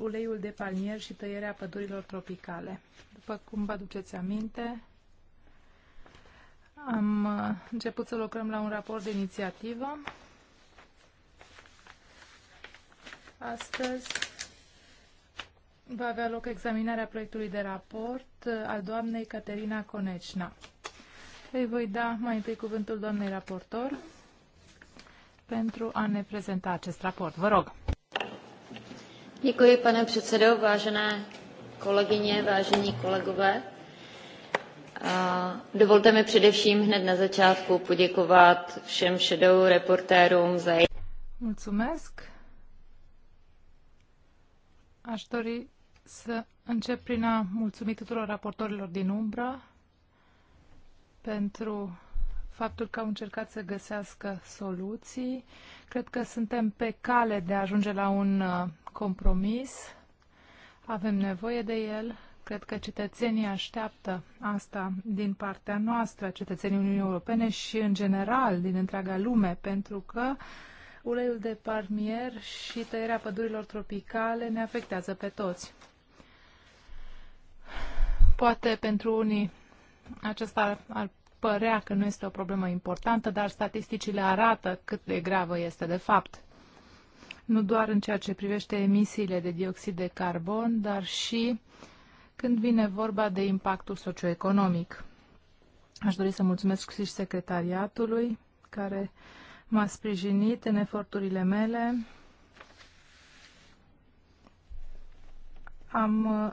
uleiul de palmier și tăierea pădurilor tropicale. După cum vă aduceți aminte, am uh, început să lucrăm la un raport de inițiativă. Astăzi va avea loc examinarea proiectului de raport uh, al doamnei Caterina Conecna. Îi voi da mai întâi cuvântul doamnei raportor pentru a ne prezenta acest raport. Vă rog! Děkuji, pane předsedo, vážené kolegyně, vážení kolegové. Dovolte mi především hned na začátku poděkovat všem shadow reportérům za jejich... Mulțumesc. Aș dori să încep prin a mulțumi tuturor raportorilor din umbră pentru faptul că au încercat să găsească soluții. Cred că suntem pe cale de a ajunge la un uh, compromis, avem nevoie de el, cred că cetățenii așteaptă asta din partea noastră, cetățenii Uniunii Europene și în general din întreaga lume, pentru că uleiul de parmier și tăierea pădurilor tropicale ne afectează pe toți. Poate pentru unii acesta ar, ar părea că nu este o problemă importantă, dar statisticile arată cât de gravă este de fapt nu doar în ceea ce privește emisiile de dioxid de carbon, dar și când vine vorba de impactul socioeconomic. Aș dori să mulțumesc și secretariatului care m-a sprijinit în eforturile mele. Am uh,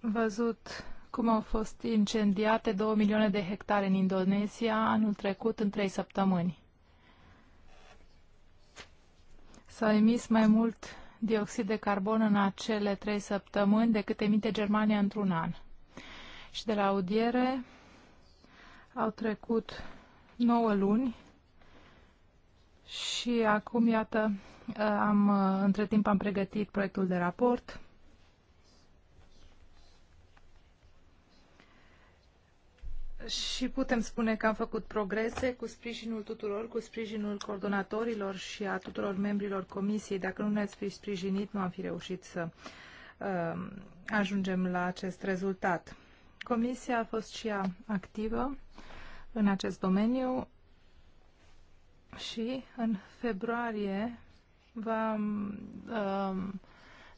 văzut cum au fost incendiate 2 milioane de hectare în Indonezia anul trecut în 3 săptămâni. S-a emis mai mult dioxid de carbon în acele trei săptămâni decât emite Germania într-un an. Și de la audiere au trecut 9 luni și acum, iată, am, între timp am pregătit proiectul de raport și putem spune că am făcut progrese cu sprijinul tuturor, cu sprijinul coordonatorilor și a tuturor membrilor comisiei. Dacă nu ne-ați fi sprijinit, nu am fi reușit să uh, ajungem la acest rezultat. Comisia a fost și ea activă în acest domeniu și în februarie va uh, um,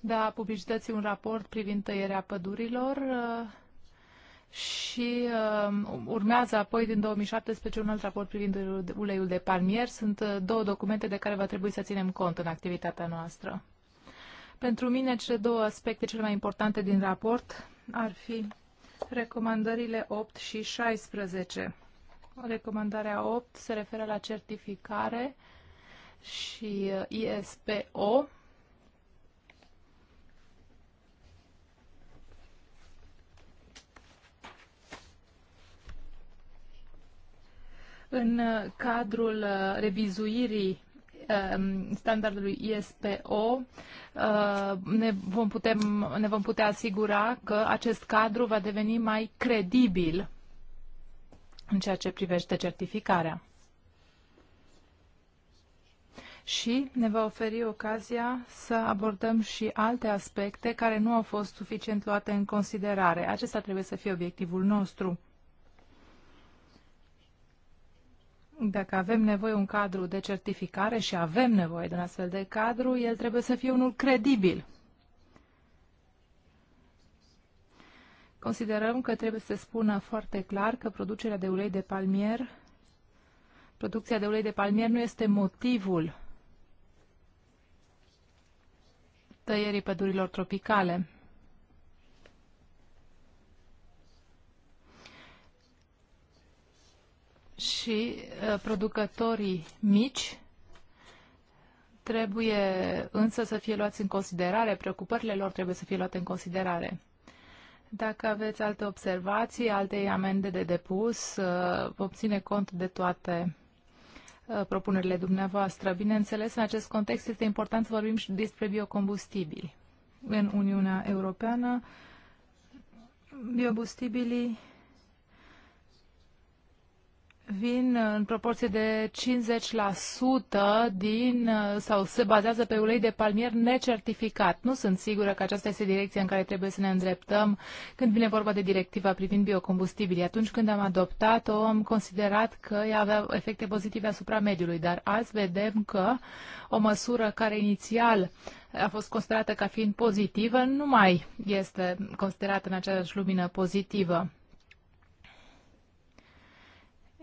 da publicității un raport privind tăierea pădurilor. Uh, și uh, urmează apoi din 2017 un alt raport privind uleiul de palmier. Sunt uh, două documente de care va trebui să ținem cont în activitatea noastră. Pentru mine, cele două aspecte cele mai importante din raport ar fi recomandările 8 și 16. Recomandarea 8 se referă la certificare și uh, ISPO, În uh, cadrul uh, revizuirii um, standardului ISPO, uh, ne vom, putem, ne vom putea asigura că acest cadru va deveni mai credibil în ceea ce privește certificarea. Și ne va oferi ocazia să abordăm și alte aspecte care nu au fost suficient luate în considerare. Acesta trebuie să fie obiectivul nostru. Dacă avem nevoie un cadru de certificare și avem nevoie de un astfel de cadru, el trebuie să fie unul credibil. Considerăm că trebuie să spună foarte clar că producerea de ulei de palmier, producția de ulei de palmier nu este motivul tăierii pădurilor tropicale. și uh, producătorii mici trebuie însă să fie luați în considerare, preocupările lor trebuie să fie luate în considerare. Dacă aveți alte observații, alte amende de depus, uh, vom ține cont de toate uh, propunerile dumneavoastră. Bineînțeles, în acest context este important să vorbim și despre biocombustibili. În Uniunea Europeană, biocombustibilii vin în proporție de 50% din sau se bazează pe ulei de palmier necertificat. Nu sunt sigură că aceasta este direcția în care trebuie să ne îndreptăm când vine vorba de directiva privind biocombustibilii. Atunci când am adoptat-o, am considerat că ea avea efecte pozitive asupra mediului, dar azi vedem că o măsură care inițial a fost considerată ca fiind pozitivă nu mai este considerată în aceeași lumină pozitivă.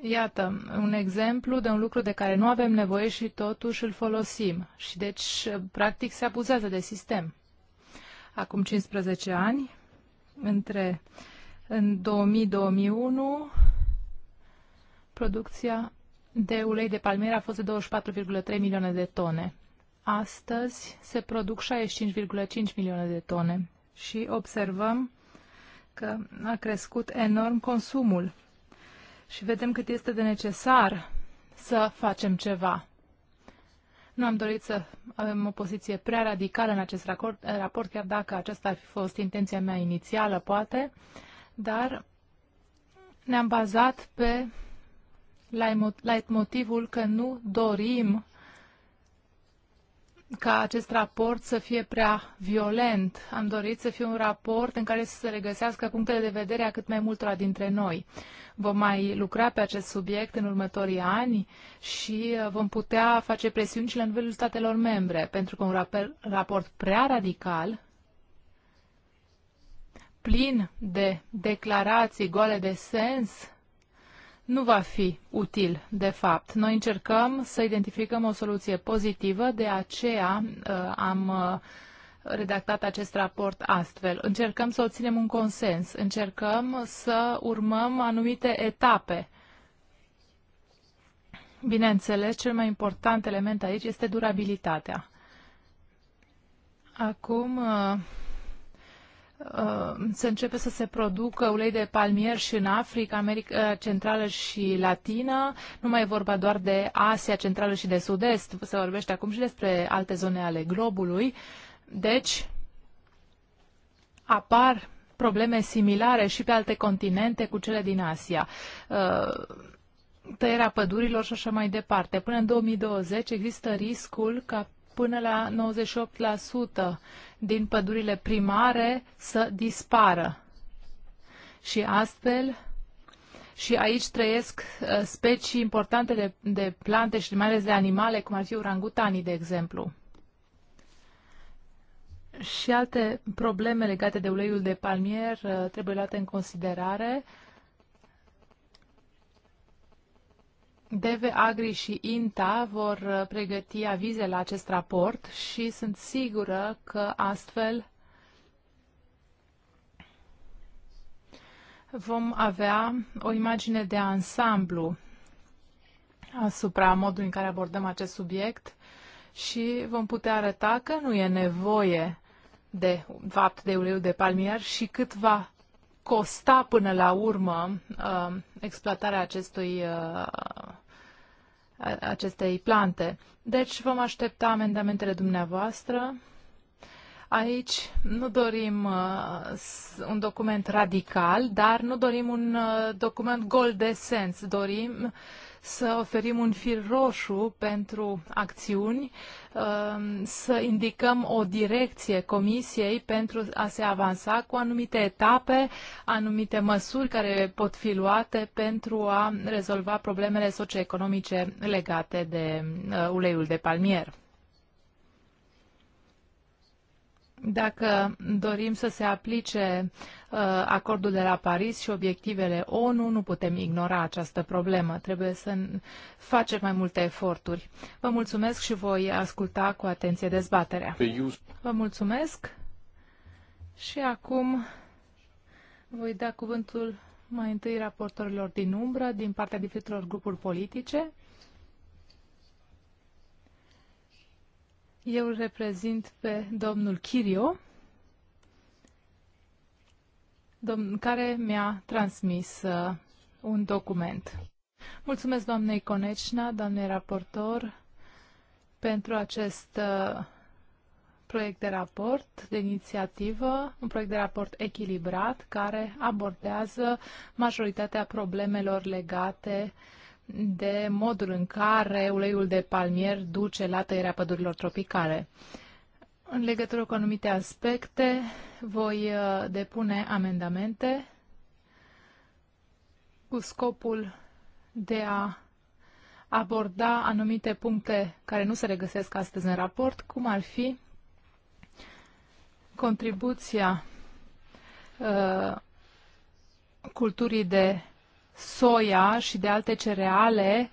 Iată, un exemplu de un lucru de care nu avem nevoie și totuși îl folosim. Și deci, practic, se abuzează de sistem. Acum 15 ani, între în 2000-2001, producția de ulei de palmier a fost de 24,3 milioane de tone. Astăzi se produc 65,5 milioane de tone și observăm că a crescut enorm consumul și vedem cât este de necesar să facem ceva. Nu am dorit să avem o poziție prea radicală în acest raport, chiar dacă aceasta ar fi fost intenția mea inițială, poate, dar ne-am bazat pe la motivul că nu dorim ca acest raport să fie prea violent. Am dorit să fie un raport în care să se regăsească punctele de vedere a cât mai multora dintre noi. Vom mai lucra pe acest subiect în următorii ani și uh, vom putea face presiuni și la nivelul statelor membre, pentru că un raport prea radical, plin de declarații goale de sens, nu va fi util, de fapt. Noi încercăm să identificăm o soluție pozitivă, de aceea uh, am uh, redactat acest raport astfel. Încercăm să obținem un consens, încercăm să urmăm anumite etape. Bineînțeles, cel mai important element aici este durabilitatea. Acum, uh, Uh, se începe să se producă ulei de palmier și în Africa, America uh, Centrală și Latină. Nu mai e vorba doar de Asia Centrală și de Sud-Est, se vorbește acum și despre alte zone ale globului. Deci, apar probleme similare și pe alte continente cu cele din Asia. Uh, tăierea pădurilor și așa mai departe. Până în 2020 există riscul ca până la 98% din pădurile primare să dispară. Și astfel, și aici trăiesc uh, specii importante de, de plante și mai ales de animale, cum ar fi urangutanii, de exemplu. Și alte probleme legate de uleiul de palmier uh, trebuie luate în considerare DEVE, AGRI și INTA vor uh, pregăti avize la acest raport și sunt sigură că astfel vom avea o imagine de ansamblu asupra modului în care abordăm acest subiect și vom putea arăta că nu e nevoie de fapt de uleiul de palmier și cât va costa până la urmă uh, exploatarea acestui, uh, acestei plante. Deci vom aștepta amendamentele dumneavoastră. Aici nu dorim uh, un document radical, dar nu dorim un uh, document gol de sens. Dorim uh, să oferim un fir roșu pentru acțiuni, um, să indicăm o direcție comisiei pentru a se avansa cu anumite etape, anumite măsuri care pot fi luate pentru a rezolva problemele socioeconomice legate de uh, uleiul de palmier. Dacă dorim să se aplice uh, Uh, acordul de la Paris și obiectivele ONU, nu putem ignora această problemă. Trebuie să facem mai multe eforturi. Vă mulțumesc și voi asculta cu atenție dezbaterea. Vă mulțumesc și acum voi da cuvântul mai întâi raportorilor din umbră, din partea diferitelor grupuri politice. Eu îl reprezint pe domnul Chirio care mi-a transmis uh, un document. Mulțumesc doamnei Conecina, doamnei raportor, pentru acest uh, proiect de raport de inițiativă, un proiect de raport echilibrat care abordează majoritatea problemelor legate de modul în care uleiul de palmier duce la tăierea pădurilor tropicale. În legătură cu anumite aspecte, voi uh, depune amendamente cu scopul de a aborda anumite puncte care nu se regăsesc astăzi în raport, cum ar fi contribuția uh, culturii de soia și de alte cereale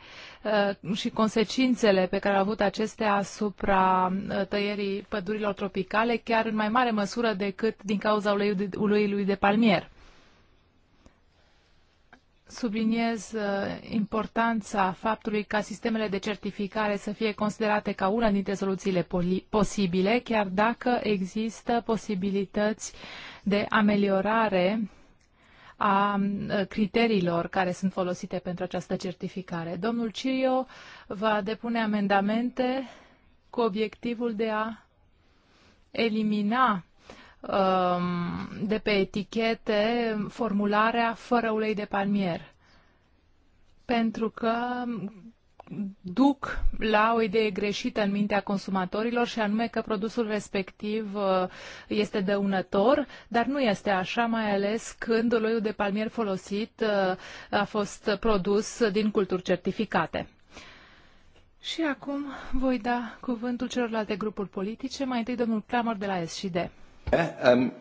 Uh, și consecințele pe care au avut acestea asupra uh, tăierii pădurilor tropicale, chiar în mai mare măsură decât din cauza uleiului de palmier. Subliniez uh, importanța faptului ca sistemele de certificare să fie considerate ca una dintre soluțiile posibile, chiar dacă există posibilități de ameliorare a eh, criteriilor care sunt folosite pentru această certificare. Domnul Cirio va depune amendamente cu obiectivul de a elimina um, de pe etichete formularea fără ulei de palmier. Pentru că duc la o idee greșită în mintea consumatorilor și anume că produsul respectiv uh, este dăunător, dar nu este așa, mai ales când uleiul de palmier folosit uh, a fost produs din culturi certificate. Și acum voi da cuvântul celorlalte grupuri politice, mai întâi domnul Clamor de la SD. Um,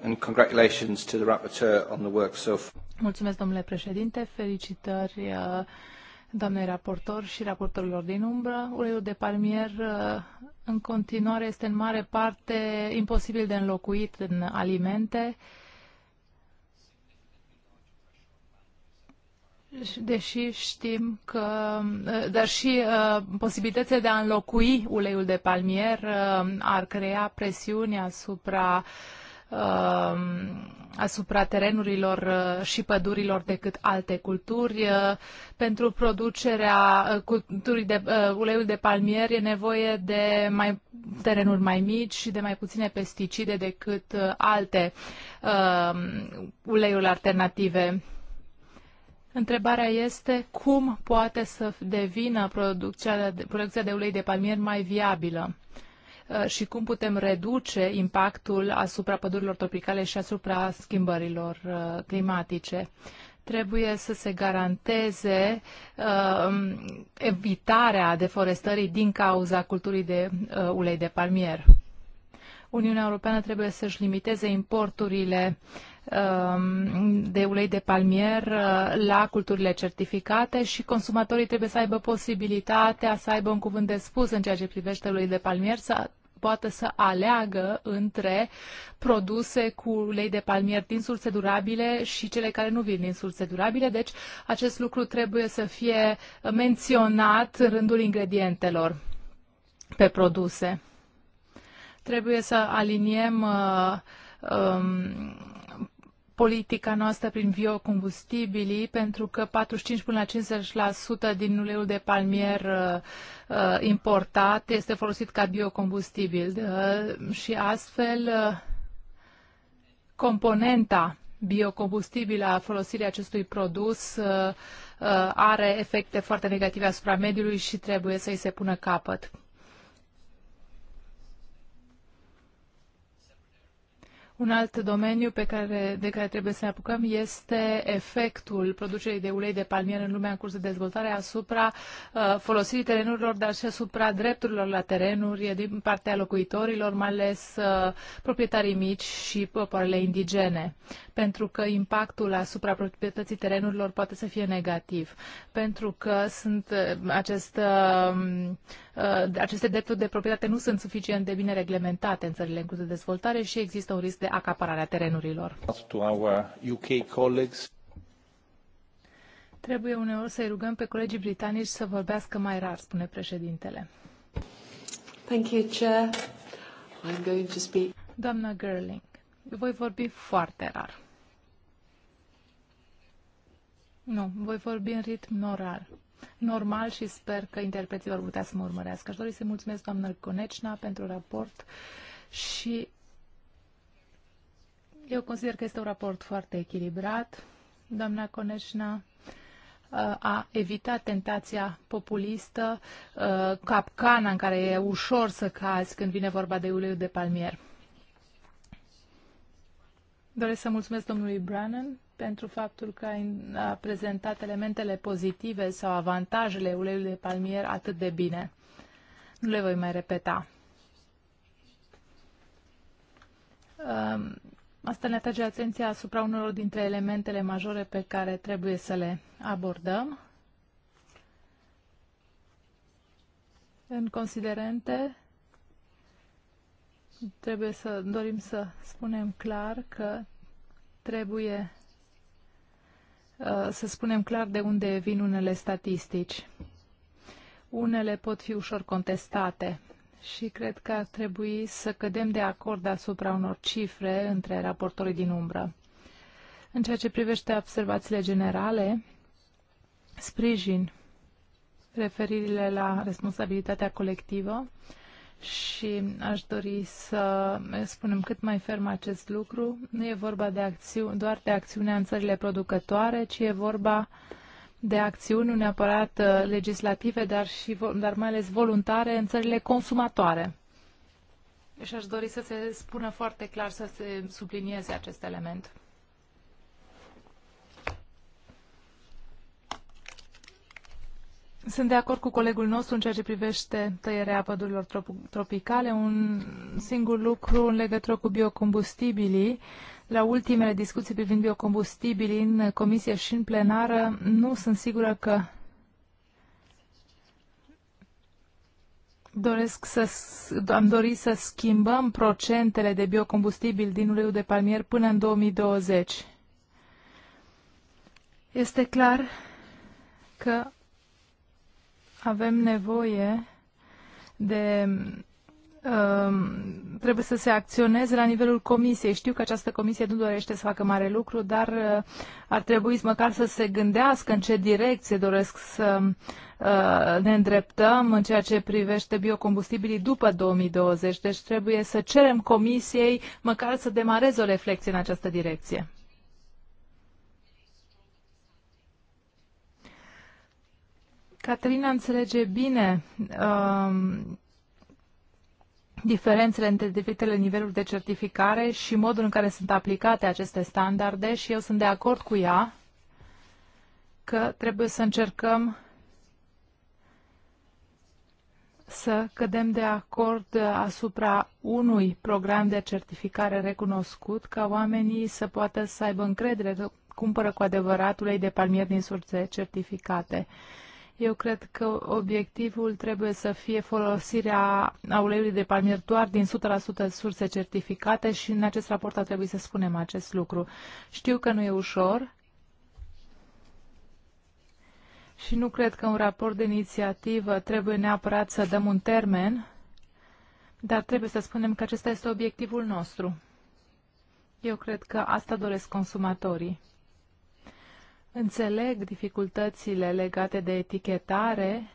Mulțumesc, domnule președinte, felicitări uh, doamnei raportor și raportorilor din umbră. Uleiul de palmier uh, în continuare este în mare parte imposibil de înlocuit în alimente, deși știm că, uh, dar și uh, posibilitățile de a înlocui uleiul de palmier uh, ar crea presiuni asupra uh, Um, asupra terenurilor uh, și pădurilor decât alte culturi. Uh, pentru producerea uh, culturii de uleiul de palmier e nevoie de mai, terenuri mai mici și de mai puține pesticide decât alte um, uleiuri alternative. Întrebarea este cum poate să devină producția de, producția de ulei de palmier mai viabilă. Uh, și cum putem reduce impactul asupra pădurilor tropicale și asupra schimbărilor uh, climatice trebuie să se garanteze uh, evitarea deforestării din cauza culturii de uh, ulei de palmier. Uniunea Europeană trebuie să-și limiteze importurile Um, de ulei de palmier uh, la culturile certificate și consumatorii trebuie să aibă posibilitatea să aibă un cuvânt de spus în ceea ce privește ulei de palmier, să poată să aleagă între produse cu ulei de palmier din surse durabile și cele care nu vin din surse durabile. Deci acest lucru trebuie să fie menționat în rândul ingredientelor pe produse. Trebuie să aliniem uh, um, politica noastră prin biocombustibilii, pentru că 45 până la 50% din uleiul de palmier uh, uh, importat este folosit ca biocombustibil uh, și astfel uh, componenta biocombustibilă a folosirii acestui produs uh, uh are efecte foarte negative asupra mediului și trebuie să îi se pună capăt. Un alt domeniu pe care, de care trebuie să ne apucăm este efectul producerii de ulei de palmier în lumea în curs de dezvoltare asupra uh, folosirii terenurilor, dar și asupra drepturilor la terenuri din partea locuitorilor, mai ales uh, proprietarii mici și popoarele indigene, pentru că impactul asupra proprietății terenurilor poate să fie negativ, pentru că sunt uh, acest, uh, uh aceste drepturi de proprietate nu sunt suficient de bine reglementate în țările în curs de dezvoltare și există un risc de de a terenurilor. Trebuie uneori să-i rugăm pe colegii britanici să vorbească mai rar, spune președintele. Thank you, Chair. I'm going to speak. Doamna Gerling, voi vorbi foarte rar. Nu, voi vorbi în ritm normal. Normal și sper că interpreții vor putea să mă urmărească. Aș dori să mulțumesc doamnă Conecna pentru raport și eu consider că este un raport foarte echilibrat. Doamna Coneșna uh, a evitat tentația populistă, uh, capcana în care e ușor să cazi când vine vorba de uleiul de palmier. Doresc să mulțumesc domnului Brannan pentru faptul că a prezentat elementele pozitive sau avantajele uleiului de palmier atât de bine. Nu le voi mai repeta. Um, Asta ne atrage atenția asupra unor dintre elementele majore pe care trebuie să le abordăm. În considerente, trebuie să dorim să spunem clar că trebuie uh, să spunem clar de unde vin unele statistici. Unele pot fi ușor contestate și cred că ar trebui să cădem de acord asupra unor cifre între raportorii din umbră. În ceea ce privește observațiile generale, sprijin referirile la responsabilitatea colectivă și aș dori să spunem cât mai ferm acest lucru. Nu e vorba de acțiu- doar de acțiunea în țările producătoare, ci e vorba uh, de acțiuni, nu neapărat uh, legislative, dar, și, dar mai ales voluntare în țările consumatoare. Și aș dori să se spună foarte clar, să se sublinieze acest element. Sunt de acord cu colegul nostru în ceea ce privește tăierea pădurilor tropicale. Un singur lucru în legătură cu biocombustibilii. Uh, la ultimele discuții privind biocombustibili în comisie și în plenară, nu sunt sigură că doresc să, am dorit să schimbăm procentele de biocombustibil din uleiul de palmier până în 2020. Este clar că avem nevoie de Um, trebuie să se acționeze la nivelul comisiei. Știu că această comisie nu dorește să facă mare lucru, dar uh, ar trebui măcar să se gândească în ce direcție doresc să uh, ne îndreptăm în ceea ce privește biocombustibilii după 2020. Deci trebuie să cerem comisiei măcar să demareze o reflexie în această direcție. Caterina înțelege bine um, diferențele între diferitele niveluri de certificare și modul în care sunt aplicate aceste standarde și eu sunt de acord cu ea că trebuie să încercăm să cădem de acord asupra unui program de certificare recunoscut ca oamenii să poată să aibă încredere că cumpără cu adevărat ulei de palmier din surse certificate. Eu cred că obiectivul trebuie să fie folosirea a uleiului de palmier doar din 100% surse certificate și în acest raport ar trebui să spunem acest lucru. Știu că nu e ușor și nu cred că un raport de inițiativă trebuie neapărat să dăm un termen, dar trebuie să spunem că acesta este obiectivul nostru. Eu cred că asta doresc consumatorii. Înțeleg dificultățile legate de etichetare,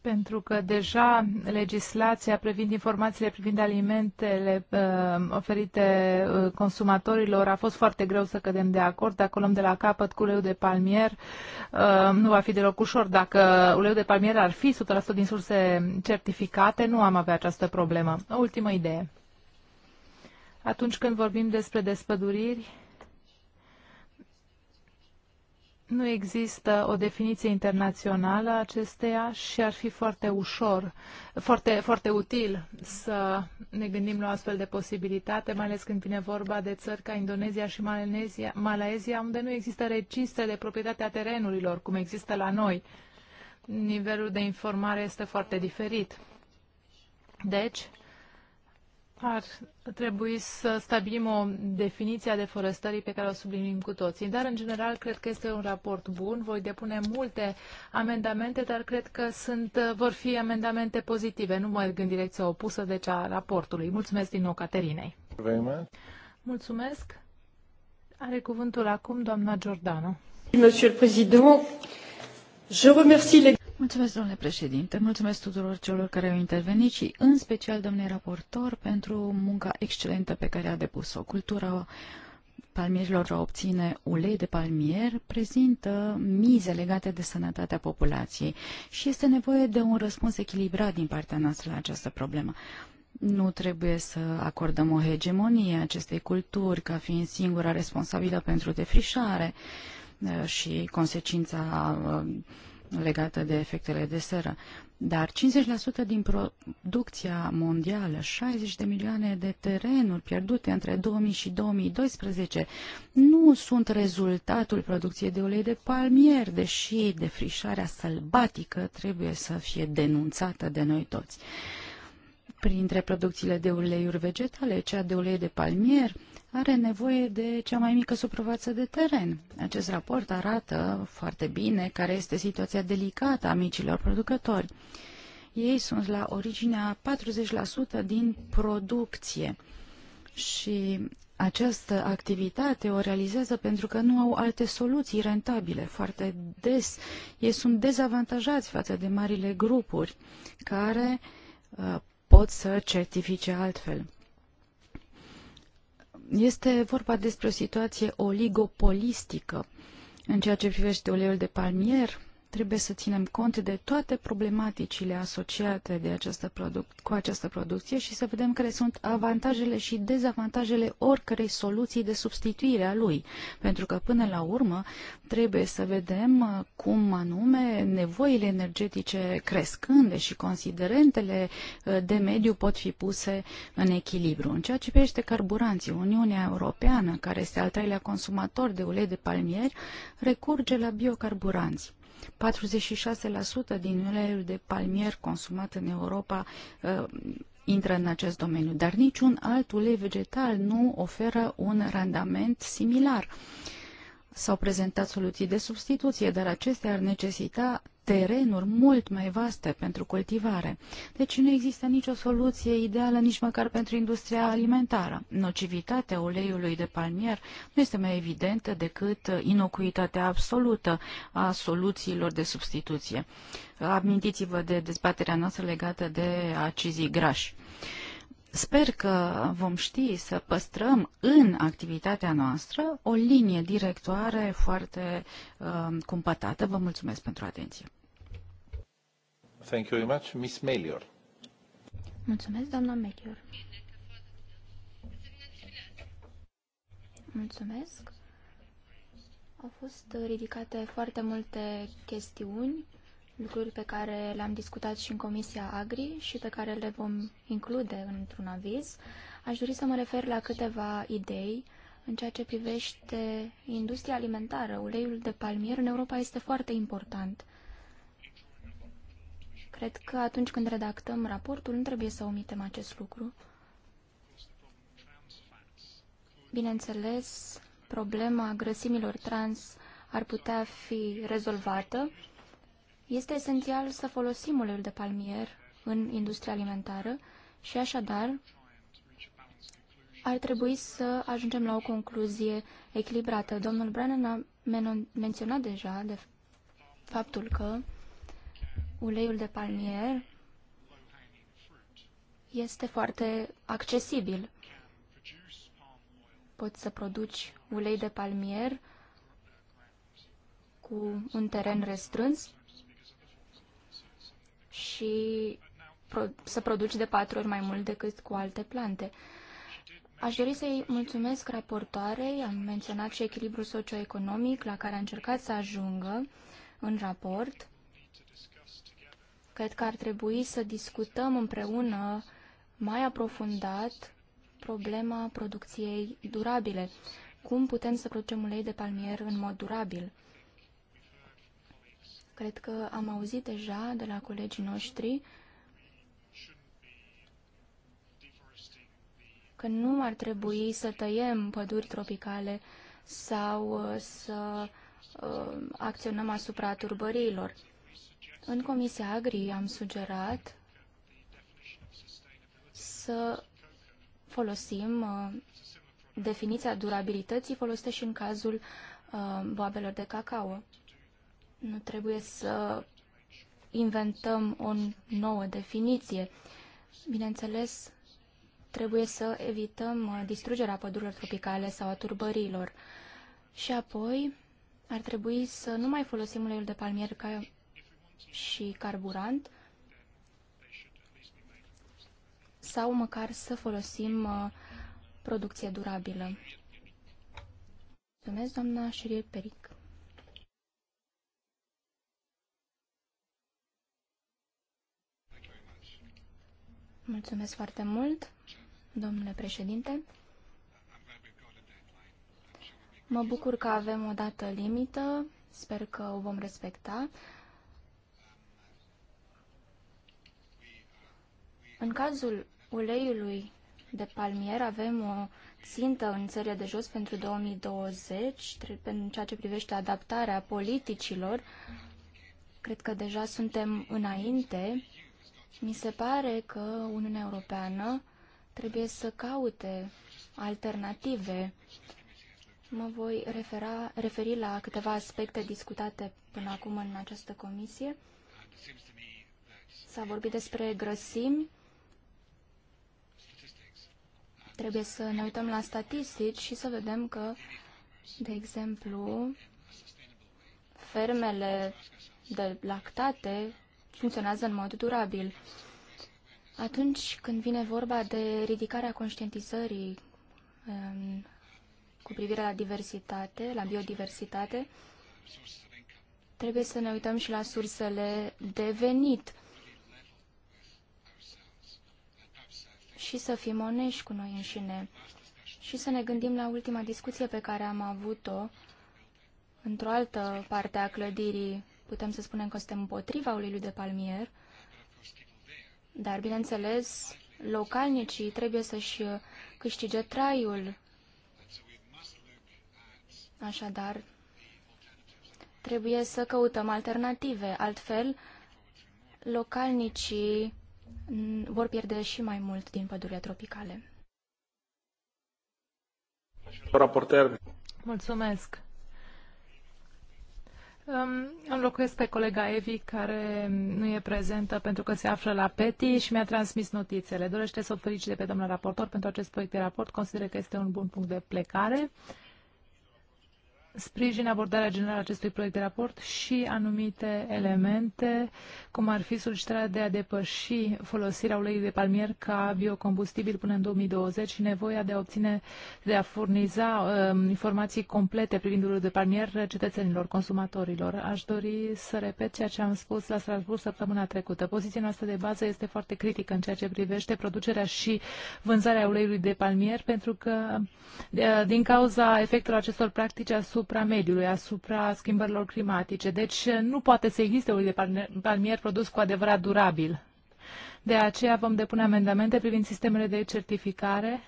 pentru că deja legislația privind informațiile privind alimentele uh, oferite uh, consumatorilor a fost foarte greu să cădem de acord. Dacă luăm de la capăt cu uleiul de palmier, uh, nu va fi deloc ușor. Dacă uleiul de palmier ar fi 100% din surse certificate, nu am avea această problemă. O ultimă idee. Atunci când vorbim despre despăduriri, nu există o definiție internațională a acesteia și ar fi foarte ușor, foarte, foarte util să ne gândim la o astfel de posibilitate, mai ales când vine vorba de țări ca Indonezia și Malenezia, Malaezia, unde nu există registre de proprietate a terenurilor, cum există la noi. Nivelul de informare este foarte diferit. Deci, ar trebui să stabilim o definiție a deforestării pe care o sublinim cu toții. Dar, în general, cred că este un raport bun. Voi depune multe amendamente, dar cred că sunt, vor fi amendamente pozitive. Nu merg în direcția opusă de deci, cea a raportului. Mulțumesc din nou, Caterinei. Mulțumesc. Are cuvântul acum doamna Giordano. Monsieur le Président, je remercie les... Mulțumesc, domnule președinte, mulțumesc tuturor celor care au intervenit și în special domnului raportor pentru munca excelentă pe care a depus-o. Cultura palmierilor a obține ulei de palmier prezintă mize legate de sănătatea populației și este nevoie de un răspuns echilibrat din partea noastră la această problemă. Nu trebuie să acordăm o hegemonie acestei culturi ca fiind singura responsabilă pentru defrișare uh, și consecința uh, legată de efectele de seră. Dar 50% din producția mondială, 60 de milioane de terenuri pierdute între 2000 și 2012, nu sunt rezultatul producției de ulei de palmier, deși defrișarea sălbatică trebuie să fie denunțată de noi toți. Printre producțiile de uleiuri vegetale, cea de ulei de palmier are nevoie de cea mai mică suprafață de teren. Acest raport arată foarte bine care este situația delicată a micilor producători. Ei sunt la originea 40% din producție și această activitate o realizează pentru că nu au alte soluții rentabile. Foarte des ei sunt dezavantajați față de marile grupuri care uh, pot să certifice altfel. Este vorba despre o situație oligopolistică în ceea ce privește uleiul de palmier trebuie să ținem cont de toate problematicile asociate de această produc- cu această producție și să vedem care sunt avantajele și dezavantajele oricărei soluții de substituire a lui. Pentru că, până la urmă, trebuie să vedem uh, cum anume nevoile energetice crescânde și considerentele uh, de mediu pot fi puse în echilibru. În ceea ce privește carburanții, Uniunea Europeană, care este al treilea consumator de ulei de palmier, recurge la biocarburanți 46% din uleiul de palmier consumat în Europa uh, intră în acest domeniu, dar niciun alt ulei vegetal nu oferă un randament similar. S-au prezentat soluții de substituție, dar acestea ar necesita terenuri mult mai vaste pentru cultivare. Deci nu există nicio soluție ideală nici măcar pentru industria alimentară. Nocivitatea uleiului de palmier nu este mai evidentă decât inocuitatea absolută a soluțiilor de substituție. Amintiți-vă de dezbaterea noastră legată de acizii grași. Sper că vom ști să păstrăm în activitatea noastră o linie directoare foarte uh, cumpătată. Vă mulțumesc pentru atenție. Mulțumesc, doamna Melior. Mulțumesc. Au fost ridicate foarte multe chestiuni, lucruri pe care le-am discutat și în Comisia Agri și pe care le vom include într-un aviz. Aș dori să mă refer la câteva idei în ceea ce privește industria alimentară. Uleiul de palmier în Europa este foarte important. Cred că atunci când redactăm raportul, nu trebuie să omitem acest lucru. Bineînțeles, problema grăsimilor trans ar putea fi rezolvată. Este esențial să folosim uleiul de palmier în industria alimentară și așadar ar trebui să ajungem la o concluzie echilibrată. Domnul Brennan a menționat deja de faptul că Uleiul de palmier este foarte accesibil. Poți să produci ulei de palmier cu un teren restrâns și să produci de patru ori mai mult decât cu alte plante. Aș dori să-i mulțumesc raportoarei, am menționat și echilibrul socioeconomic la care a încercat să ajungă în raport. Cred că ar trebui să discutăm împreună mai aprofundat problema producției durabile. Cum putem să producem ulei de palmier în mod durabil? Cred că am auzit deja de la colegii noștri că nu ar trebui să tăiem păduri tropicale sau uh, să uh, acționăm asupra turbărilor. În Comisia Agri am sugerat să folosim uh, definiția durabilității folosită și în cazul uh, boabelor de cacao. Nu trebuie să inventăm o nouă definiție. Bineînțeles, trebuie să evităm uh, distrugerea pădurilor tropicale sau a turbărilor. Și apoi ar trebui să nu mai folosim uleiul de palmier ca și carburant sau măcar să folosim uh, producție durabilă. Mulțumesc, doamna Șiril Peric. Mulțumesc foarte mult, domnule președinte. Mă bucur că avem o dată limită, sper că o vom respecta. În cazul uleiului de palmier avem o țintă în țările de jos pentru 2020, în ceea ce privește adaptarea politicilor. Cred că deja suntem înainte. Mi se pare că Uniunea Europeană trebuie să caute alternative. Mă voi refera, referi la câteva aspecte discutate până acum în această comisie. S-a vorbit despre grăsimi Trebuie să ne uităm la statistici și să vedem că, de exemplu, fermele de lactate funcționează în mod durabil. Atunci când vine vorba de ridicarea conștientizării um, cu privire la diversitate, la biodiversitate, trebuie să ne uităm și la sursele de venit. și să fim onești cu noi înșine și să ne gândim la ultima discuție pe care am avut-o într-o altă parte a clădirii. Putem să spunem că suntem împotriva uleiului de palmier, dar, bineînțeles, localnicii trebuie să-și câștige traiul. Așadar, trebuie să căutăm alternative. Altfel, localnicii vor pierde și mai mult din pădurile tropicale. Raporter. Mulțumesc. Îmi locuiesc pe colega Evi, care nu e prezentă pentru că se află la PETI și mi-a transmis notițele. Dorește să o felicite pe domnul raportor pentru acest proiect de raport. consider că este un bun punct de plecare sprijin abordarea generală acestui proiect de raport și anumite elemente, cum ar fi solicitarea de a depăși folosirea uleiului de palmier ca biocombustibil până în 2020 și nevoia de a obține, de a furniza um, informații complete privind uleiul de palmier cetățenilor, consumatorilor. Aș dori să repet ceea ce am spus la Strasbourg săptămâna trecută. Poziția noastră de bază este foarte critică în ceea ce privește producerea și vânzarea uleiului de palmier, pentru că din cauza efectelor acestor practici asupra asupra mediului, asupra schimbărilor climatice. Deci nu poate să existe ulei de palmier produs cu adevărat durabil. De aceea vom depune amendamente privind sistemele de certificare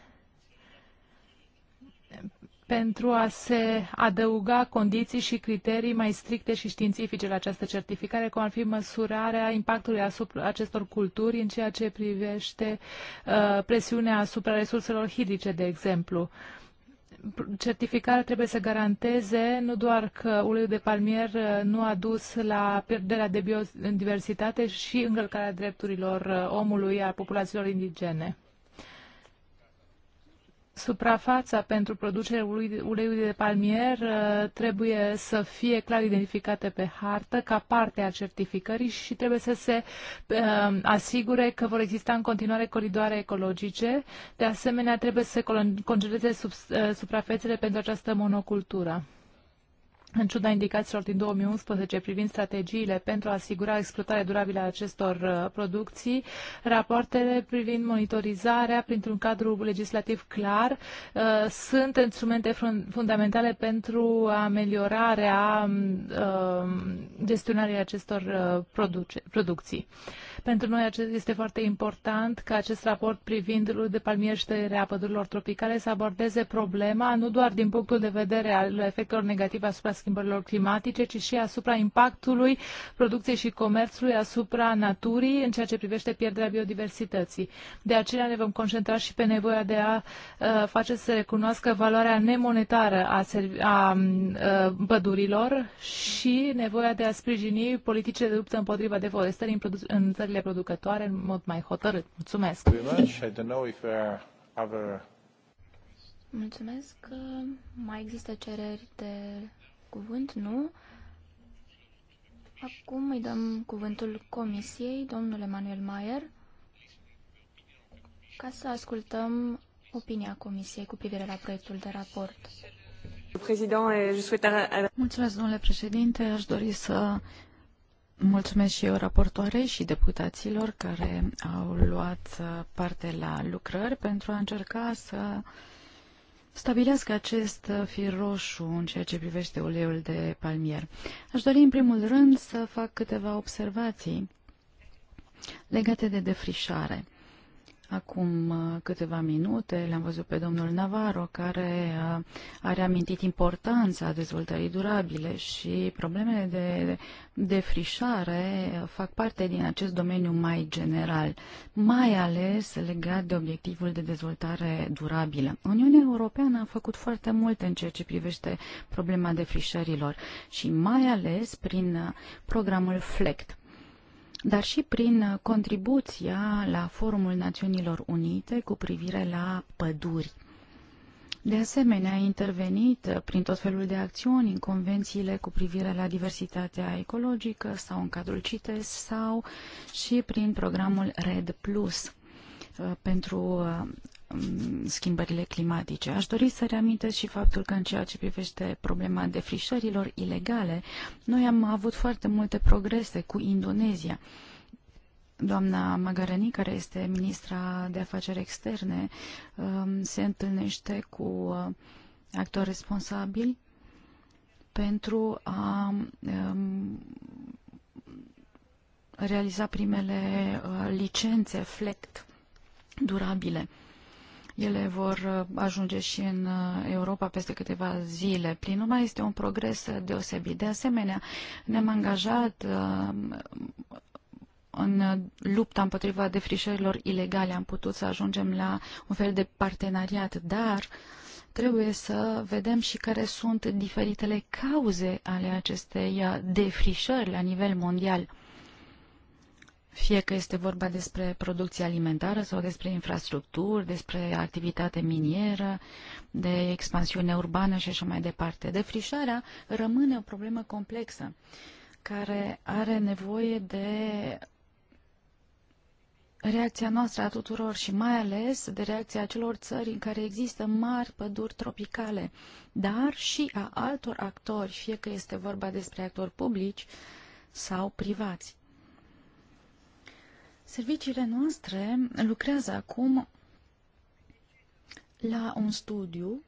pentru a se adăuga condiții și criterii mai stricte și științifice la această certificare, cum ar fi măsurarea impactului asupra acestor culturi în ceea ce privește uh, presiunea asupra resurselor hidrice, de exemplu. Uh, certificarea trebuie să garanteze nu doar că uleiul de palmier uh, nu a dus la pierderea de biodiversitate și încălcarea drepturilor uh, omului a populațiilor indigene. Suprafața pentru producerea uleiului de palmier uh, trebuie să fie clar identificată pe hartă ca parte a certificării și trebuie să se uh, asigure că vor exista în continuare coridoare ecologice. De asemenea, trebuie să se congeleze uh, suprafețele pentru această monocultură în ciuda indicațiilor din 2011 privind strategiile pentru a asigura exploatarea durabilă a acestor uh, producții, rapoartele privind monitorizarea printr-un cadru legislativ clar uh, sunt instrumente fundamentale pentru ameliorarea mm, uh, gestionării acestor producții. Pentru noi este foarte important ca acest raport privind lui de palmier și tăierea pădurilor tropicale să abordeze problema nu doar din punctul de vedere al efectelor negative asupra schimbărilor climatice, ci și asupra impactului producției și comerțului asupra naturii în ceea ce privește pierderea biodiversității. De aceea ne vom concentra și pe nevoia de a uh, face să recunoască valoarea nemonetară a, a uh, pădurilor și nevoia de a sprijini politice de luptă împotriva deforestării în, în țările țările producătoare în mod mai hotărât. Mulțumesc! Mulțumesc! Mai există cereri de cuvânt? Nu? Acum îi dăm cuvântul Comisiei, domnul Emanuel Maier, ca să ascultăm opinia Comisiei cu privire la proiectul de raport. Mulțumesc, domnule președinte. Aș dori să Mulțumesc și eu raportoarei și deputaților care au luat uh, parte la lucrări pentru a încerca să stabilească acest uh, fir roșu în ceea ce privește uleiul de palmier. Aș dori în primul rând să fac câteva observații legate de defrișare. Acum uh, câteva minute l-am văzut pe domnul Navarro, care uh, a reamintit importanța dezvoltării durabile și problemele de defrișare uh, fac parte din acest domeniu mai general, mai ales legat de obiectivul de dezvoltare durabilă. Uniunea Europeană a făcut foarte multe în ceea ce privește problema defrișărilor și mai ales prin programul FLECT dar și prin contribuția la Forumul Națiunilor Unite cu privire la păduri. De asemenea, a intervenit prin tot felul de acțiuni în convențiile cu privire la diversitatea ecologică sau în cadrul CITES sau și prin programul RED Plus uh, pentru uh, Mm, schimbările climatice. Aș dori să reamintesc și faptul că în ceea ce privește problema defrișărilor ilegale, noi am avut foarte multe progrese cu Indonezia. Doamna Magarani, care este ministra de afaceri externe, um, se întâlnește cu uh, actori responsabili pentru a um, realiza primele uh, licențe FLECT durabile. Ele vor uh, ajunge și în uh, Europa peste câteva zile. Plinul mai este un progres deosebit. De asemenea, ne-am angajat uh, în lupta împotriva defrișărilor ilegale. Am putut să ajungem la un fel de parteneriat, dar trebuie să vedem și care sunt diferitele cauze ale acestei defrișări la nivel mondial fie că este vorba despre producție alimentară sau despre infrastructuri, despre activitate minieră, de expansiune urbană și așa mai departe. Defrișarea rămâne o problemă complexă care are nevoie de reacția noastră a tuturor și mai ales de reacția acelor țări în care există mari păduri tropicale, dar și a altor actori, fie că este vorba despre actori publici sau privați. Serviciile noastre lucrează acum la un studiu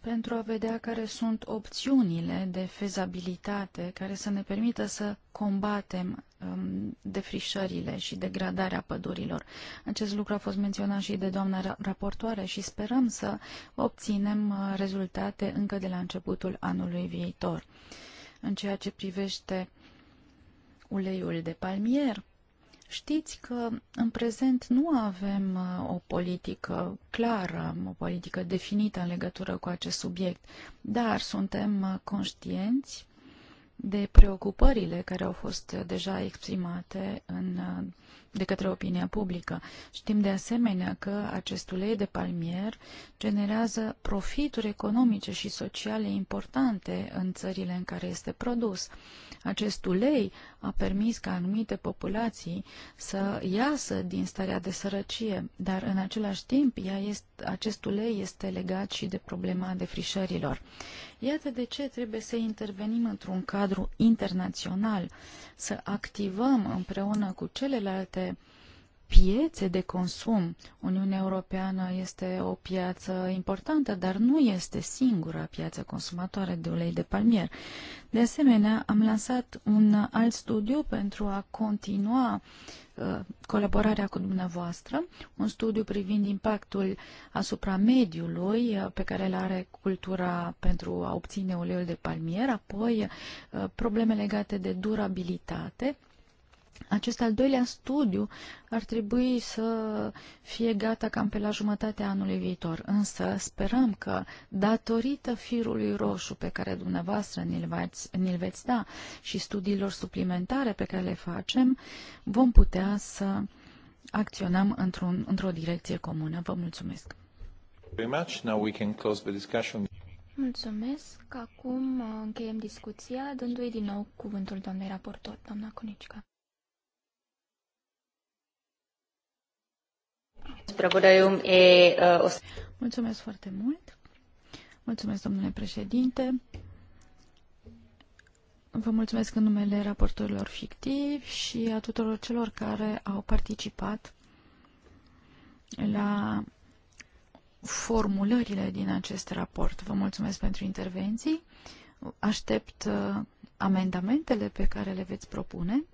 pentru a vedea care sunt opțiunile de fezabilitate care să ne permită să combatem um, defrișările și degradarea pădurilor. Acest lucru a fost menționat și de doamna raportoare și sperăm să obținem uh, rezultate încă de la începutul anului viitor. În ceea ce privește uleiul de palmier, Știți că în prezent nu avem uh, o politică clară, o politică definită în legătură cu acest subiect, dar suntem uh, conștienți de preocupările care au fost uh, deja exprimate în, de către opinia publică. Știm de asemenea că acest ulei de palmier generează profituri economice și sociale importante în țările în care este produs. Acest ulei a permis ca anumite populații să iasă din starea de sărăcie, dar în același timp ea este, acest ulei este legat și de problema defrișărilor. Iată de ce trebuie să intervenim într-un cadru internațional, să activăm împreună cu celelalte uh, piețe de consum. Uniunea Europeană este o piață importantă, dar nu este singura piață consumatoare de ulei de palmier. De asemenea, am lansat un alt studiu pentru a continua uh, colaborarea cu dumneavoastră, un studiu privind impactul asupra mediului uh, pe care îl are cultura pentru a obține uleiul de palmier, apoi uh, probleme legate de durabilitate, acest al doilea studiu ar trebui să fie gata cam pe la jumătatea anului viitor, însă sperăm că, datorită firului roșu pe care dumneavoastră ni-l veți, ni veți da și studiilor suplimentare pe care le facem, vom putea să acționăm într-o într, într direcție comună. Vă mulțumesc! Mulțumesc. Acum uh, încheiem discuția, dându-i din nou cuvântul doamnei raportor, doamna Conicica. Mulțumesc foarte mult. Mulțumesc, domnule președinte. Vă mulțumesc în numele raporturilor fictivi și a tuturor celor care au participat la formulările din acest raport. Vă mulțumesc pentru intervenții. Aștept amendamentele pe care le veți propune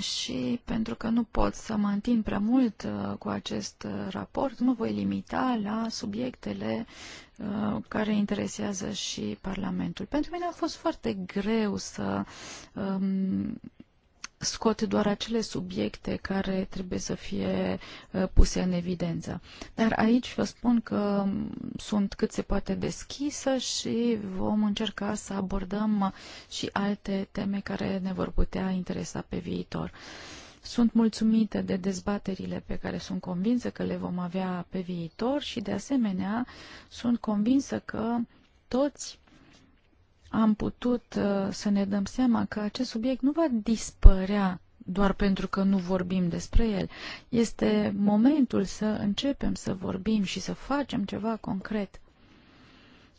și pentru că nu pot să mă întind prea mult uh, cu acest uh, raport, mă voi limita la subiectele uh, care interesează și Parlamentul. Pentru mine a fost foarte greu să um, scot doar acele subiecte care trebuie să fie uh, puse în evidență. Dar aici vă spun că mm, sunt cât se poate deschisă și vom încerca să abordăm și alte teme care ne vor putea interesa pe viitor. Sunt mulțumită de dezbaterile pe care sunt convinsă că le vom avea pe viitor și, de asemenea, sunt convinsă că toți am putut uh, să ne dăm seama că acest subiect nu va dispărea doar pentru că nu vorbim despre el. Este momentul să începem să vorbim și să facem ceva concret.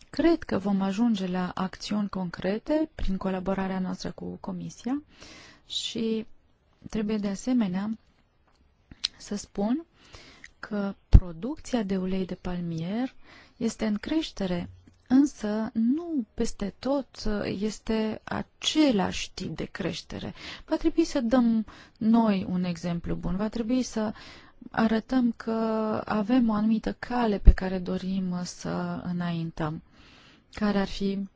Cred că vom ajunge la acțiuni concrete prin colaborarea noastră cu Comisia și trebuie de asemenea să spun că producția de ulei de palmier este în creștere însă nu peste tot uh, este același tip de creștere. Va trebui să dăm noi un exemplu bun, va trebui să arătăm că avem o anumită cale pe care dorim uh, să înaintăm. Care ar fi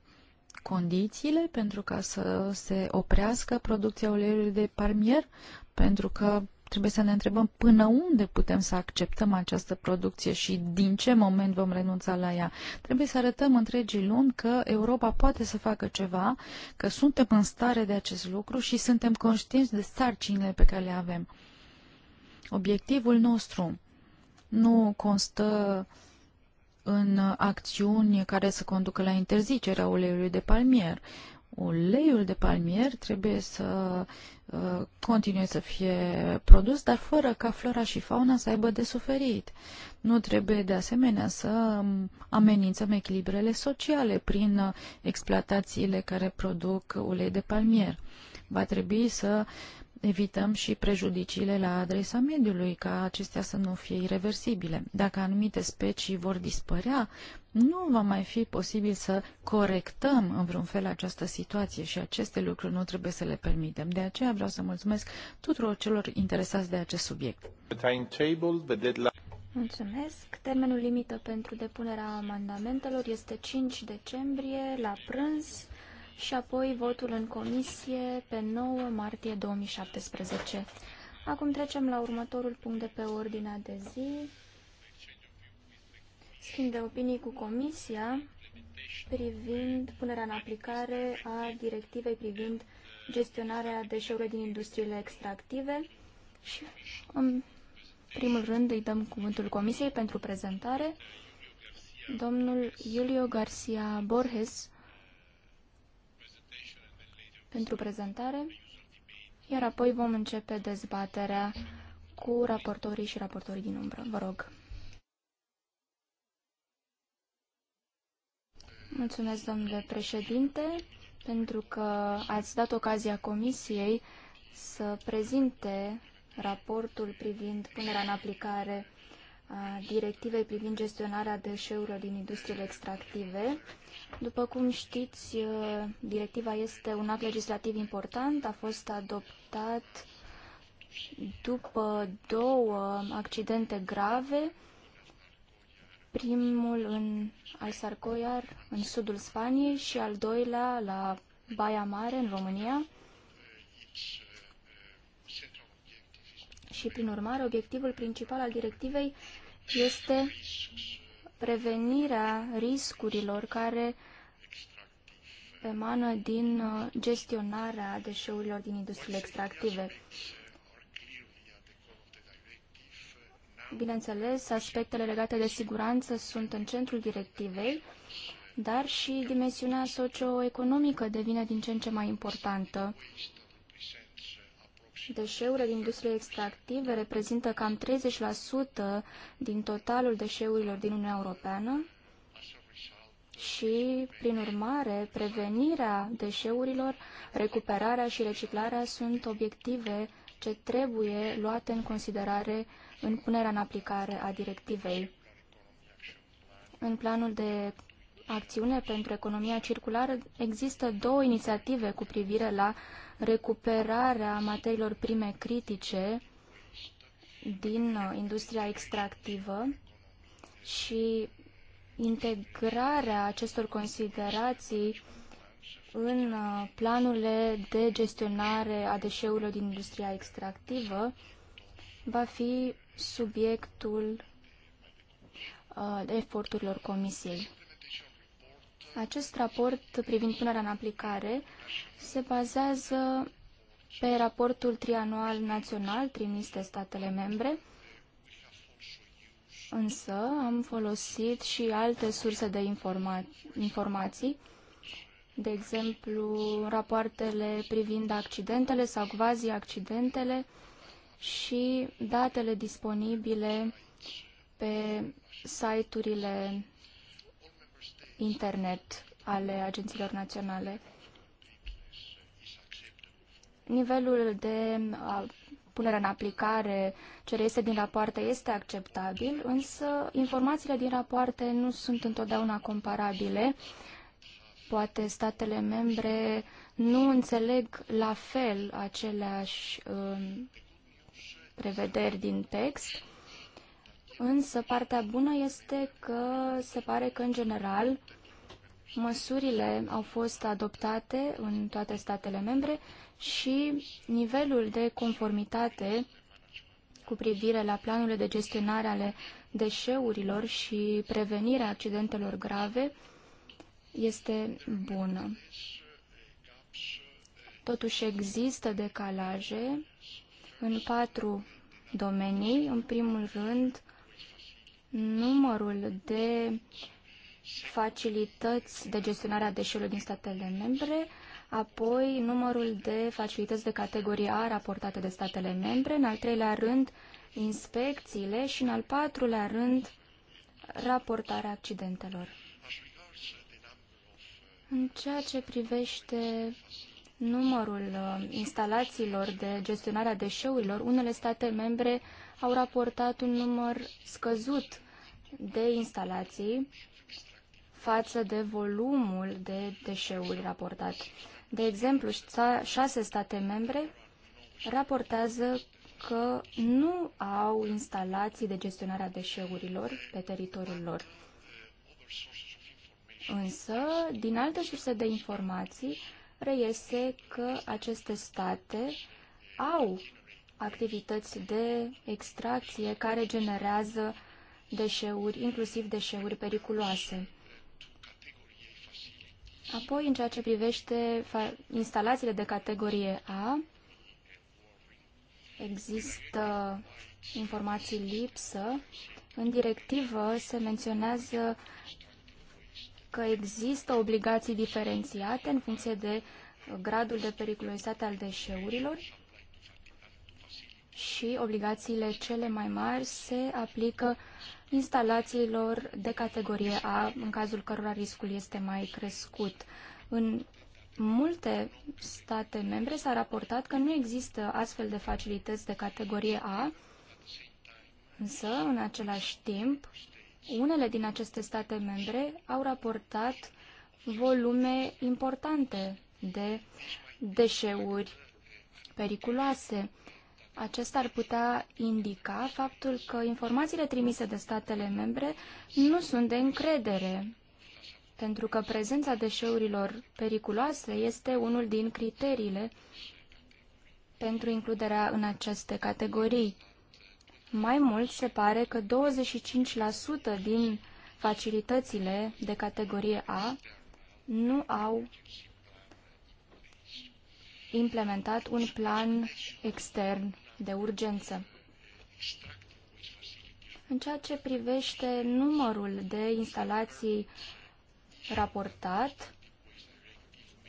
condițiile pentru ca să se oprească producția uleiului de parmier? Pentru că Trebuie să ne întrebăm până unde putem să acceptăm această producție și din ce moment vom renunța la ea. Trebuie să arătăm întregii luni că Europa poate să facă ceva, că suntem în stare de acest lucru și suntem conștienți de sarcinile pe care le avem. Obiectivul nostru nu constă în acțiuni care să conducă la interzicerea uleiului de palmier. Uleiul de palmier trebuie să Uh, continue să fie produs, dar fără ca flora și fauna să aibă de suferit. Nu trebuie de asemenea să amenințăm echilibrele sociale prin uh, exploatațiile care produc ulei de palmier. Va trebui să uh, evităm și prejudiciile la adresa mediului, ca acestea să nu fie irreversibile. Dacă anumite specii vor dispărea, nu va mai fi posibil să corectăm în vreun fel această situație și aceste lucruri nu trebuie să le permitem. De aceea vreau să mulțumesc tuturor celor interesați de acest subiect. Mulțumesc. Termenul limită pentru depunerea amendamentelor este 5 decembrie la prânz și apoi votul în comisie pe 9 martie 2017. Acum trecem la următorul punct de pe ordinea de zi. Schimb de opinii cu comisia privind punerea în aplicare a directivei privind gestionarea deșeurilor din industriile extractive și în primul rând îi dăm cuvântul comisiei pentru prezentare. Domnul Julio Garcia Borges pentru prezentare, iar apoi vom începe dezbaterea cu raportorii și raportorii din umbră. Vă rog. Mulțumesc, domnule președinte, pentru că ați dat ocazia Comisiei să prezinte raportul privind punerea în aplicare a directivei privind gestionarea deșeurilor din industriile extractive după cum știți, uh, directiva este un act legislativ important, a fost adoptat după două accidente grave, primul în al Sarcoiar, în sudul Spaniei, și al doilea la Baia Mare, în România. Și, prin urmare, obiectivul principal al directivei este prevenirea riscurilor care emană din uh, gestionarea deșeurilor din industriile extractive. Bineînțeles, aspectele legate de siguranță sunt în centrul directivei, dar și dimensiunea socioeconomică devine din ce în ce mai importantă Deșeurile din industriile extractive reprezintă cam 30% din totalul deșeurilor din Uniunea Europeană și, prin urmare, prevenirea deșeurilor, recuperarea și reciclarea sunt obiective ce trebuie luate în considerare în punerea în aplicare a directivei. În planul de acțiune pentru economia circulară există două inițiative cu privire la recuperarea materiilor prime critice din uh, industria extractivă și integrarea acestor considerații în uh, planurile de gestionare a deșeurilor din industria extractivă va fi subiectul uh, eforturilor Comisiei. Acest raport privind punerea în aplicare se bazează pe raportul trianual național trimis de statele membre, însă am folosit și alte surse de informa informații, de exemplu rapoartele privind accidentele sau quasi-accidentele și datele disponibile pe site-urile internet ale agențiilor naționale. Nivelul de punere în aplicare ce este din rapoarte este acceptabil, însă informațiile din rapoarte nu sunt întotdeauna comparabile. Poate statele membre nu înțeleg la fel aceleași uh, prevederi din text Însă partea bună este că se pare că, în general, măsurile au fost adoptate în toate statele membre și nivelul de conformitate cu privire la planurile de gestionare ale deșeurilor și prevenirea accidentelor grave este bună. Totuși există decalaje în patru domenii. În primul rând, numărul de facilități de gestionare a deșeurilor din statele membre, apoi numărul de facilități de categorie A raportate de statele membre, în al treilea rând inspecțiile și în al patrulea rând raportarea accidentelor. În ceea ce privește numărul uh, instalațiilor de gestionare a deșeurilor, unele state membre au raportat un număr scăzut de instalații față de volumul de deșeuri raportat. De exemplu, șase state membre raportează că nu au instalații de gestionare a deșeurilor pe teritoriul lor. Însă, din alte surse de informații, reiese că aceste state au activități de extracție care generează deșeuri, inclusiv deșeuri periculoase. Apoi, în ceea ce privește instalațiile de categorie A, există informații lipsă. În directivă se menționează că există obligații diferențiate în funcție de gradul de periculozitate al deșeurilor și obligațiile cele mai mari se aplică instalațiilor de categorie A, în cazul cărora riscul este mai crescut. În multe state membre s-a raportat că nu există astfel de facilități de categorie A, însă, în același timp, unele din aceste state membre au raportat volume importante de deșeuri periculoase. Acesta ar putea indica faptul că informațiile trimise de statele membre nu sunt de încredere, pentru că prezența deșeurilor periculoase este unul din criteriile pentru includerea în aceste categorii. Mai mult, se pare că 25% din facilitățile de categorie A nu au implementat un plan extern de urgență. În ceea ce privește numărul de instalații raportat,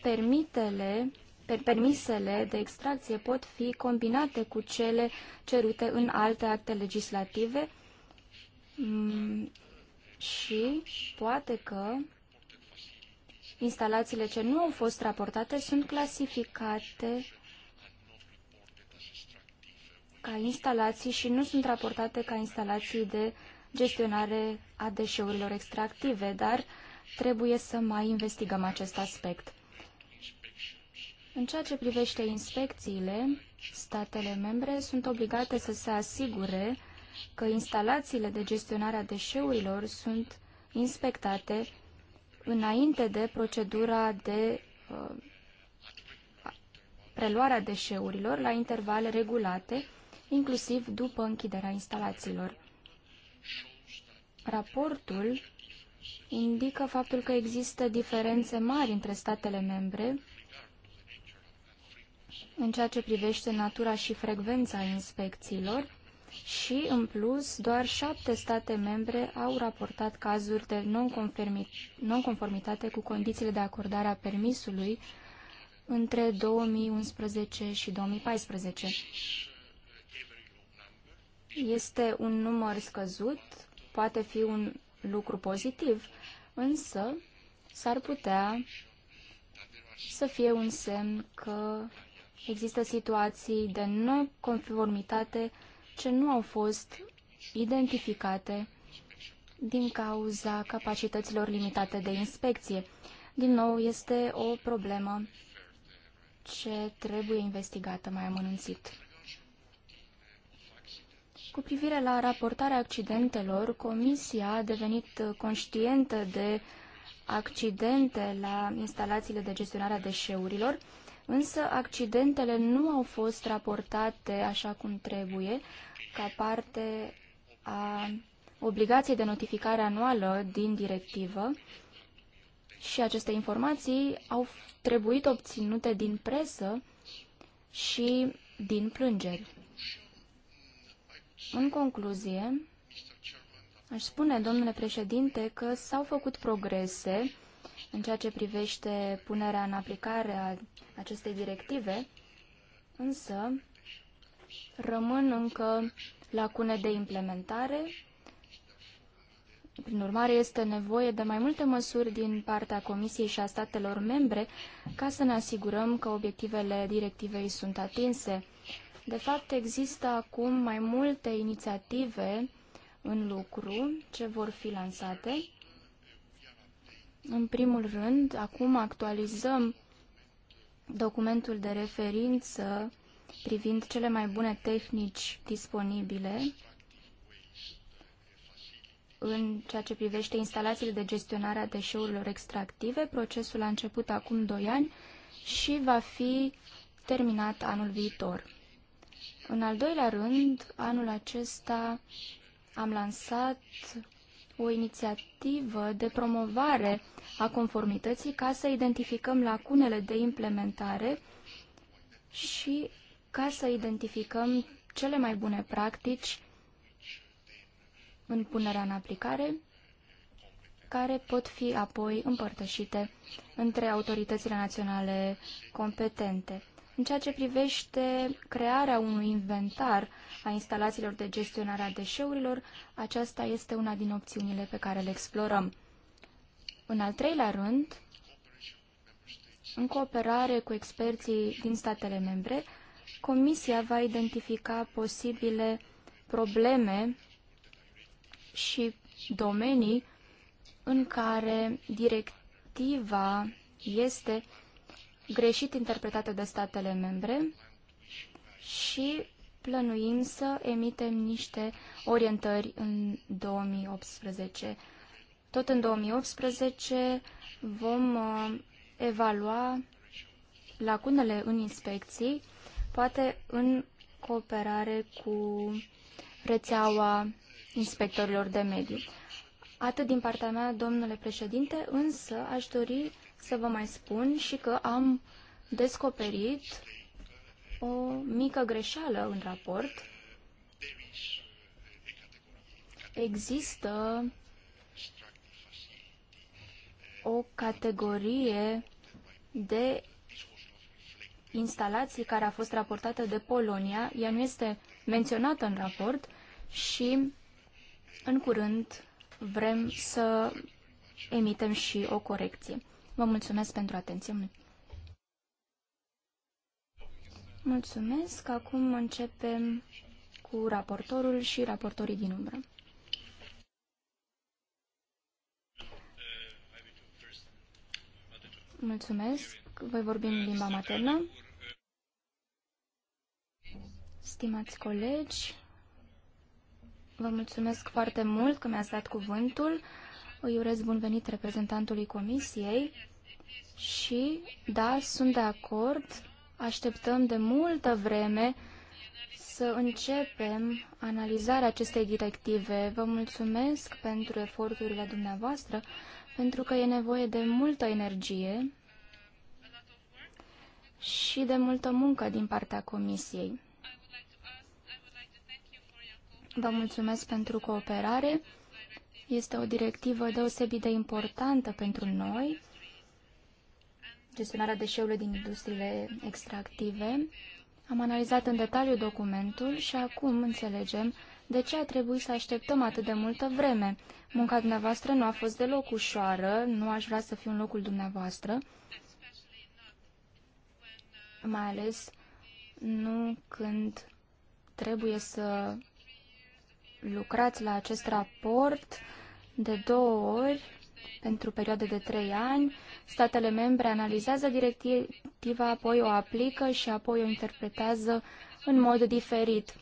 permitele, per, permisele de extracție pot fi combinate cu cele cerute în alte acte legislative mm, și poate că instalațiile ce nu au fost raportate sunt clasificate ca instalații și nu sunt raportate ca instalații de gestionare a deșeurilor extractive, dar trebuie să mai investigăm acest aspect. În ceea ce privește inspecțiile, statele membre sunt obligate să se asigure că instalațiile de gestionare a deșeurilor sunt inspectate înainte de procedura de uh, preluarea deșeurilor la intervale regulate inclusiv după închiderea instalațiilor. Raportul indică faptul că există diferențe mari între statele membre în ceea ce privește natura și frecvența inspecțiilor și, în plus, doar șapte state membre au raportat cazuri de nonconformitate cu condițiile de acordare a permisului între 2011 și 2014. Este un număr scăzut, poate fi un lucru pozitiv, însă s-ar putea să fie un semn că există situații de neconformitate ce nu au fost identificate din cauza capacităților limitate de inspecție. Din nou, este o problemă ce trebuie investigată mai amănunțit. Cu privire la raportarea accidentelor, Comisia a devenit conștientă de accidente la instalațiile de gestionare a deșeurilor, însă accidentele nu au fost raportate așa cum trebuie, ca parte a obligației de notificare anuală din directivă și aceste informații au trebuit obținute din presă și din plângeri. În concluzie, aș spune, domnule președinte, că s-au făcut progrese în ceea ce privește punerea în aplicare a acestei directive, însă rămân încă lacune de implementare. Prin urmare, este nevoie de mai multe măsuri din partea Comisiei și a statelor membre ca să ne asigurăm că obiectivele directivei sunt atinse. De fapt, există acum mai multe inițiative în lucru ce vor fi lansate. În primul rând, acum actualizăm documentul de referință privind cele mai bune tehnici disponibile în ceea ce privește instalațiile de gestionare a deșeurilor extractive. Procesul a început acum 2 ani și va fi terminat anul viitor. În al doilea rând, anul acesta am lansat o inițiativă de promovare a conformității ca să identificăm lacunele de implementare și ca să identificăm cele mai bune practici în punerea în aplicare, care pot fi apoi împărtășite între autoritățile naționale competente. În ceea ce privește crearea unui inventar a instalațiilor de gestionare a deșeurilor, aceasta este una din opțiunile pe care le explorăm. În al treilea rând, în cooperare cu experții din statele membre, Comisia va identifica posibile probleme și domenii în care directiva este greșit interpretate de statele membre și plănuim să emitem niște orientări în 2018. Tot în 2018 vom uh, evalua lacunele în inspecții, poate în cooperare cu rețeaua inspectorilor de mediu. Atât din partea mea, domnule președinte, însă aș dori să vă mai spun și că am descoperit o mică greșeală în raport. Există o categorie de instalații care a fost raportată de Polonia. Ea nu este menționată în raport și în curând vrem să emitem și o corecție. Vă mulțumesc pentru atenție. Mulțumesc. Acum începem cu raportorul și raportorii din umbră. Mulțumesc. Voi vorbi în limba maternă. Stimați colegi, vă mulțumesc foarte mult că mi-ați dat cuvântul. Îi urez bun venit reprezentantului Comisiei și, da, sunt de acord, așteptăm de multă vreme să începem analizarea acestei directive. Vă mulțumesc pentru eforturile dumneavoastră, pentru că e nevoie de multă energie și de multă muncă din partea Comisiei. Vă mulțumesc pentru cooperare este o directivă deosebit de importantă pentru noi, gestionarea deșeurilor din industriile extractive. Am analizat în detaliu documentul și acum înțelegem de ce a trebuit să așteptăm atât de multă vreme. Munca dumneavoastră nu a fost deloc ușoară, nu aș vrea să fiu în locul dumneavoastră, mai ales nu când trebuie să lucrați la acest raport de două ori pentru perioade de trei ani. Statele membre analizează directiva, apoi o aplică și apoi o interpretează în mod diferit.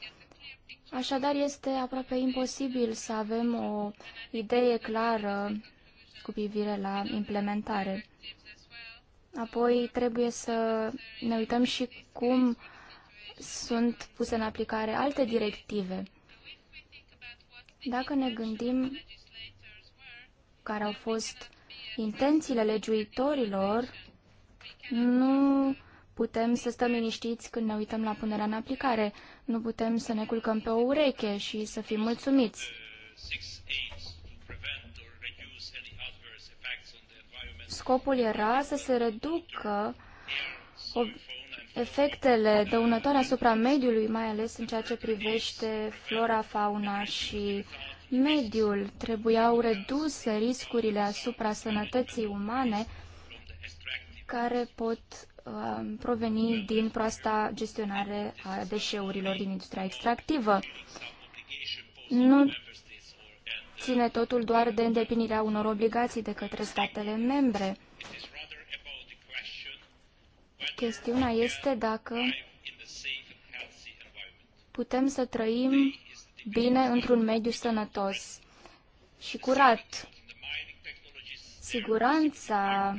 Așadar, este aproape imposibil să avem o idee clară cu privire la implementare. Apoi, trebuie să ne uităm și cum sunt puse în aplicare alte directive. Dacă ne gândim care au fost intențiile legiuitorilor, nu putem să stăm liniștiți când ne uităm la punerea în aplicare. Nu putem să ne culcăm pe o ureche și să fim mulțumiți. Scopul era să se reducă efectele dăunătoare asupra mediului, mai ales în ceea ce privește flora, fauna și mediul, trebuiau reduse riscurile asupra sănătății umane care pot um, proveni din proasta gestionare a deșeurilor din industria extractivă. Nu ține totul doar de îndeplinirea unor obligații de către statele membre. Chestiunea este dacă putem să trăim bine într-un mediu sănătos și curat. Siguranța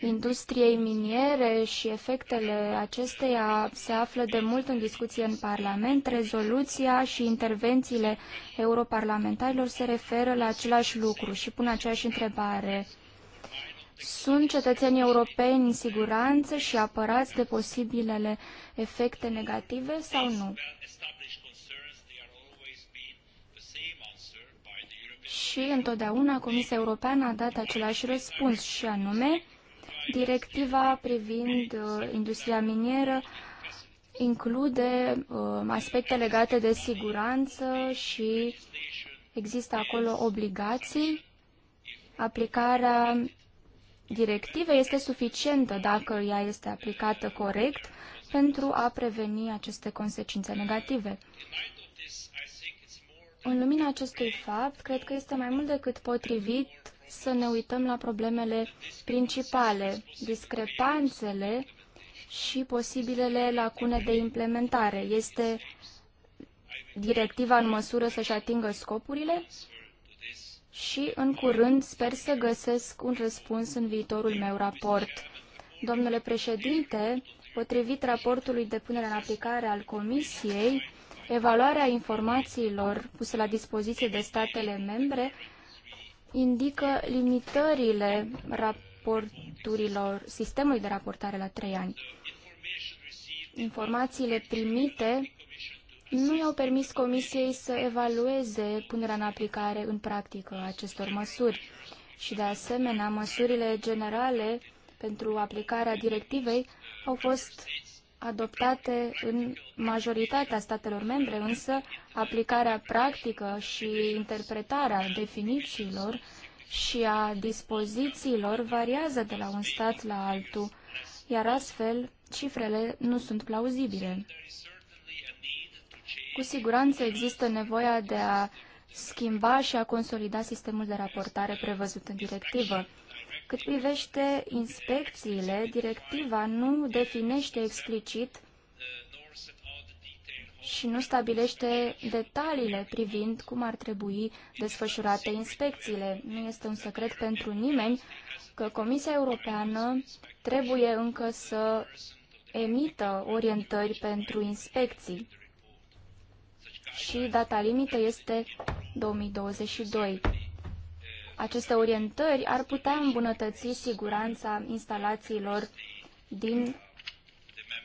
industriei miniere și efectele acesteia se află de mult în discuție în Parlament. Rezoluția și intervențiile europarlamentarilor se referă la același lucru și pun aceeași întrebare. Sunt cetățenii europeni în siguranță și apărați de posibilele efecte negative sau nu? și întotdeauna Comisia Europeană a dat același răspuns și anume directiva privind uh, industria minieră include uh, aspecte legate de siguranță și există acolo obligații. Aplicarea directivei este suficientă dacă ea este aplicată corect pentru a preveni aceste consecințe negative. În lumina acestui fapt, cred că este mai mult decât potrivit să ne uităm la problemele principale, discrepanțele și posibilele lacune de implementare. Este directiva în măsură să-și atingă scopurile? Și, în curând, sper să găsesc un răspuns în viitorul meu raport. Domnule președinte, potrivit raportului de punere în aplicare al Comisiei, Evaluarea informațiilor puse la dispoziție de statele membre indică limitările raporturilor sistemului de raportare la trei ani. Informațiile primite nu i-au permis Comisiei să evalueze punerea în aplicare în practică a acestor măsuri și, de asemenea, măsurile generale pentru aplicarea directivei au fost adoptate în majoritatea statelor membre, însă aplicarea practică și interpretarea definițiilor și a dispozițiilor variază de la un stat la altul, iar astfel cifrele nu sunt plauzibile. Cu siguranță există nevoia de a schimba și a consolida sistemul de raportare prevăzut în directivă. Cât privește inspecțiile, directiva nu definește explicit și nu stabilește detaliile privind cum ar trebui desfășurate inspecțiile. Nu este un secret pentru nimeni că Comisia Europeană trebuie încă să emită orientări pentru inspecții și data limită este 2022. Aceste orientări ar putea îmbunătăți siguranța instalațiilor din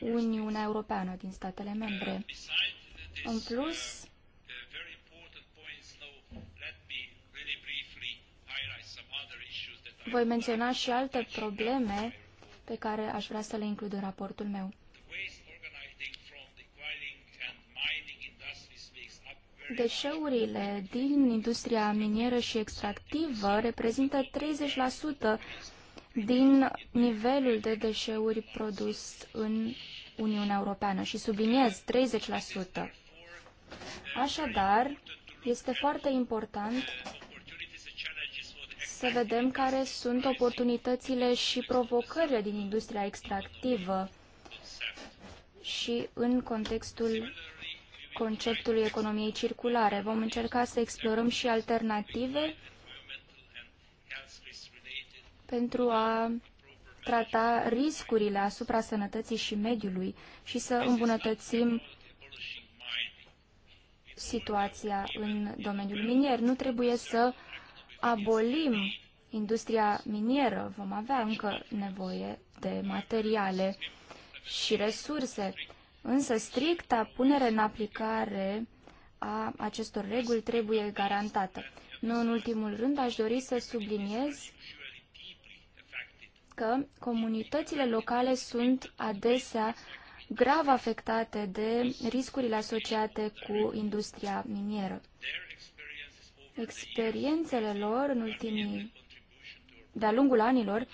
Uniunea Europeană, din statele membre. În plus, voi menționa și alte probleme pe care aș vrea să le includ în raportul meu. Deșeurile din industria minieră și extractivă reprezintă 30% din nivelul de deșeuri produs în Uniunea Europeană și subliniez 30%. Așadar, este foarte important să vedem care sunt oportunitățile și provocările din industria extractivă și în contextul conceptului economiei circulare. Vom încerca să explorăm și alternative pentru a trata riscurile asupra sănătății și mediului și să îmbunătățim situația în domeniul minier. Nu trebuie să abolim industria minieră. Vom avea încă nevoie de materiale și resurse. Însă stricta punere în aplicare a acestor reguli trebuie garantată. Nu în ultimul rând aș dori să subliniez că comunitățile locale sunt adesea grav afectate de riscurile asociate cu industria minieră. Experiențele lor în ultimii, de-a lungul anilor,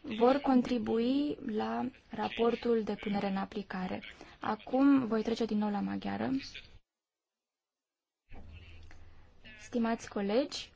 vor contribui la raportul de punere în aplicare. Acum voi trece din nou la maghiară. Stimați colegi,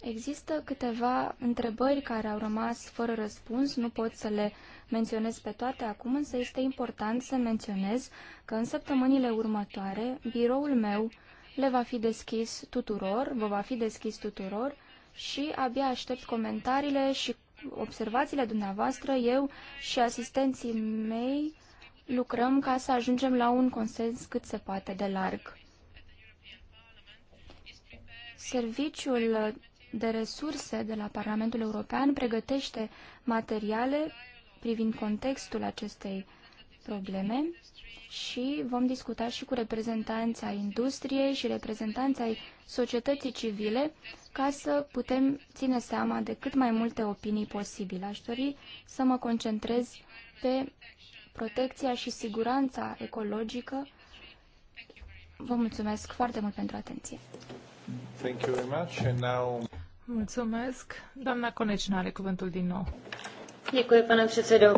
există câteva întrebări care au rămas fără răspuns, nu pot să le menționez pe toate acum, însă este important să menționez că în săptămânile următoare biroul meu le va fi deschis tuturor, vă va fi deschis tuturor și abia aștept comentariile și observațiile dumneavoastră, eu și asistenții mei lucrăm ca să ajungem la un consens cât se poate de larg. Serviciul de resurse de la Parlamentul European pregătește materiale privind contextul acestei probleme și vom discuta și cu reprezentanța industriei și reprezentanța societății civile ca să putem ține seama de cât mai multe opinii posibile. Aș dori să mă concentrez pe protecția și siguranța ecologică. Vă mulțumesc foarte mult pentru atenție. Thank you very much. And now... Mulțumesc. Doamna Conecina are cuvântul din nou. Děkuji, pane předsedo.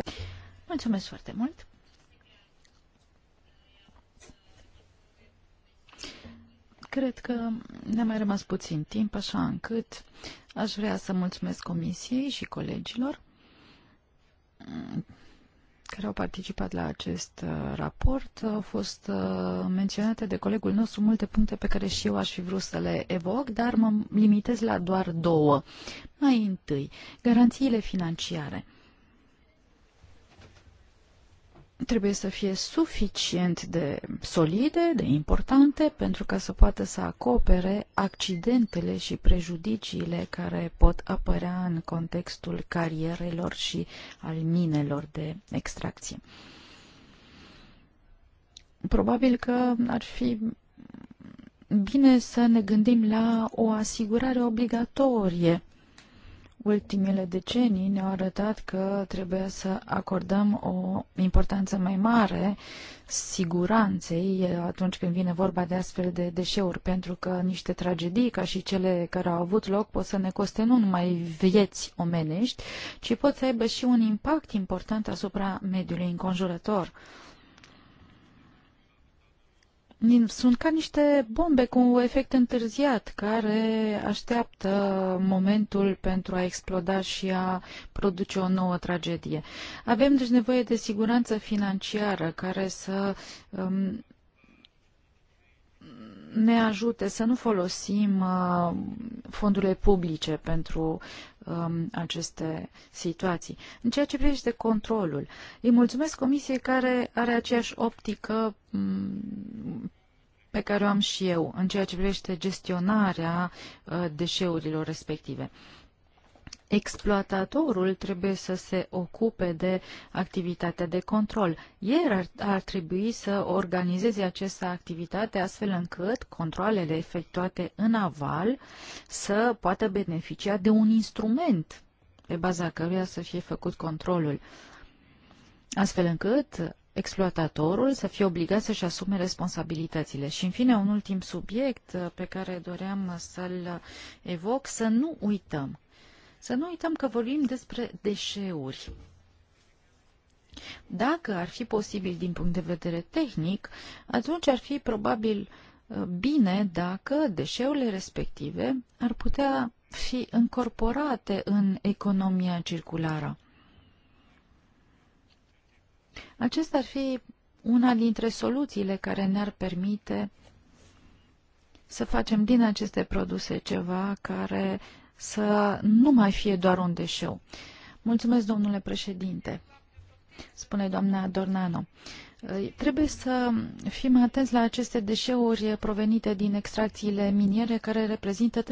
Mulțumesc foarte mult. Cred că ne-a mai rămas puțin timp, așa încât aș vrea să mulțumesc comisiei și colegilor care au participat la acest uh, raport. Au fost uh, menționate de colegul nostru multe puncte pe care și eu aș fi vrut să le evoc, dar mă limitez la doar două. Mai întâi, garanțiile financiare trebuie să fie suficient de solide, de importante, pentru ca să poată să acopere accidentele și prejudiciile care pot apărea în contextul carierelor și al minelor de extracție. Probabil că ar fi bine să ne gândim la o asigurare obligatorie ultimele decenii ne-au arătat că trebuie să acordăm o importanță mai mare siguranței atunci când vine vorba de astfel de deșeuri, pentru că niște tragedii ca și cele care au avut loc pot să ne coste nu numai vieți omenești, ci pot să aibă și un impact important asupra mediului înconjurător sunt ca niște bombe cu efect întârziat care așteaptă momentul pentru a exploda și a produce o nouă tragedie. Avem deci nevoie de siguranță financiară care să um, ne ajute să nu folosim uh, fondurile publice pentru um, aceste situații. În ceea ce privește controlul, îi mulțumesc Comisiei care are aceeași optică mm, pe care o am și eu în ceea ce privește gestionarea uh, deșeurilor respective exploatatorul trebuie să se ocupe de activitatea de control. El ar, ar trebui să organizeze această activitate astfel încât controlele efectuate în aval să poată beneficia de un instrument pe baza căruia să fie făcut controlul, astfel încât exploatatorul să fie obligat să-și asume responsabilitățile. Și, în fine, un ultim subiect pe care doream să-l evoc, să nu uităm să nu uităm că vorbim despre deșeuri. Dacă ar fi posibil din punct de vedere tehnic, atunci ar fi probabil uh, bine dacă deșeurile respective ar putea fi încorporate în economia circulară. Acesta ar fi una dintre soluțiile care ne-ar permite să facem din aceste produse ceva care să nu mai fie doar un deșeu. Mulțumesc, domnule președinte, spune doamna Dornano. Trebuie să fim atenți la aceste deșeuri provenite din extracțiile miniere, care reprezintă 30%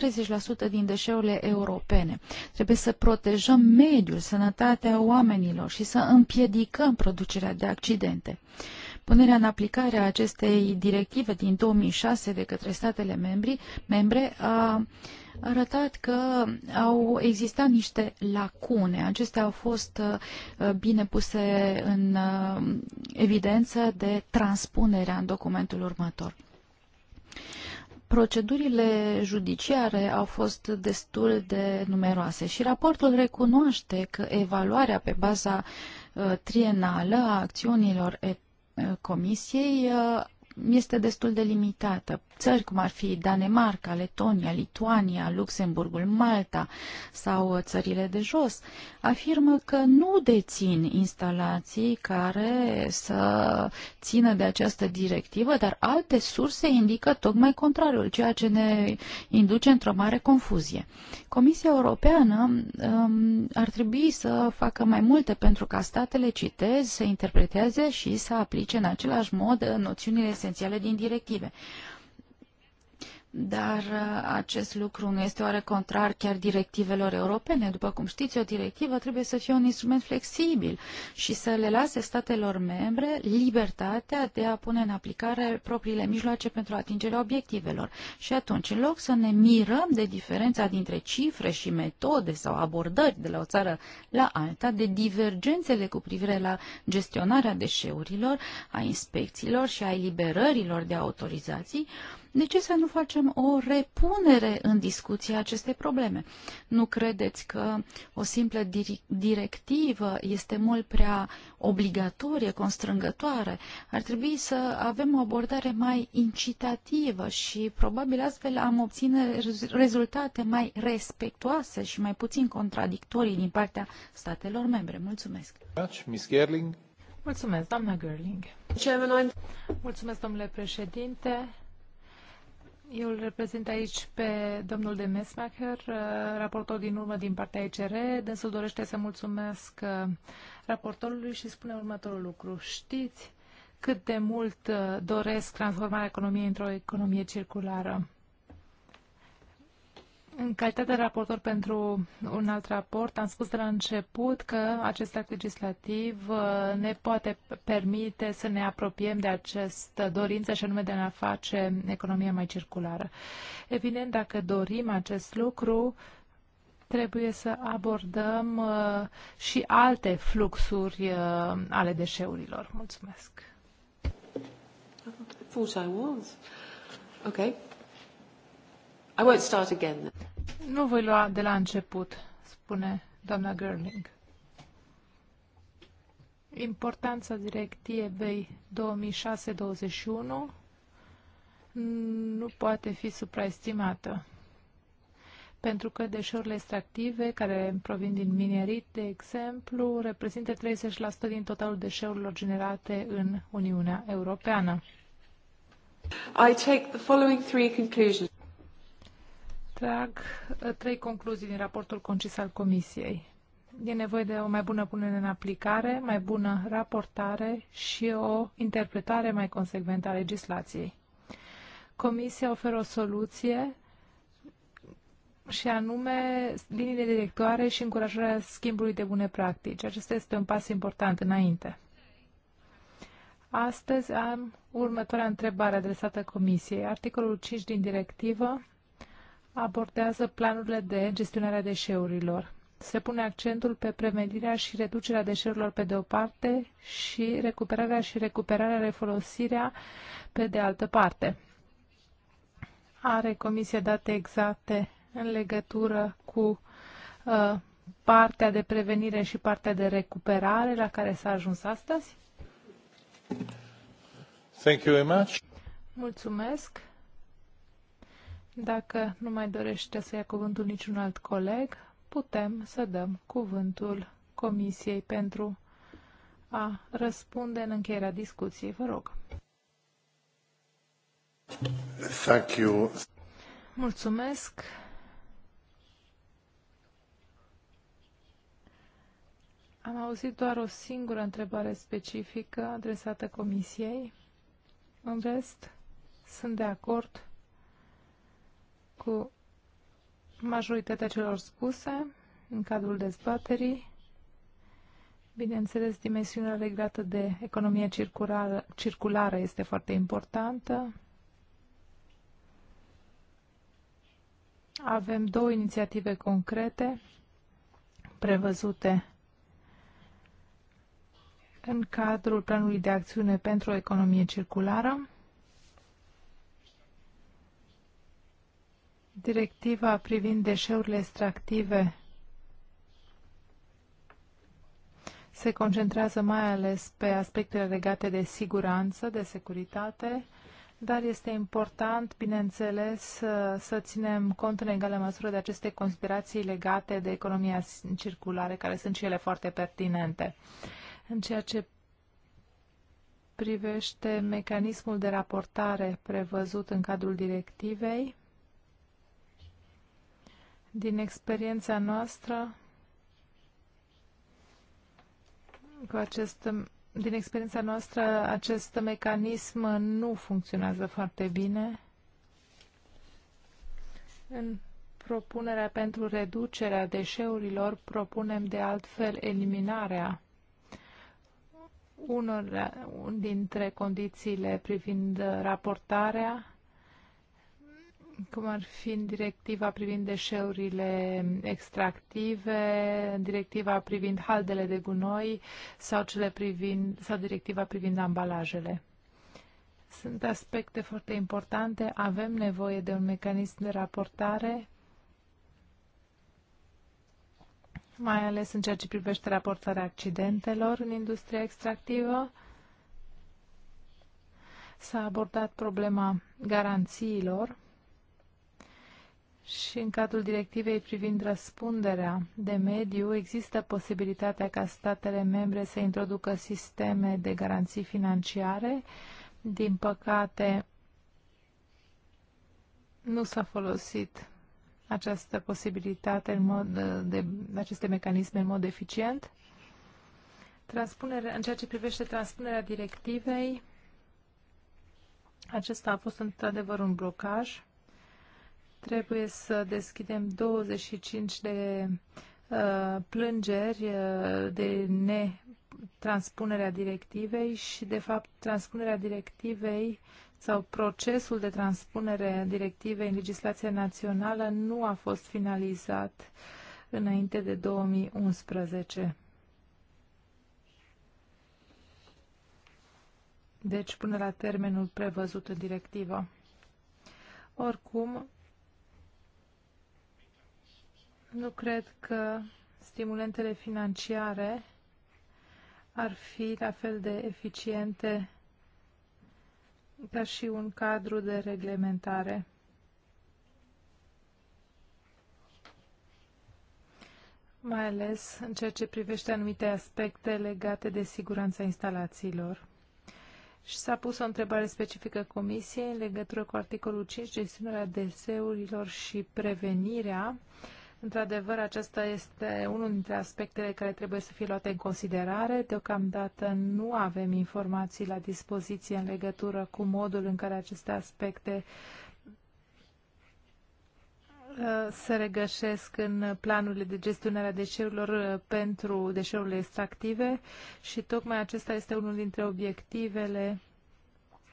din deșeurile europene. Trebuie să protejăm mediul, sănătatea oamenilor și să împiedicăm producerea de accidente. Punerea în aplicare a acestei directive din 2006 de către statele membri, membre a uh, arătat că au existat niște lacune. Acestea au fost uh, bine puse în uh, evidență de transpunerea în documentul următor. Procedurile judiciare au fost destul de numeroase și raportul recunoaște că evaluarea pe baza uh, trienală a acțiunilor Comisiei este destul de limitată țări cum ar fi Danemarca, Letonia, Lituania, Luxemburgul, Malta sau țările de jos, afirmă că nu dețin instalații care să țină de această directivă, dar alte surse indică tocmai contrariul, ceea ce ne induce într-o mare confuzie. Comisia Europeană um, ar trebui să facă mai multe pentru ca statele, citez, să interpreteze și să aplice în același mod noțiunile esențiale din directive dar uh, acest lucru nu este oare contrar chiar directivelor europene. După cum știți, o directivă trebuie să fie un instrument flexibil și să le lase statelor membre libertatea de a pune în aplicare propriile mijloace pentru atingerea obiectivelor. Și atunci, în loc să ne mirăm de diferența dintre cifre și metode sau abordări de la o țară la alta, de divergențele cu privire la gestionarea deșeurilor, a inspecțiilor și a eliberărilor de autorizații, de ce să nu facem avem o repunere în discuție a acestei probleme. Nu credeți că o simplă directivă este mult prea obligatorie, constrângătoare? Ar trebui să avem o abordare mai incitativă și probabil astfel am obține rezultate mai respectuoase și mai puțin contradictorii din partea statelor membre. Mulțumesc! Miss Gerling. Mulțumesc, doamna Gerling. Mulțumesc, domnule președinte. Eu îl reprezint aici pe domnul de Mesmacher, uh, raportor din urmă din partea ECR. Dânsul dorește să mulțumesc uh, raportorului și spune următorul lucru. Știți cât de mult uh, doresc transformarea economiei într-o economie circulară. În calitate de raportor pentru un alt raport, am spus de la început că acest act legislativ uh, ne poate permite să ne apropiem de această dorință și anume de a face economia mai circulară. Evident, dacă dorim acest lucru, trebuie să abordăm uh, și alte fluxuri uh, ale deșeurilor. Mulțumesc! I Okay. I won't start again. Nu voi lua de la început, spune doamna Gerling. Importanța directivei 2006-21 nu poate fi supraestimată, pentru că deșeurile extractive, care provin din minerit, de exemplu, reprezintă 30% din totalul deșeurilor generate în Uniunea Europeană. I take the following three conclusions trag uh, trei concluzii din raportul concis al Comisiei. E nevoie de o mai bună punere în aplicare, mai bună raportare și o interpretare mai consecventă a legislației. Comisia oferă o soluție și anume liniile directoare și încurajarea schimbului de bune practici. Acesta este un pas important înainte. Astăzi am următoarea întrebare adresată Comisiei. Articolul 5 din directivă abordează planurile de gestionare a deșeurilor. Se pune accentul pe prevenirea și reducerea deșeurilor pe de o parte și recuperarea și recuperarea, refolosirea pe de altă parte. Are Comisia date exacte în legătură cu uh, partea de prevenire și partea de recuperare la care s-a ajuns astăzi? Thank you very much. Mulțumesc. Dacă nu mai dorește să ia cuvântul niciun alt coleg, putem să dăm cuvântul Comisiei pentru a răspunde în încheierea discuției. Vă rog. Thank you. Mulțumesc. Am auzit doar o singură întrebare specifică adresată Comisiei. În rest, sunt de acord cu majoritatea celor spuse în cadrul dezbaterii. Bineînțeles, dimensiunea legată de economia circulară, circulară este foarte importantă. Avem două inițiative concrete prevăzute în cadrul planului de acțiune pentru o economie circulară. Directiva privind deșeurile extractive se concentrează mai ales pe aspectele legate de siguranță, de securitate, dar este important, bineînțeles, să, să ținem cont în egală măsură de aceste considerații legate de economia circulară, care sunt și ele foarte pertinente. În ceea ce privește mecanismul de raportare prevăzut în cadrul directivei, din experiența noastră cu acest, din experiența noastră, acest mecanism nu funcționează foarte bine. În propunerea pentru reducerea deșeurilor propunem de altfel eliminarea unor dintre condițiile privind raportarea cum ar fi în directiva privind deșeurile extractive, directiva privind haldele de gunoi sau, cele privind, sau directiva privind ambalajele. Sunt aspecte foarte importante. Avem nevoie de un mecanism de raportare, mai ales în ceea ce privește raportarea accidentelor în industria extractivă. S-a abordat problema garanțiilor și în cadrul directivei privind răspunderea de mediu, există posibilitatea ca statele membre să introducă sisteme de garanții financiare. Din păcate, nu s-a folosit această posibilitate, în mod de, uh, de aceste mecanisme în mod eficient. Transpunerea, în ceea ce privește transpunerea directivei, acesta a fost într-adevăr un blocaj Trebuie să deschidem 25 de uh, plângeri uh, de ne transpunerea directivei și, de fapt, transpunerea directivei sau procesul de transpunere a directivei în legislația națională nu a fost finalizat înainte de 2011. Deci, până la termenul prevăzut în directivă. Oricum, nu cred că stimulentele financiare ar fi la fel de eficiente ca și un cadru de reglementare. mai ales în ceea ce privește anumite aspecte legate de siguranța instalațiilor. Și s-a pus o întrebare specifică Comisiei în legătură cu articolul 5, gestiunea deseurilor și prevenirea uh, Într-adevăr, acesta este unul dintre aspectele care trebuie să fie luate în considerare. Deocamdată nu avem informații la dispoziție în legătură cu modul în care aceste aspecte uh, se regăsesc în planurile de gestionare a deșeurilor uh, pentru deșeurile extractive și tocmai acesta este unul dintre obiectivele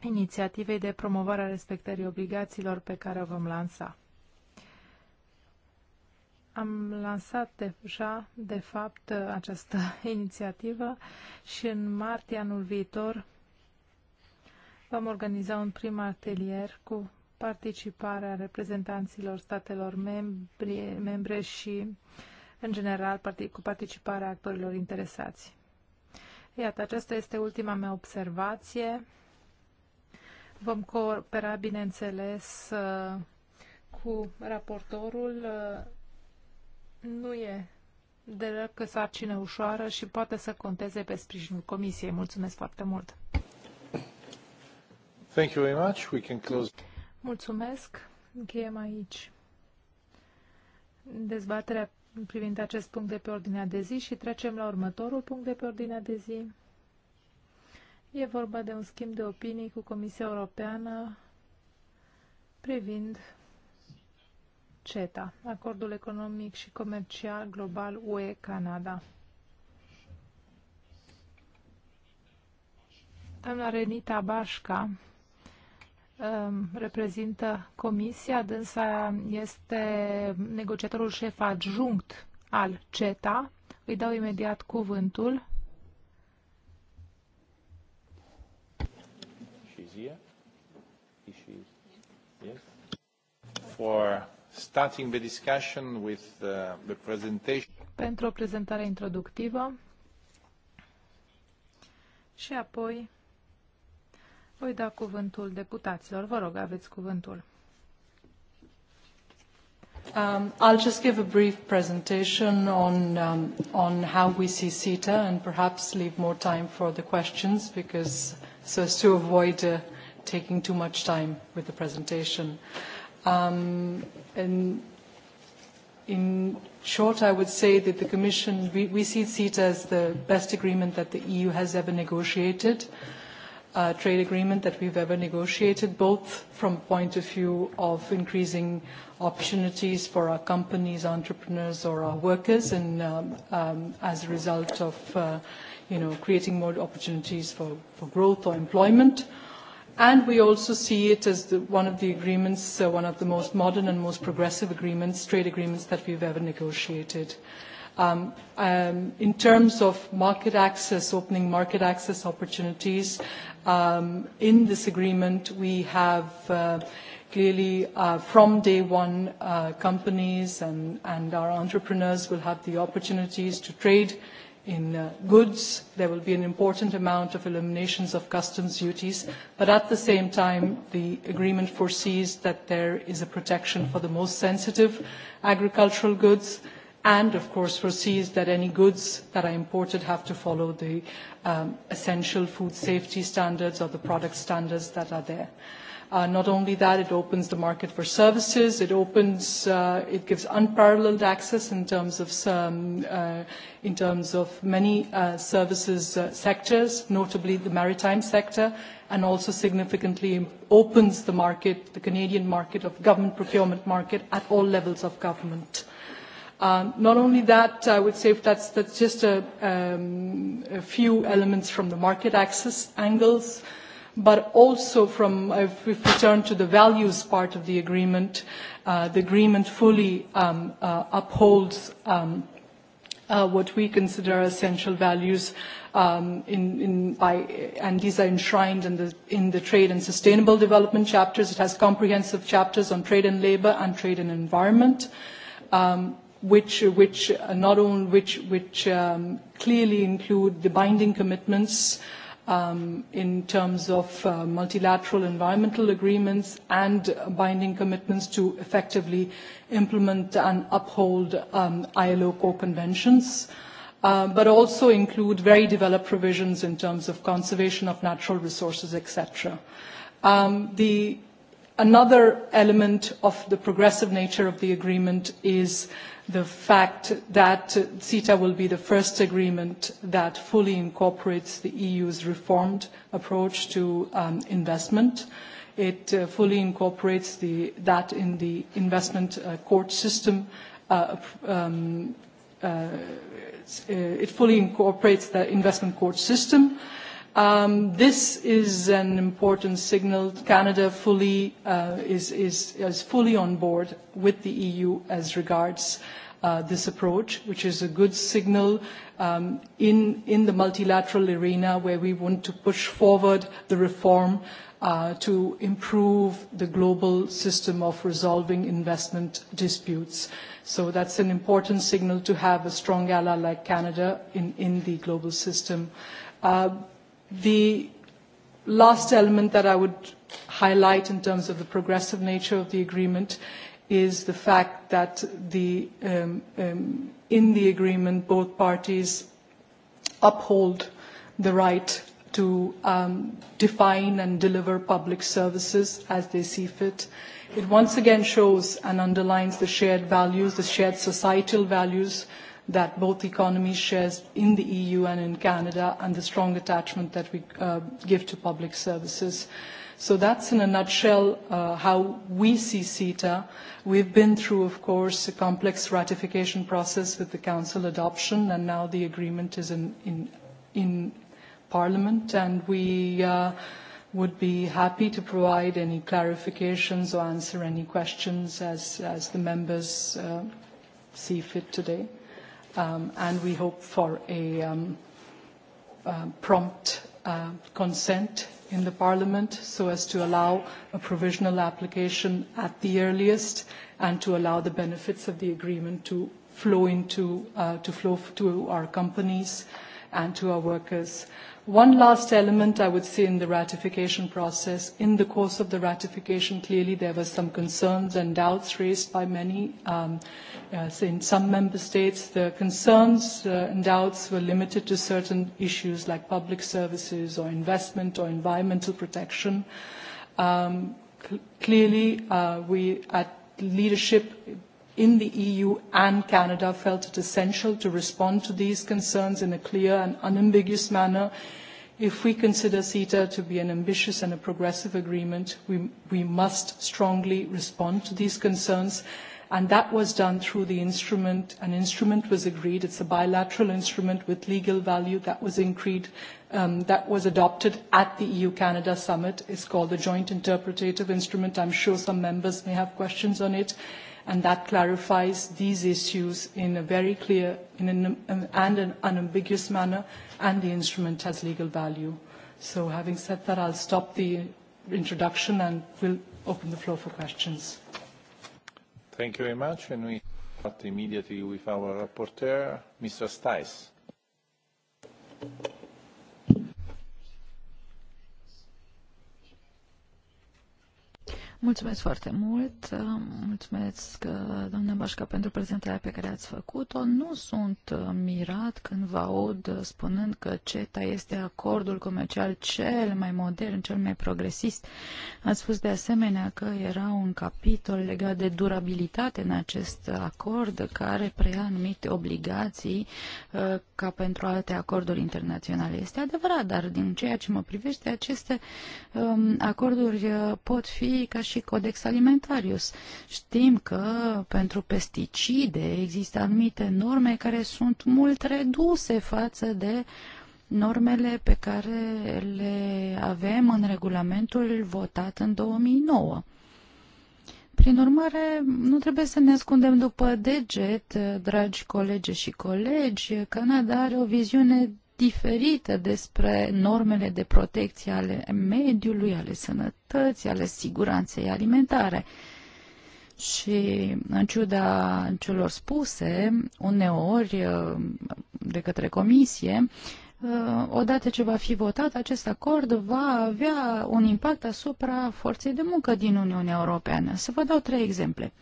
inițiativei de promovare a respectării obligațiilor pe care o vom lansa. Am lansat deja, de fapt, această inițiativă și în martie anul viitor vom organiza un prim atelier cu participarea reprezentanților statelor membri, membre și, în general, cu participarea actorilor interesați. Iată, aceasta este ultima mea observație. Vom coopera, bineînțeles, cu raportorul nu e deloc sarcină ușoară și poate să conteze pe sprijinul Comisiei. Mulțumesc foarte mult! Thank you very much. We can close. Mulțumesc. Încheiem aici dezbaterea privind acest punct de pe ordinea de zi și trecem la următorul punct de pe ordinea de zi. E vorba de un schimb de opinii cu Comisia Europeană privind CETA, Acordul Economic și Comercial Global UE-Canada. Doamna Renita Bașca um, reprezintă comisia, dânsa este negociatorul șef adjunct al CETA. Îi dau imediat cuvântul. For starting the discussion with uh, the presentation. Pentru o prezentare introductivă și apoi voi da cuvântul deputaților. Vă rog, aveți cuvântul. Um, I'll just give a brief presentation on, um, on how we see CETA and perhaps leave more time for the questions because so as to avoid uh, taking too much time with the presentation. Uh, Um, and in short, I would say that the Commission, we, we see CETA as the best agreement that the EU has ever negotiated, a trade agreement that we've ever negotiated, both from point of view of increasing opportunities for our companies, entrepreneurs, or our workers, and um, um, as a result of, uh, you know, creating more opportunities for, for growth or employment, uh, And we also see it as the, one of the agreements, uh, one of the most modern and most progressive agreements, trade agreements that we've ever negotiated. Um, um, in terms of market access, opening market access opportunities, um, in this agreement we have uh, clearly uh, from day one uh, companies and, and our entrepreneurs will have the opportunities to trade uh, in uh, goods. There will be an important amount of eliminations of customs duties, but at the same time, the agreement foresees that there is a protection for the most sensitive agricultural goods and, of course, foresees that any goods that are imported have to follow the um, essential food safety standards or the product standards that are there. Uh, not only that, it opens the market for services, it opens, uh, it gives unparalleled access in terms of, some, uh, in terms of many uh, services uh, sectors, notably the maritime sector, and also significantly opens the market, the Canadian market of government procurement market at all levels of government. Um, not only that, I would say that's, that's just a, um, a few elements from the market access angles. Uh, but also from, if we turn to the values part of the agreement, uh, the agreement fully um, uh, upholds um, uh, what we consider essential values um, in, in by, and these are enshrined in the, in the trade and sustainable development chapters. It has comprehensive chapters on trade and labor and trade and environment. Um, which, which uh, not only which, which um, clearly include the binding commitments uh, um, in terms of uh, multilateral environmental agreements and binding commitments to effectively implement and uphold um, ILO core conventions. Uh, but also include very developed provisions in terms of conservation of natural resources, etc. Um, the, another element of the progressive nature of the agreement is uh, the fact that CETA will be the first agreement that fully incorporates the EU's reformed approach to um, investment. It uh, fully incorporates the, that in the investment uh, court system. Uh, um, uh, uh, it fully incorporates the investment court system. Uh, Um, this is an important signal. Canada fully, uh, is, is, is fully on board with the EU as regards uh, this approach, which is a good signal um, in, in the multilateral arena where we want to push forward the reform uh, to improve the global system of resolving investment disputes. So that's an important signal to have a strong ally like Canada in, in the global system. Uh, The last element that I would highlight in terms of the progressive nature of the agreement is the fact that the, um, um, in the agreement both parties uphold the right to um, define and deliver public services as they see fit. It once again shows and underlines the shared values, the shared societal values that both economies share in the EU and in Canada and the strong attachment that we uh, give to public services. So that's in a nutshell uh, how we see CETA. We've been through, of course, a complex ratification process with the Council adoption, and now the agreement is in, in, in Parliament, and we uh, would be happy to provide any clarifications or answer any questions as, as the members uh, see fit today um, and we hope for a um, uh, prompt uh, consent in the Parliament so as to allow a provisional application at the earliest and to allow the benefits of the agreement to flow into uh, to flow to our companies and to our workers. One last element I would say in the ratification process. In the course of the ratification, clearly there were some concerns and doubts raised by many. Um, uh, in some member states, the concerns uh, and doubts were limited to certain issues like public services or investment or environmental protection. Um, cl clearly, uh, we at leadership in the EU and Canada felt it essential to respond to these concerns in a clear and unambiguous manner. If we consider CETA to be an ambitious and progressive agreement, we, must strongly respond to these concerns and that was done through the instrument. An instrument was agreed. it is a bilateral instrument with legal value that was um, adopted at the EU-Canada summit. it is called the Joint Interpretative Instrument. i am sure some members may have questions on and that clarifies these issues in a very clear in an, um, and an unambiguous manner, and the instrument has legal value. So having said that, I'll stop the introduction and we'll open the floor for questions. Thank you very much, and we start immediately with our rapporteur, Mr. Stais. Mulțumesc foarte mult, mulțumesc, doamna Bașca, pentru prezentarea pe care ați făcut-o. Nu sunt mirat când vă aud spunând că CETA este acordul comercial cel mai modern, cel mai progresist. Ați spus de asemenea că era un capitol legat de durabilitate în acest acord care preia anumite obligații uh, ca pentru alte acorduri internaționale. Este adevărat, dar din ceea ce mă privește, aceste um, acorduri uh, pot fi ca și și Codex Alimentarius. Știm că pentru pesticide există anumite norme care sunt mult reduse față de normele pe care le avem în regulamentul votat în 2009. Prin urmare, nu trebuie să ne ascundem după deget, dragi colegi și colegi. Canada are o viziune diferite despre normele de protecție ale mediului, ale sănătății, ale siguranței alimentare. Și în ciuda celor spuse, uneori de către comisie, odată ce va fi votat, acest acord va avea un impact asupra forței de muncă din Uniunea Europeană. Să vă dau trei exemple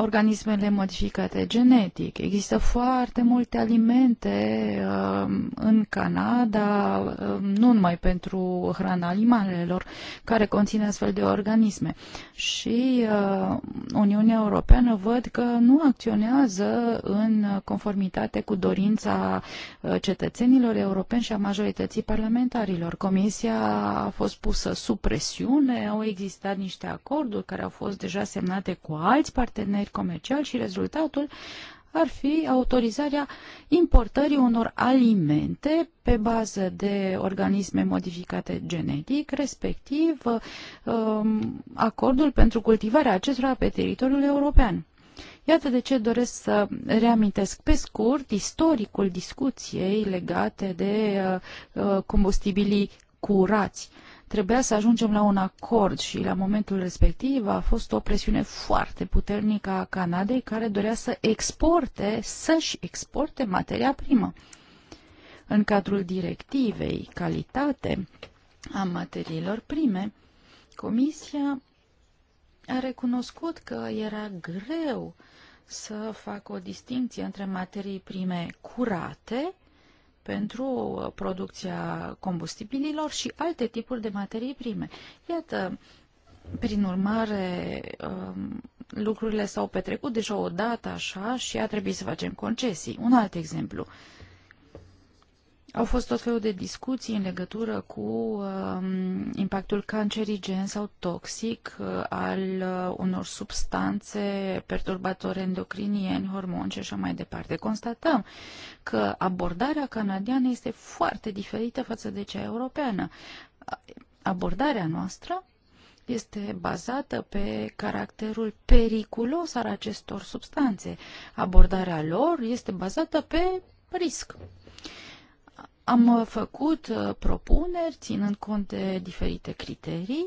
organismele modificate genetic. Există foarte multe alimente um, în Canada, um, nu numai pentru hrana animalelor, care conține astfel de organisme. Și uh, Uniunea Europeană văd că nu acționează în conformitate cu dorința uh, cetățenilor europeni și a majorității parlamentarilor. Comisia a fost pusă sub presiune, au existat niște acorduri care au fost deja semnate cu alți parteneri comercial și rezultatul ar fi autorizarea importării unor alimente pe bază de organisme modificate genetic, respectiv uh, um, acordul pentru cultivarea acestora pe teritoriul european. Iată de ce doresc să reamintesc pe scurt istoricul discuției legate de uh, uh, combustibilii curați. Trebuia să ajungem la un acord și la momentul respectiv a fost o presiune foarte puternică a Canadei care dorea să exporte, să-și exporte materia primă. În cadrul directivei calitate a materiilor prime, Comisia a recunoscut că era greu să facă o distinție între materii prime curate pentru uh, producția combustibililor și alte tipuri de materii prime. Iată, prin urmare, um, lucrurile s-au petrecut deja o dată așa și a trebuit să facem concesii. Un alt exemplu. Au fost tot felul de discuții în legătură cu um, impactul cancerigen sau toxic uh, al uh, unor substanțe perturbatoare endocrinieni, hormoni și așa mai departe. Constatăm că abordarea canadiană este foarte diferită față de cea europeană. Abordarea noastră este bazată pe caracterul periculos al acestor substanțe. Abordarea lor este bazată pe risc. Am uh, făcut uh, propuneri ținând cont de diferite criterii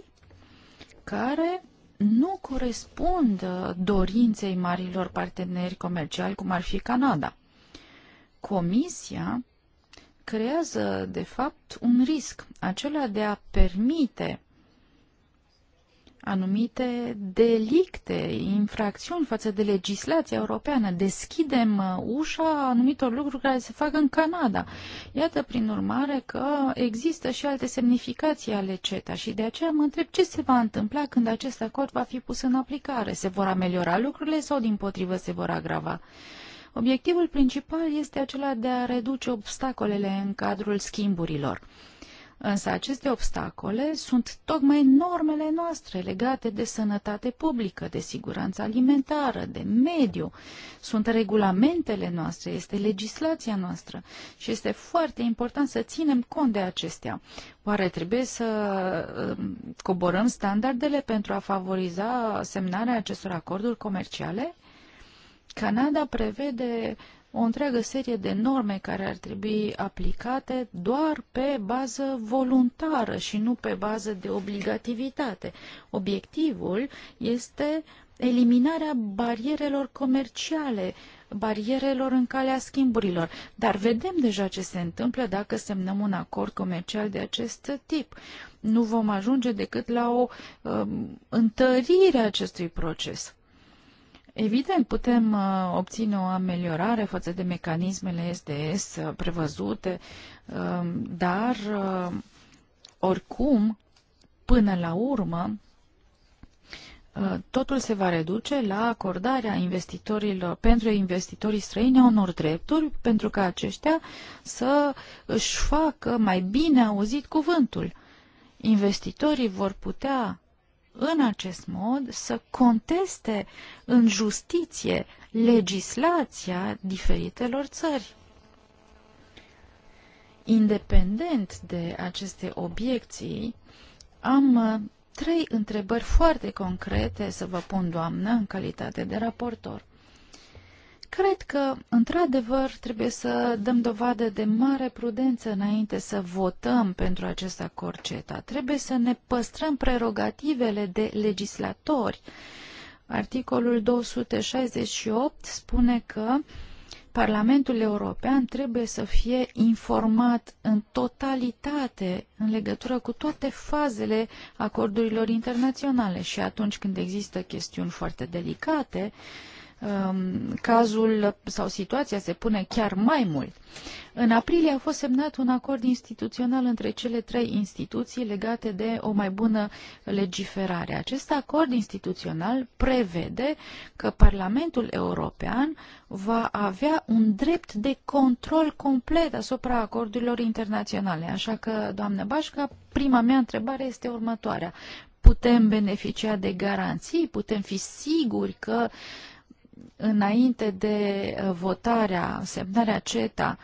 care nu corespund uh, dorinței marilor parteneri comerciali, cum ar fi Canada. Comisia creează, de fapt, un risc, acela de a permite anumite delicte, infracțiuni față de legislația europeană. Deschidem uh, ușa anumitor lucruri care se fac în Canada. Iată, prin urmare, că există și alte semnificații ale CETA și de aceea mă întreb ce se va întâmpla când acest acord va fi pus în aplicare. Se vor ameliora lucrurile sau, din potrivă, se vor agrava? Obiectivul principal este acela de a reduce obstacolele în cadrul schimburilor. Însă aceste obstacole sunt tocmai normele noastre legate de sănătate publică, de siguranță alimentară, de mediu. Sunt regulamentele noastre, este legislația noastră și este foarte important să ținem cont de acestea. Oare trebuie să um, coborăm standardele pentru a favoriza semnarea acestor acorduri comerciale? Canada prevede o întreagă serie de norme care ar trebui aplicate doar pe bază voluntară și nu pe bază de obligativitate. Obiectivul este eliminarea barierelor comerciale, barierelor în calea schimburilor. Dar vedem deja ce se întâmplă dacă semnăm un acord comercial de acest tip. Nu vom ajunge decât la o um, întărire a acestui proces. Evident, putem uh, obține o ameliorare față de mecanismele SDS uh, prevăzute, um, dar uh, oricum, până la urmă, totul se va reduce la acordarea investitorilor, pentru investitorii străini a unor drepturi, pentru ca aceștia să își facă mai bine auzit cuvântul. Investitorii vor putea în acest mod să conteste în justiție legislația diferitelor țări. Independent de aceste obiecții, am uh, trei întrebări foarte concrete să vă pun, doamnă, în calitate de raportor. Cred că, într-adevăr, trebuie să dăm dovadă de mare prudență înainte să votăm pentru acest acord CETA. Trebuie să ne păstrăm prerogativele de legislatori. Articolul 268 spune că Parlamentul European trebuie să fie informat în totalitate în legătură cu toate fazele acordurilor internaționale și atunci când există chestiuni foarte delicate, uh, Um, cazul sau situația se pune chiar mai mult. În aprilie a fost semnat un acord instituțional între cele trei instituții legate de o mai bună legiferare. Acest acord instituțional prevede că Parlamentul European va avea un drept de control complet asupra acordurilor internaționale. Așa că, doamnă Bașca, prima mea întrebare este următoarea. Putem beneficia de garanții? Putem fi siguri că uh, înainte de uh, votarea, semnarea CETA,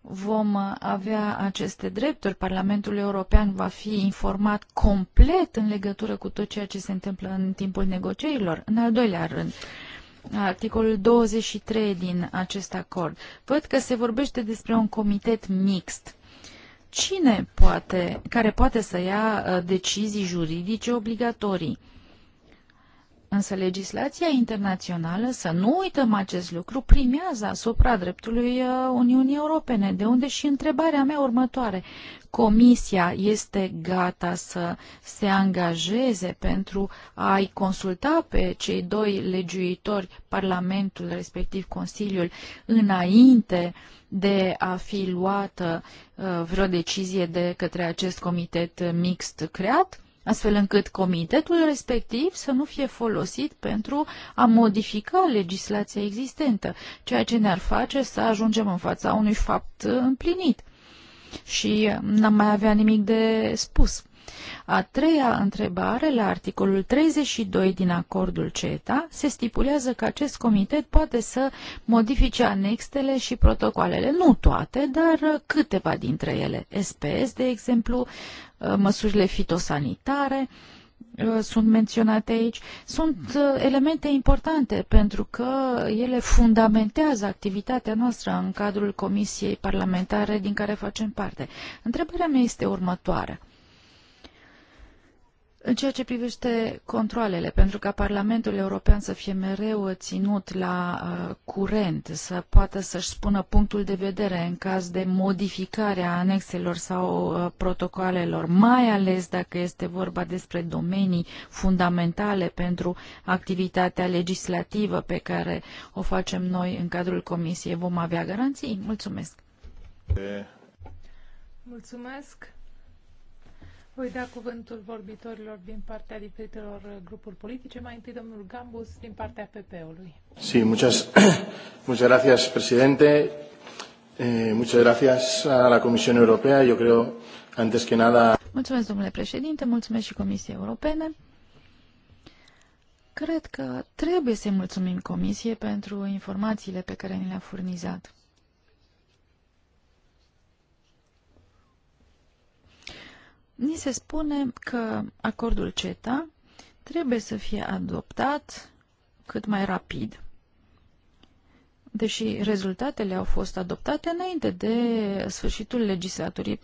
vom uh, avea aceste drepturi, Parlamentul European va fi informat complet în legătură cu tot ceea ce se întâmplă în timpul negocierilor. În al doilea rând, articolul 23 din acest acord. Văd că se vorbește despre un comitet mixt. Cine poate, care poate să ia uh, decizii juridice obligatorii? Însă legislația internațională, să nu uităm acest lucru, primează asupra dreptului uh, Uniunii Europene, de unde și întrebarea mea următoare. Comisia este gata să se angajeze pentru a-i consulta pe cei doi legiuitori, Parlamentul, respectiv Consiliul, înainte de a fi luată uh, vreo decizie de către acest comitet mixt creat? astfel încât comitetul respectiv să nu fie folosit pentru a modifica legislația existentă, ceea ce ne-ar face să ajungem în fața unui fapt împlinit. Și n-am mai avea nimic de spus. A treia întrebare, la articolul 32 din acordul CETA, se stipulează că acest comitet poate să modifice anexele și protocoalele. Nu toate, dar câteva dintre ele. SPS, de exemplu, uh, măsurile fitosanitare, uh, sunt menționate aici, sunt uh, elemente importante pentru că ele fundamentează activitatea noastră în cadrul Comisiei Parlamentare din care facem parte. Întrebarea mea este următoarea. În ceea ce privește controlele, pentru ca Parlamentul European să fie mereu ținut la uh, curent, să poată să-și spună punctul de vedere în caz de modificare a anexelor sau uh, protocoalelor, mai ales dacă este vorba despre domenii fundamentale pentru activitatea legislativă pe care o facem noi în cadrul Comisiei, vom avea garanții? Mulțumesc! Mulțumesc! Voi da cuvântul vorbitorilor din partea diferitelor grupuri politice. Mai întâi domnul Gambus din partea PP-ului. Sí, muchas, muchas gracias, presidente. Eh, muchas gracias a la Comisión Europea. Yo creo, antes que nada... Mulțumesc, domnule președinte, mulțumesc și Comisiei Europene. Cred că trebuie să mulțumim Comisiei pentru informațiile pe care ni le-a furnizat. Ni se spune că acordul CETA trebuie să fie adoptat cât mai rapid deși rezultatele au fost adoptate înainte de sfârșitul legislaturii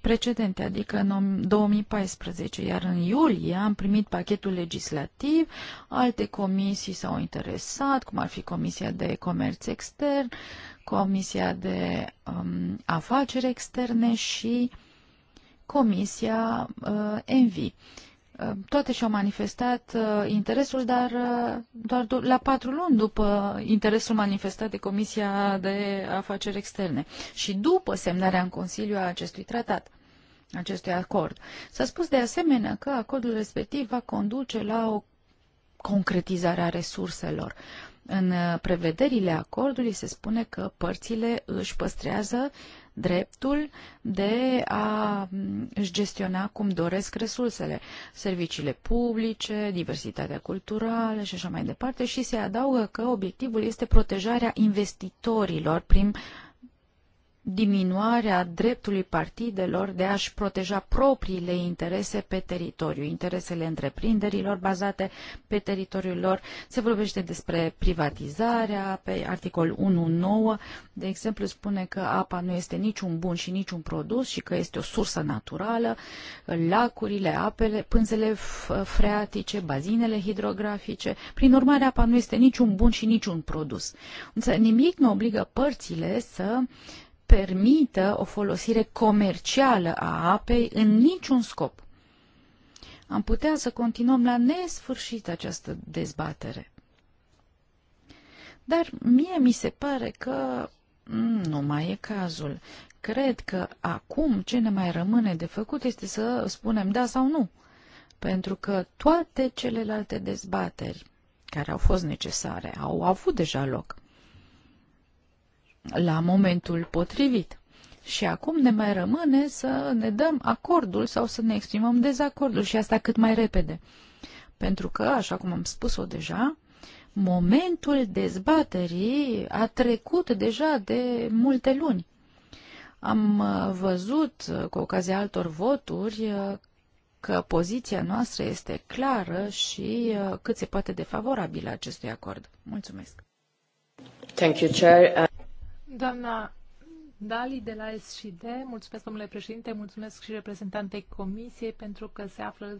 precedente, adică în 2014, iar în iulie am primit pachetul legislativ, alte comisii s-au interesat, cum ar fi Comisia de Comerț Extern, Comisia de um, Afaceri Externe și uh, Comisia uh, Envi. Uh, toate și-au manifestat uh, interesul, dar uh, doar la patru luni după interesul manifestat de Comisia de Afaceri Externe și după semnarea în Consiliu a acestui tratat acestui acord. S-a spus de asemenea că acordul respectiv va conduce la o concretizare a resurselor. În uh, prevederile acordului se spune că părțile își păstrează uh, dreptul de a mm, își gestiona cum doresc resursele, serviciile publice, diversitatea culturală și așa mai departe și se adaugă că obiectivul este protejarea investitorilor prin diminuarea dreptului partidelor de a-și proteja propriile interese pe teritoriu, interesele întreprinderilor bazate pe teritoriul lor. Se vorbește despre privatizarea, pe articol 1.9, de exemplu, spune că apa nu este niciun bun și niciun produs și că este o sursă naturală, lacurile, apele, pânzele freatice, bazinele hidrografice. Prin urmare, apa nu este niciun bun și niciun produs. Însă nimic nu obligă părțile să uh, permită o folosire comercială a apei în niciun scop. Am putea să continuăm la nesfârșit această dezbatere. Dar mie mi se pare că mm, nu mai e cazul. Cred că acum ce ne mai rămâne de făcut este să spunem da sau nu. Pentru că toate celelalte dezbateri care au fost necesare au avut deja loc la momentul potrivit. Și acum ne mai rămâne să ne dăm acordul sau să ne exprimăm dezacordul și asta cât mai repede. Pentru că, așa cum am spus-o deja, momentul dezbaterii a trecut deja de multe luni. Am uh, văzut, uh, cu ocazia altor voturi, uh, că poziția noastră este clară și cât se poate de favorabilă acestui acord. Mulțumesc! Thank you, Chair. Doamna Dali de la SCD, mulțumesc domnule președinte, mulțumesc și reprezentantei comisiei pentru că se află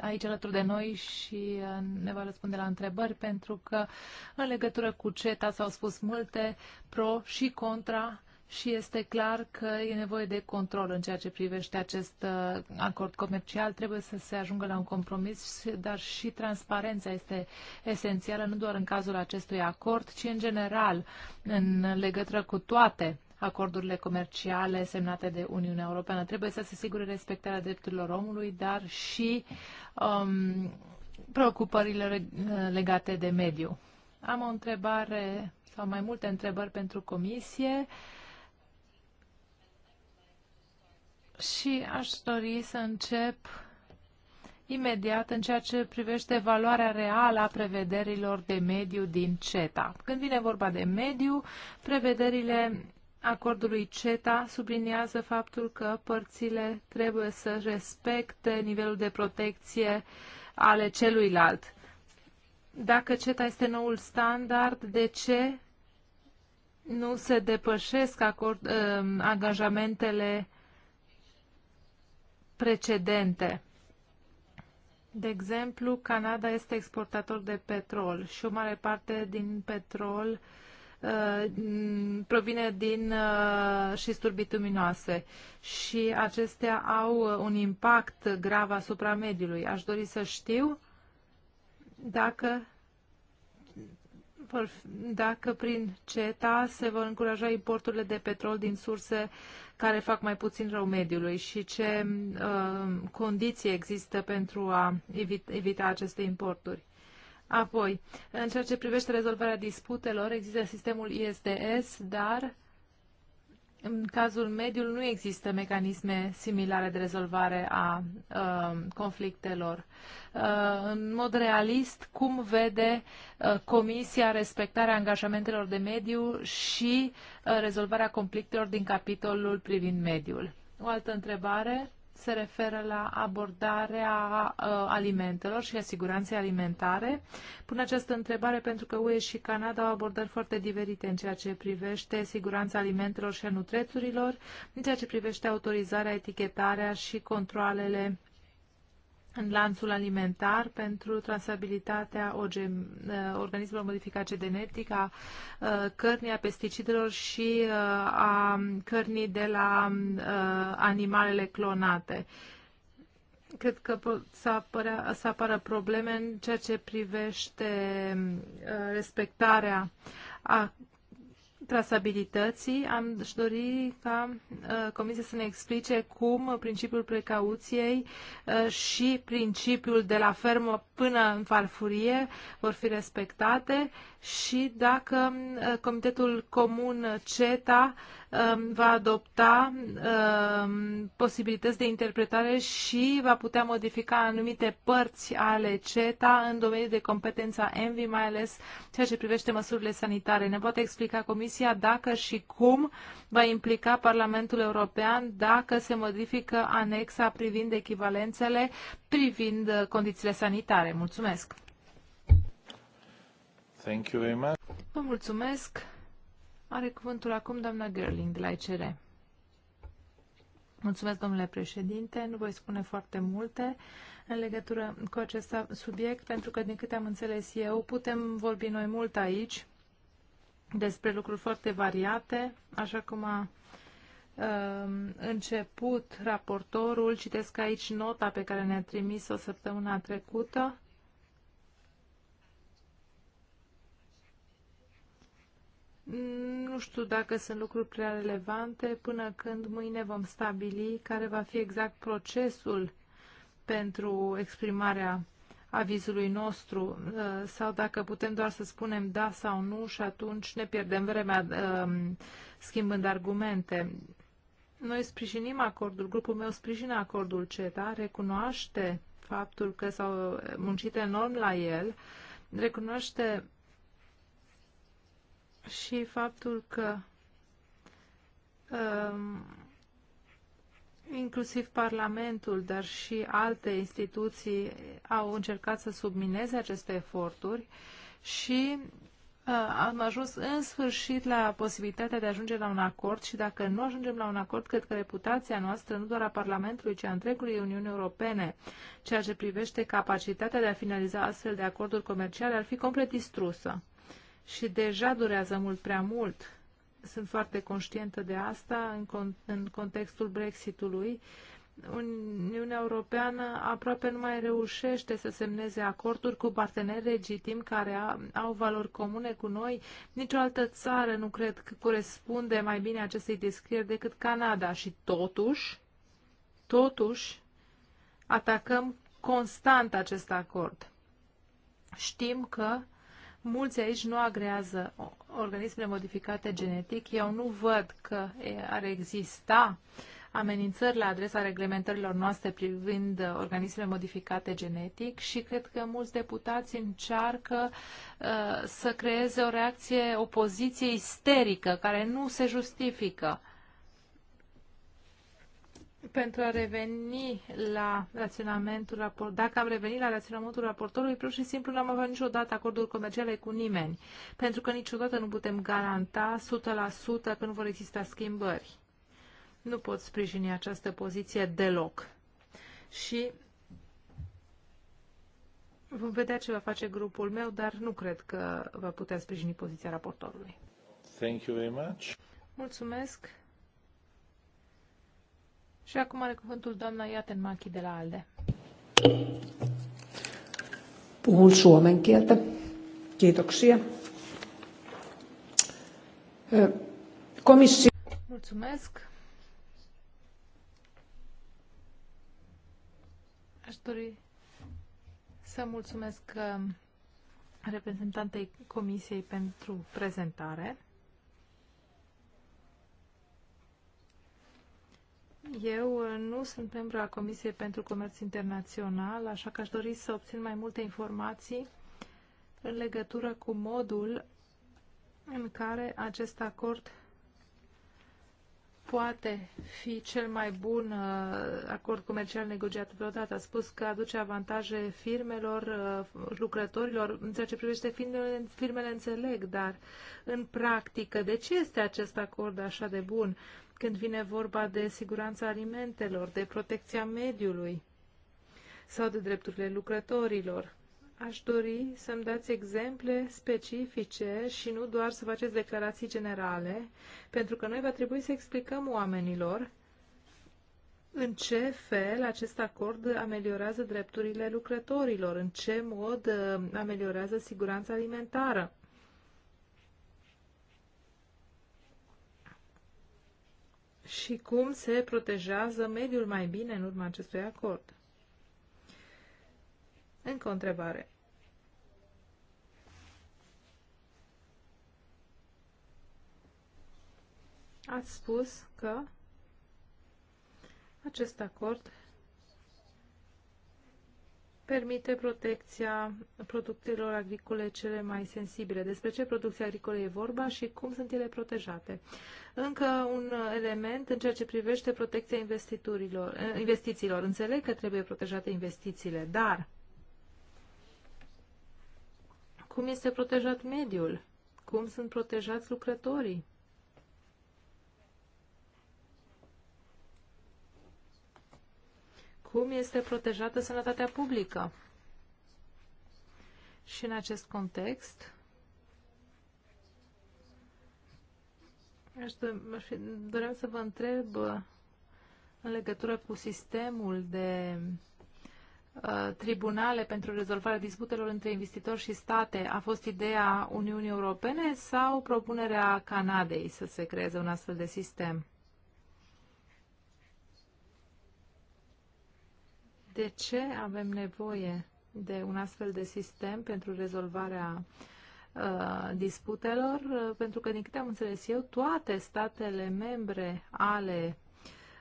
aici alături de noi și uh, ne va răspunde la întrebări pentru că în legătură cu CETA s-au spus multe pro și contra și este clar că e nevoie de control în ceea ce privește acest uh, acord comercial. Trebuie să se ajungă la un compromis, dar și transparența este esențială, nu doar în cazul acestui acord, ci în general, în legătură cu toate acordurile comerciale semnate de Uniunea Europeană. Trebuie să se asigure respectarea drepturilor omului, dar și um, preocupările uh, legate de mediu. Am o întrebare sau mai multe întrebări pentru comisie. Uh, Și aș dori să încep imediat în ceea ce privește valoarea reală a prevederilor de mediu din CETA. Când vine vorba de mediu, prevederile acordului CETA subliniază faptul că părțile trebuie să respecte nivelul de protecție ale celuilalt. Dacă CETA este noul standard, de ce nu se depășesc acord, uh, angajamentele precedente. De exemplu, Canada este exportator de petrol și o mare parte din petrol uh, provine din uh, șisturi bituminoase și acestea au uh, un impact grav asupra mediului. Aș dori să știu dacă vor, dacă prin CETA se vor încuraja importurile de petrol din surse care fac mai puțin rău mediului și ce uh, condiții există pentru a evita, evita aceste importuri. Apoi, în ceea ce privește rezolvarea disputelor, există sistemul ISDS, dar în cazul mediul nu există mecanisme similare de rezolvare a uh, conflictelor. Uh, în mod realist, cum vede uh, Comisia respectarea angajamentelor de mediu și uh, rezolvarea conflictelor din capitolul privind mediul? O altă întrebare se referă la abordarea uh, alimentelor și a siguranței alimentare. Pun această întrebare pentru că UE și Canada au abordări foarte diferite în ceea ce privește siguranța alimentelor și a nutrețurilor, în ceea ce privește autorizarea, etichetarea și controlele în lanțul alimentar pentru trasabilitatea uh, organismelor modificate genetic, a uh, cărnii, a pesticidelor și uh, a cărnii de la animalele clonate. Cred că să, apară probleme în ceea ce privește respectarea a trasabilității, am și dori ca uh, Comisia să ne explice cum principiul precauției uh, și principiul de la fermă până în farfurie vor fi respectate și dacă uh, Comitetul Comun uh, CETA um, va adopta um, posibilități de interpretare și va putea modifica anumite părți ale CETA în domeniul de competența ENVI, mai ales ceea ce privește măsurile sanitare. Ne poate explica Comisia dacă și cum va implica Parlamentul European dacă se modifică anexa privind echivalențele, privind uh, condițiile sanitare. Mulțumesc! Thank you very much. Vă mulțumesc. Are cuvântul acum doamna Gerling de la ICR. Mulțumesc, domnule președinte. Nu voi spune foarte multe în legătură cu acest subiect, pentru că, din câte am înțeles eu, putem vorbi noi mult aici despre lucruri foarte variate, așa cum a um, început raportorul, citesc aici nota pe care ne-a trimis-o săptămâna trecută, Nu știu dacă sunt lucruri prea relevante până când mâine vom stabili care va fi exact procesul pentru exprimarea avizului nostru uh, sau dacă putem doar să spunem da sau nu și atunci ne pierdem vremea uh, schimbând argumente. Noi sprijinim acordul, grupul meu sprijină acordul CETA, recunoaște faptul că s-au muncit enorm la el, recunoaște și faptul că um, inclusiv Parlamentul, dar și alte instituții au încercat să submineze aceste eforturi și uh, am ajuns în sfârșit la posibilitatea de a ajunge la un acord și dacă nu ajungem la un acord, cred că reputația noastră, nu doar a Parlamentului, ci a întregului Uniunii Europene, ceea ce privește capacitatea de a finaliza astfel de acorduri comerciale, ar fi complet distrusă și deja durează mult prea mult. Sunt foarte conștientă de asta în, con- în contextul Brexitului. Uniunea Europeană aproape nu mai reușește să semneze acorduri cu parteneri legitimi care au valori comune cu noi. Nicio altă țară nu cred că corespunde mai bine acestei descrieri decât Canada și totuși, totuși, atacăm constant acest acord. Știm că Mulți aici nu agrează organismele modificate genetic. Eu nu văd că ar exista amenințări la adresa reglementărilor noastre privind organismele modificate genetic și cred că mulți deputați încearcă uh, să creeze o reacție, o poziție isterică care nu se justifică pentru a reveni la raționamentul raport, dacă am revenit la raționamentul raportorului, pur și simplu n-am avut niciodată acorduri comerciale cu nimeni, pentru că niciodată nu putem garanta 100% că nu vor exista schimbări. Nu pot sprijini această poziție deloc. Și vom vedea ce va face grupul meu, dar nu cred că va putea sprijini poziția raportorului. Thank you very much. Mulțumesc. Și acum are cuvântul doamna Machi de la ALDE. Puhun suomen kieltä. Kiitoksia. Komissio... Mulțumesc. Aș dori să mulțumesc um, reprezentantei Comisiei pentru prezentare. Eu uh, nu sunt membru a Comisiei pentru Comerț Internațional, așa că aș dori să obțin mai multe informații în legătură cu modul în care acest acord poate fi cel mai bun uh, acord comercial negociat vreodată. A spus că aduce avantaje firmelor, uh, lucrătorilor. În ceea ce privește firmele, firmele înțeleg, dar în practică, de ce este acest acord așa de bun? când vine vorba de siguranța alimentelor, de protecția mediului sau de drepturile lucrătorilor. Aș dori să-mi dați exemple specifice și nu doar să faceți declarații generale, pentru că noi va trebui să explicăm oamenilor în ce fel acest acord ameliorează drepturile lucrătorilor, în ce mod uh, ameliorează siguranța alimentară. și cum se protejează mediul mai bine în urma acestui acord. Încă o întrebare. Ați spus că acest acord permite protecția productelor agricole cele mai sensibile. Despre ce producție agricole e vorba și cum sunt ele protejate. Încă un element în ceea ce privește protecția investiturilor, eh, investițiilor. Înțeleg că trebuie protejate investițiile, dar cum este protejat mediul? Cum sunt protejați lucrătorii? cum este protejată sănătatea publică. Și în acest context, aș doream să vă întreb uh, în legătură cu sistemul de uh, tribunale pentru rezolvarea disputelor între investitori și state a fost ideea Uniunii Europene sau propunerea Canadei să se creeze un astfel de sistem? De ce avem nevoie de un astfel de sistem pentru rezolvarea uh, disputelor? Uh, pentru că, din câte am înțeles eu, toate statele membre ale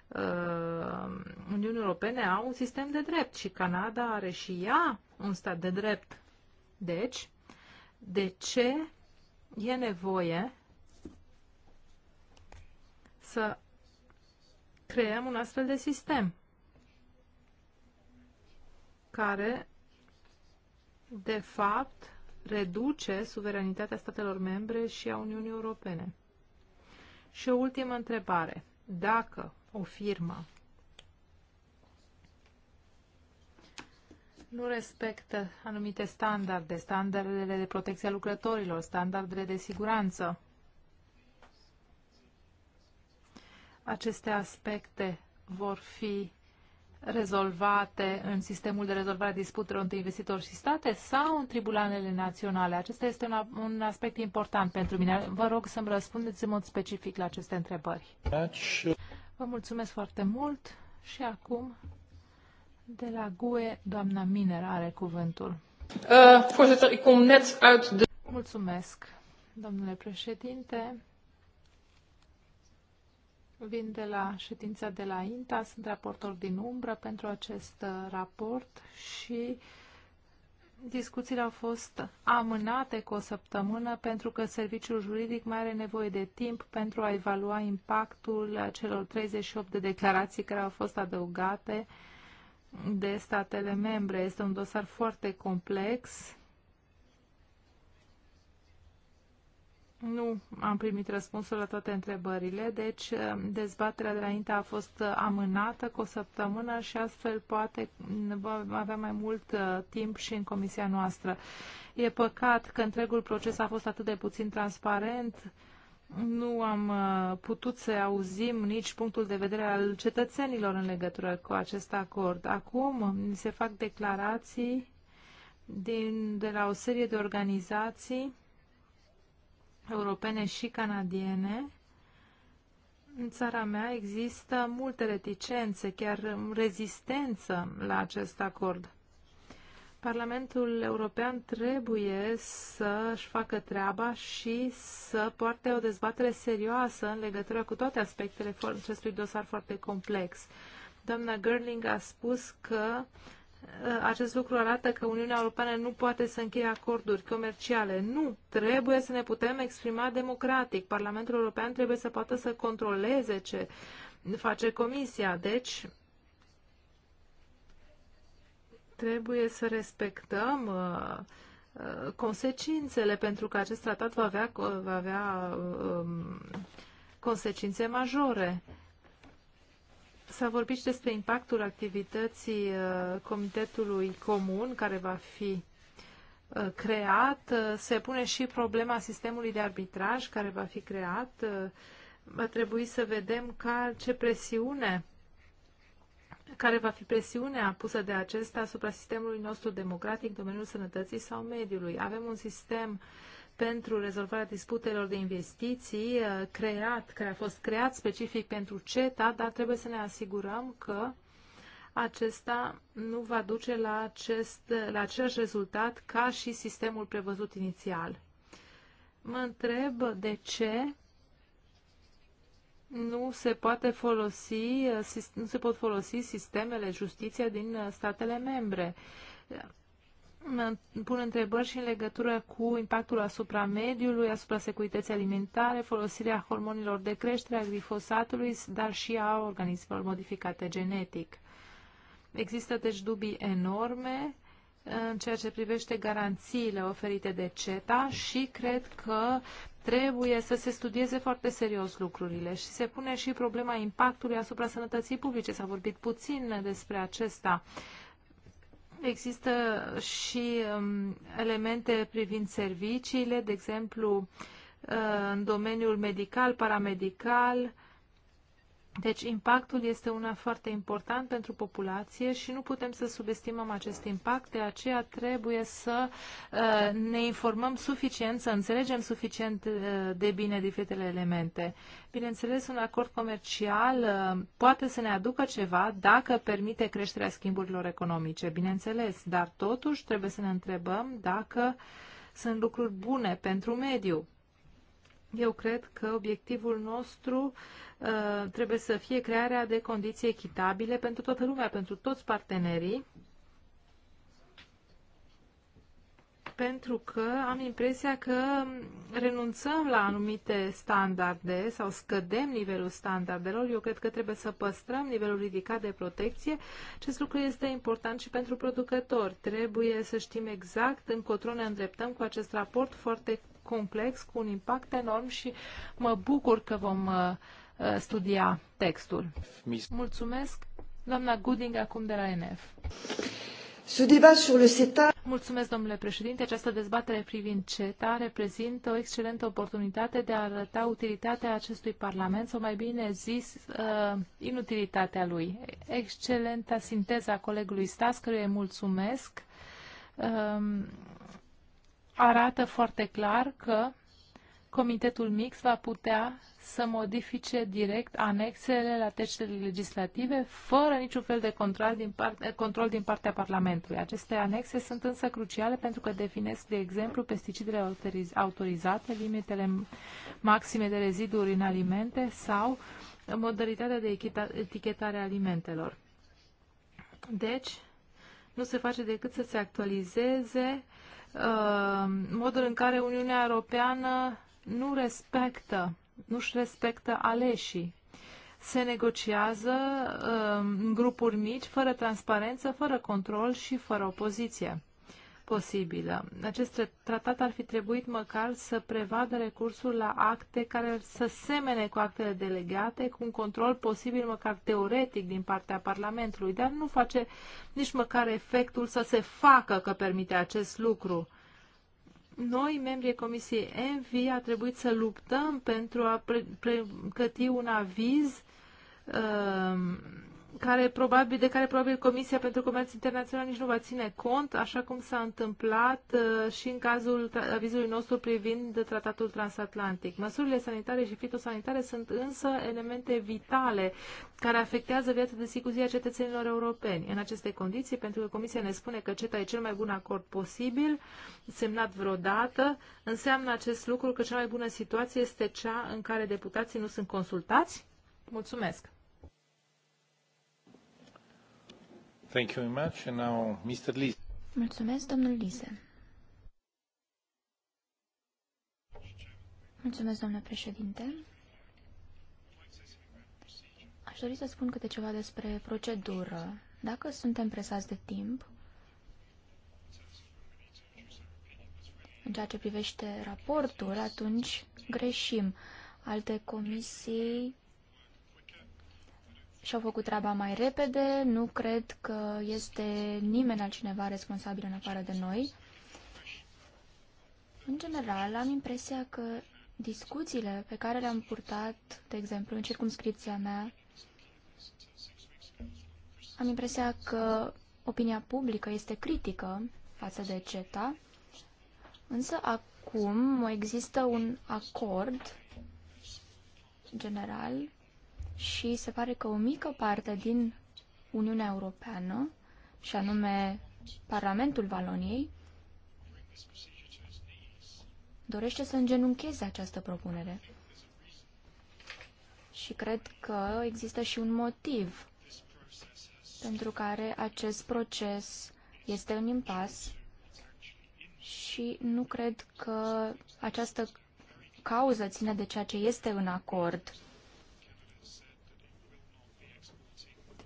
uh, Uniunii Europene au un sistem de drept și Canada are și ea un stat de drept. Deci, de ce e nevoie să creăm un astfel de sistem? care, de fapt, reduce suveranitatea statelor membre și a Uniunii Europene. Și o ultimă întrebare. Dacă o firmă nu respectă anumite standarde, standardele de protecție a lucrătorilor, standardele de siguranță, aceste aspecte vor fi rezolvate în sistemul de rezolvare a disputelor între investitori și state sau în tribunalele naționale? Acesta este un, un aspect important pentru mine. Vă rog să-mi răspundeți în mod specific la aceste întrebări. Vă mulțumesc foarte mult și acum de la GUE, doamna Miner are cuvântul. Uh, voorzitter, uit de... Mulțumesc, domnule președinte. Vin de la ședința de la INTA, sunt raportor din umbră pentru acest uh, raport și discuțiile au fost amânate cu o săptămână pentru că serviciul juridic mai are nevoie de timp pentru a evalua impactul celor 38 de declarații care au fost adăugate de statele membre. Este un dosar foarte complex Nu am primit răspunsul la toate întrebările, deci eh, dezbaterea de la a fost eh, amânată cu o săptămână și astfel poate vom avea mai mult eh, timp și în comisia noastră. E păcat că întregul proces a fost atât de puțin transparent. Nu am putut să auzim nici punctul de vedere al cetățenilor în legătură cu acest acord. Acum se fac declarații din, de la o serie de organizații europene și canadiene, în țara mea există multe reticențe, chiar rezistență la acest acord. Parlamentul European trebuie să-și facă treaba și să poarte o dezbatere serioasă în legătură cu toate aspectele acestui dosar foarte complex. Doamna Gerling a spus că uh, Eh, acest lucru arată că Uniunea Europeană nu poate să încheie acorduri comerciale. Nu! Trebuie să ne putem exprima democratic. Parlamentul European trebuie să poată să controleze ce face Comisia. Deci, trebuie să respectăm eh, eh, consecințele, pentru că acest tratat va avea, va avea um, consecințe majore. Uh, S-a vorbit și despre impactul activității uh, Comitetului Comun care va fi uh, creat. Uh, se pune și problema sistemului de arbitraj care va fi creat. Va trebui să vedem ca, ce presiune care va fi presiunea pusă de acesta asupra sistemului nostru democratic, domeniul sănătății sau mediului. Avem un sistem uh, pentru rezolvarea disputelor de investiții uh, creat, care a fost creat specific pentru CETA, dar trebuie să ne asigurăm că acesta nu va duce la, acest, la același rezultat ca și sistemul prevăzut inițial. Mă întreb de ce nu se poate folosi, uh, nu se pot folosi sistemele justiției din uh, statele membre pun întrebări și în legătură cu impactul asupra mediului, asupra securității alimentare, folosirea hormonilor de creștere, a glifosatului, dar și a organismelor modificate genetic. Există deci dubii enorme uh, în ceea ce privește garanțiile oferite de CETA și cred că trebuie să se studieze foarte serios lucrurile și se pune și problema impactului asupra sănătății publice. S-a vorbit puțin despre acesta. Uh, Există și um, elemente privind serviciile, de exemplu, uh, în domeniul medical, paramedical, deci impactul este una foarte important pentru populație și nu putem să subestimăm acest impact, de aceea trebuie să uh, ne informăm suficient, să înțelegem suficient uh, de bine diferitele elemente. Bineînțeles, un acord comercial uh, poate să ne aducă ceva dacă permite creșterea schimburilor economice, bineînțeles, dar totuși trebuie să ne întrebăm dacă sunt lucruri bune pentru mediu eu cred că obiectivul nostru uh, trebuie să fie crearea de condiții echitabile pentru toată lumea, pentru toți partenerii, pentru că am impresia că renunțăm la anumite standarde sau scădem nivelul standardelor. Eu cred că trebuie să păstrăm nivelul ridicat de protecție. Acest lucru este important și pentru producători. Trebuie să știm exact încotro ne îndreptăm cu acest raport foarte complex, cu un impact enorm și mă bucur că vom uh, uh, studia textul. Mulțumesc, doamna Gooding, acum de la NF. Mulțumesc, domnule președinte. Această dezbatere privind CETA reprezintă o excelentă oportunitate de a arăta utilitatea acestui Parlament, sau mai bine zis, uh, inutilitatea lui. Excelenta sinteza colegului Stas, căruia îi mulțumesc um, arată foarte clar că Comitetul Mix va putea să modifice direct anexele la textele legislative fără niciun fel de control din, part, eh, control din partea Parlamentului. Aceste anexe sunt însă cruciale pentru că definesc, de exemplu, pesticidele autorizate, limitele maxime de reziduri în alimente sau modalitatea de etichetare a alimentelor. Deci, nu se face decât să se actualizeze Uh, modul în care Uniunea Europeană nu respectă, nu-și respectă aleșii. Se negociază uh, în grupuri mici, fără transparență, fără control și fără opoziție posibilă. Acest tratat ar fi trebuit măcar să prevadă recursul la acte care să semene cu actele delegate, cu un control posibil măcar teoretic din partea Parlamentului, dar nu face nici măcar efectul să se facă că permite acest lucru. Noi, membrii Comisiei ENVI, a trebuit să luptăm pentru a pregăti un aviz uh, care probabil, de care probabil Comisia pentru Comerț Internațional nici nu va ține cont, așa cum s-a întâmplat uh, și în cazul avizului nostru privind tratatul transatlantic. Măsurile sanitare și fitosanitare sunt însă elemente vitale care afectează viața de zi cu zi a cetățenilor europeni. În aceste condiții, pentru că Comisia ne spune că CETA e cel mai bun acord posibil, semnat vreodată, înseamnă acest lucru că cea mai bună situație este cea în care deputații nu sunt consultați? Mulțumesc! Thank you very much. And now, Mr. Lise. Mulțumesc, domnul Lise. Mulțumesc, domnule președinte. Aș dori să spun câte ceva despre procedură. Dacă suntem presați de timp, în ceea ce privește raportul, atunci greșim. Alte comisii și-au făcut treaba mai repede. Nu cred că este nimeni altcineva responsabil în afară de noi. În general, am impresia că discuțiile pe care le-am purtat, de exemplu, în circumscripția mea, am impresia că opinia publică este critică față de CETA, însă acum există un acord general și se pare că o mică parte din Uniunea Europeană, și anume Parlamentul Valoniei, dorește să îngenuncheze această propunere. Și cred că există și un motiv pentru care acest proces este în impas și nu cred că această cauză ține de ceea ce este în acord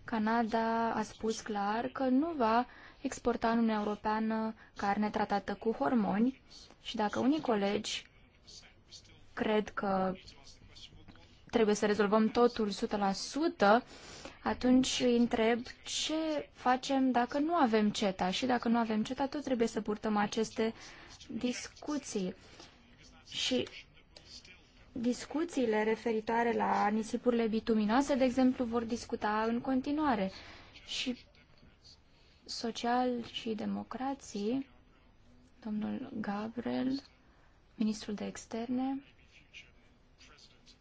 Canada a spus clar că nu va exporta în Uniunea Europeană carne tratată cu hormoni și dacă unii colegi cred că trebuie să rezolvăm totul 100%, atunci îi întreb ce facem dacă nu avem CETA și dacă nu avem CETA tot trebuie să purtăm aceste discuții. Și discuțiile referitoare la nisipurile bituminoase, de exemplu, vor discuta în continuare. Și social și democrații, domnul Gabriel, ministrul de externe,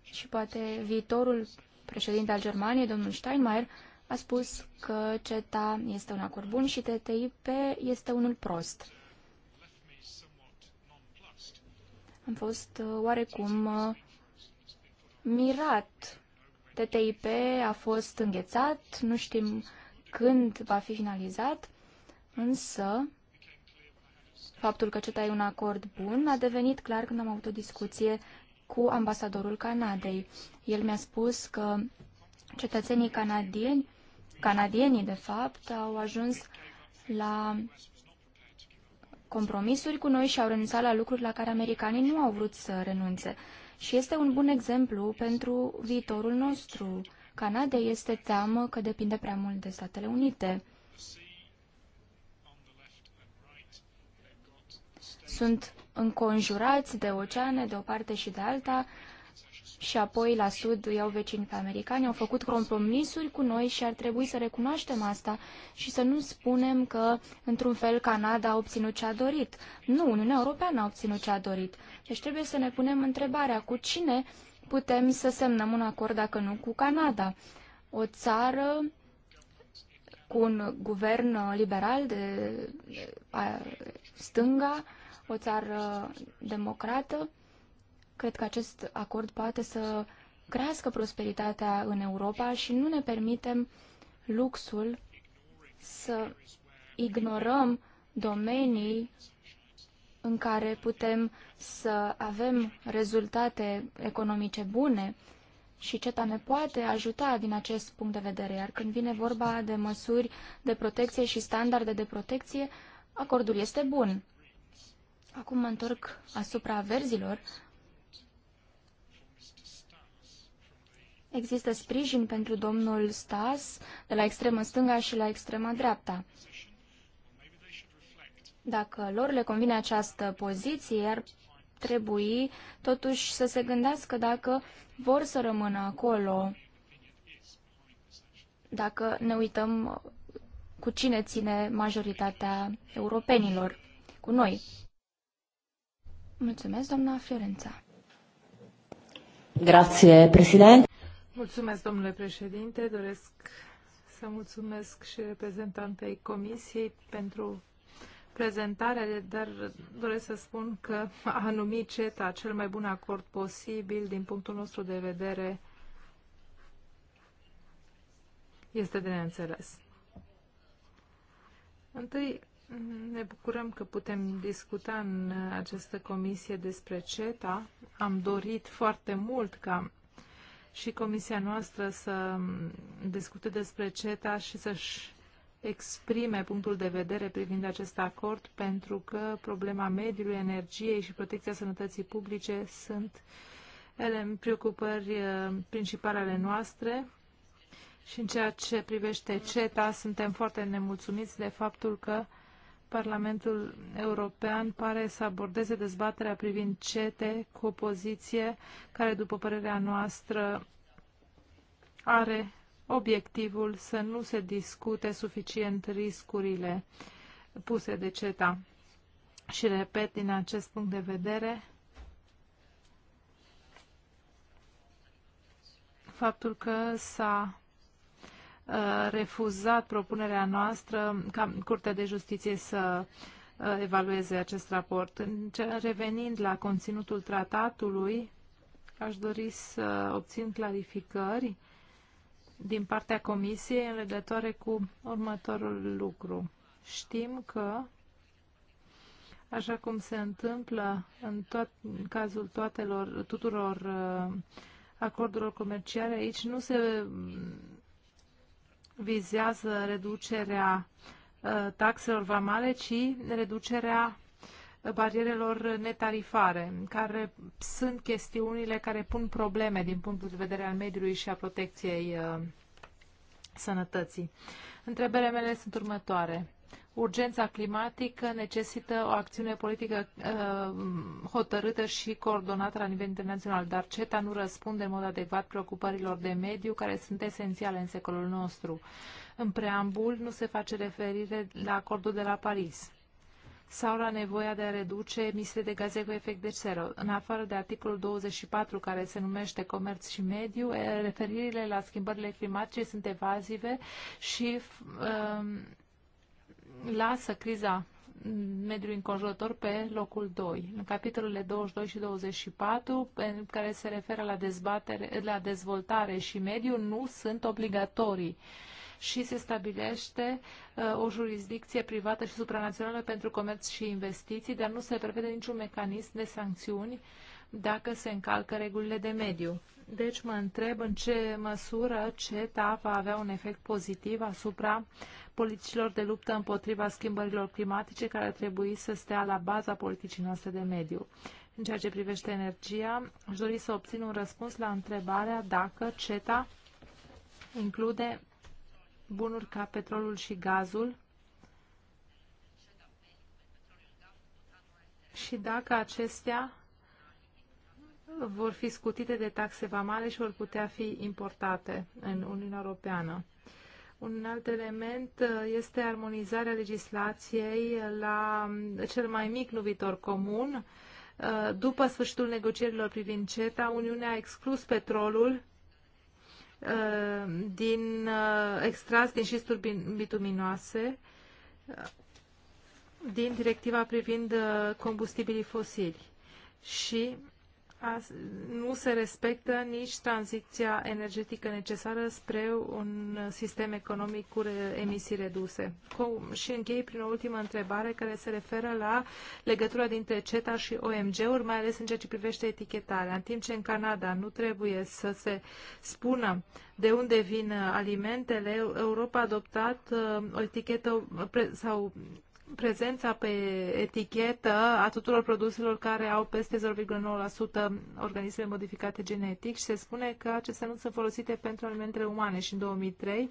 și poate viitorul președinte al Germaniei, domnul Steinmeier, a spus că CETA este un acord bun și TTIP este unul prost. Am fost uh, oarecum uh, mirat. TTIP a fost înghețat, nu știm când va fi finalizat, însă faptul că CETA e un acord bun a devenit clar când am avut o discuție cu ambasadorul Canadei. El mi-a spus că cetățenii canadieni, canadienii de fapt, au ajuns la compromisuri cu noi și au renunțat la lucruri la care americanii nu au vrut să renunțe și este un bun exemplu pentru viitorul nostru. Canada este teamă că depinde prea mult de Statele Unite. Sunt înconjurați de oceane de o parte și de alta și apoi la sud iau vecini pe americani, au făcut compromisuri cu noi și ar trebui să recunoaștem asta și să nu spunem că, într-un fel, Canada a obținut ce a dorit. Nu, Uniunea Europeană a obținut ce a dorit. Deci trebuie să ne punem întrebarea cu cine putem să semnăm un acord, dacă nu cu Canada. O țară cu un guvern liberal de stânga, o țară democrată, Cred că acest acord poate să crească prosperitatea în Europa și nu ne permitem luxul să ignorăm domenii în care putem să avem rezultate economice bune și CETA ne poate ajuta din acest punct de vedere. Iar când vine vorba de măsuri de protecție și standarde de protecție, acordul este bun. Acum mă întorc asupra verzilor. Există sprijin pentru domnul Stas de la extrema stânga și la extrema dreapta. Dacă lor le convine această poziție, ar trebui totuși să se gândească dacă vor să rămână acolo. Dacă ne uităm cu cine ține majoritatea europenilor, cu noi. Mulțumesc, doamna Fiorența. Grazie, președinte. Mulțumesc, domnule președinte. Doresc să mulțumesc și reprezentantei Comisiei pentru prezentare, dar doresc să spun că a numit CETA cel mai bun acord posibil din punctul nostru de vedere este de neînțeles. Întâi, ne bucurăm că putem discuta în această comisie despre CETA. Am dorit foarte mult ca și comisia noastră să discute despre CETA și să-și exprime punctul de vedere privind acest acord, pentru că problema mediului, energiei și protecția sănătății publice sunt ele preocupări uh, principale ale noastre. Și în ceea ce privește CETA, suntem foarte nemulțumiți de faptul că Parlamentul European pare să abordeze dezbaterea privind CETE cu o poziție care, după părerea noastră, are obiectivul să nu se discute suficient riscurile puse de CETA. Și repet, din acest punct de vedere, faptul că s-a refuzat propunerea noastră ca Curtea de Justiție să evalueze acest raport. Revenind la conținutul tratatului, aș dori să obțin clarificări din partea Comisiei în legătoare cu următorul lucru. Știm că, așa cum se întâmplă în, toat, în cazul toatelor, tuturor acordurilor comerciale, aici nu se vizează reducerea uh, taxelor vamale, ci reducerea barierelor netarifare, care sunt chestiunile care pun probleme din punctul de vedere al mediului și a protecției uh, sănătății. Întrebările mele sunt următoare urgența climatică necesită o acțiune politică uh, hotărâtă și coordonată la nivel internațional, dar CETA nu răspunde în mod adecvat preocupărilor de mediu care sunt esențiale în secolul nostru. În preambul nu se face referire la acordul de la Paris sau la nevoia de a reduce emisiile de gaze cu efect de seră. În afară de articolul 24, care se numește Comerț și Mediu, eh, referirile la schimbările climatice sunt evazive și um, lasă criza mediului înconjurător pe locul 2. În capitolele 22 și 24, în care se referă la, dezbatere, la dezvoltare și mediu, nu sunt obligatorii și se stabilește uh, o jurisdicție privată și supranațională pentru comerț și investiții, dar nu se prevede niciun mecanism de sancțiuni dacă se încalcă regulile de mediu. Deci mă întreb în ce măsură CETA va avea un efect pozitiv asupra politicilor de luptă împotriva schimbărilor climatice care ar trebui să stea la baza politicii noastre de mediu. În ceea ce privește energia, aș dori să obțin un răspuns la întrebarea dacă CETA include bunuri ca petrolul și gazul și dacă acestea vor fi scutite de taxe vamale și vor putea fi importate în Uniunea Europeană. Un alt element uh, este armonizarea legislației la mm, cel mai mic nuvitor comun. Uh, după sfârșitul negocierilor privind CETA, Uniunea a exclus petrolul uh, din extras din șisturi bituminoase din directiva privind combustibilii fosili și nu se respectă nici tranziția energetică necesară spre un sistem economic cu emisii reduse. și închei prin o ultimă întrebare care se referă la legătura dintre CETA și OMG-uri, mai ales în ceea ce privește etichetarea. În timp ce în Canada nu trebuie să se spună de unde vin alimentele, Europa a adoptat uh, o etichetă sau prezența pe etichetă a tuturor produselor care au peste 0,9% organisme modificate genetic și se spune că acestea nu sunt folosite pentru alimentele umane și în 2003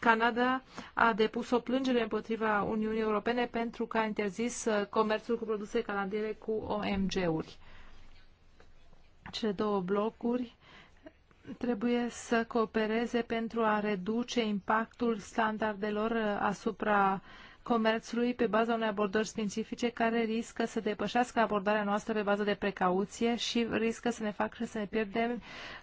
Canada a depus o plângere împotriva Uniunii Europene pentru că a interzis uh, comerțul cu produse canadiene cu OMG-uri. Cele două blocuri trebuie să coopereze pentru a reduce impactul standardelor uh, asupra uh, comerțului pe baza unei abordări științifice care riscă să depășească abordarea noastră pe bază de precauție și riscă să ne facă să ne pierdem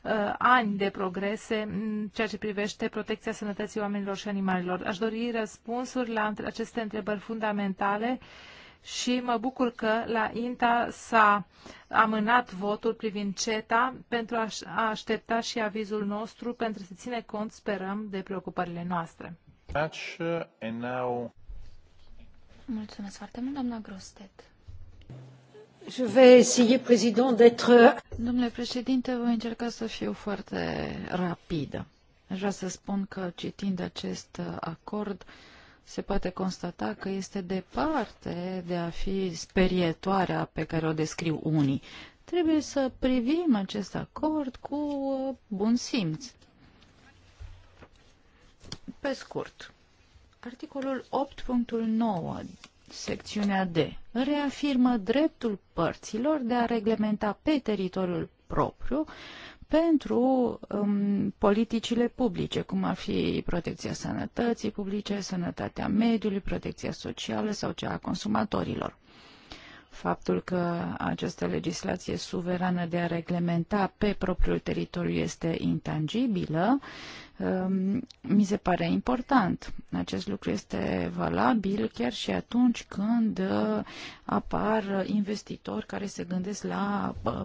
uh, ani de progrese în ceea ce privește protecția sănătății oamenilor și animalelor. Aș dori răspunsuri la aceste întrebări fundamentale și mă bucur că la INTA s-a amânat votul privind CETA pentru a aștepta și avizul nostru pentru să ține cont, sperăm, de preocupările noastre. Uh, Mulțumesc foarte mult, doamna Grostet. Je vais essayer, président, d'être... Domnule președinte, voi încerca să fiu foarte rapidă. Aș vrea să spun că citind acest acord se poate constata că este departe de a fi sperietoarea pe care o descriu unii. Trebuie să privim acest acord cu bun simț. Pe scurt, Articolul 8.9, secțiunea D, reafirmă dreptul părților de a reglementa pe teritoriul propriu pentru um, politicile publice, cum ar fi protecția sănătății publice, sănătatea mediului, protecția socială sau cea a consumatorilor faptul că această legislație suverană de a reglementa pe propriul teritoriu este intangibilă, um, mi se pare important. Acest lucru este valabil chiar și atunci când uh, apar investitori care se gândesc la uh,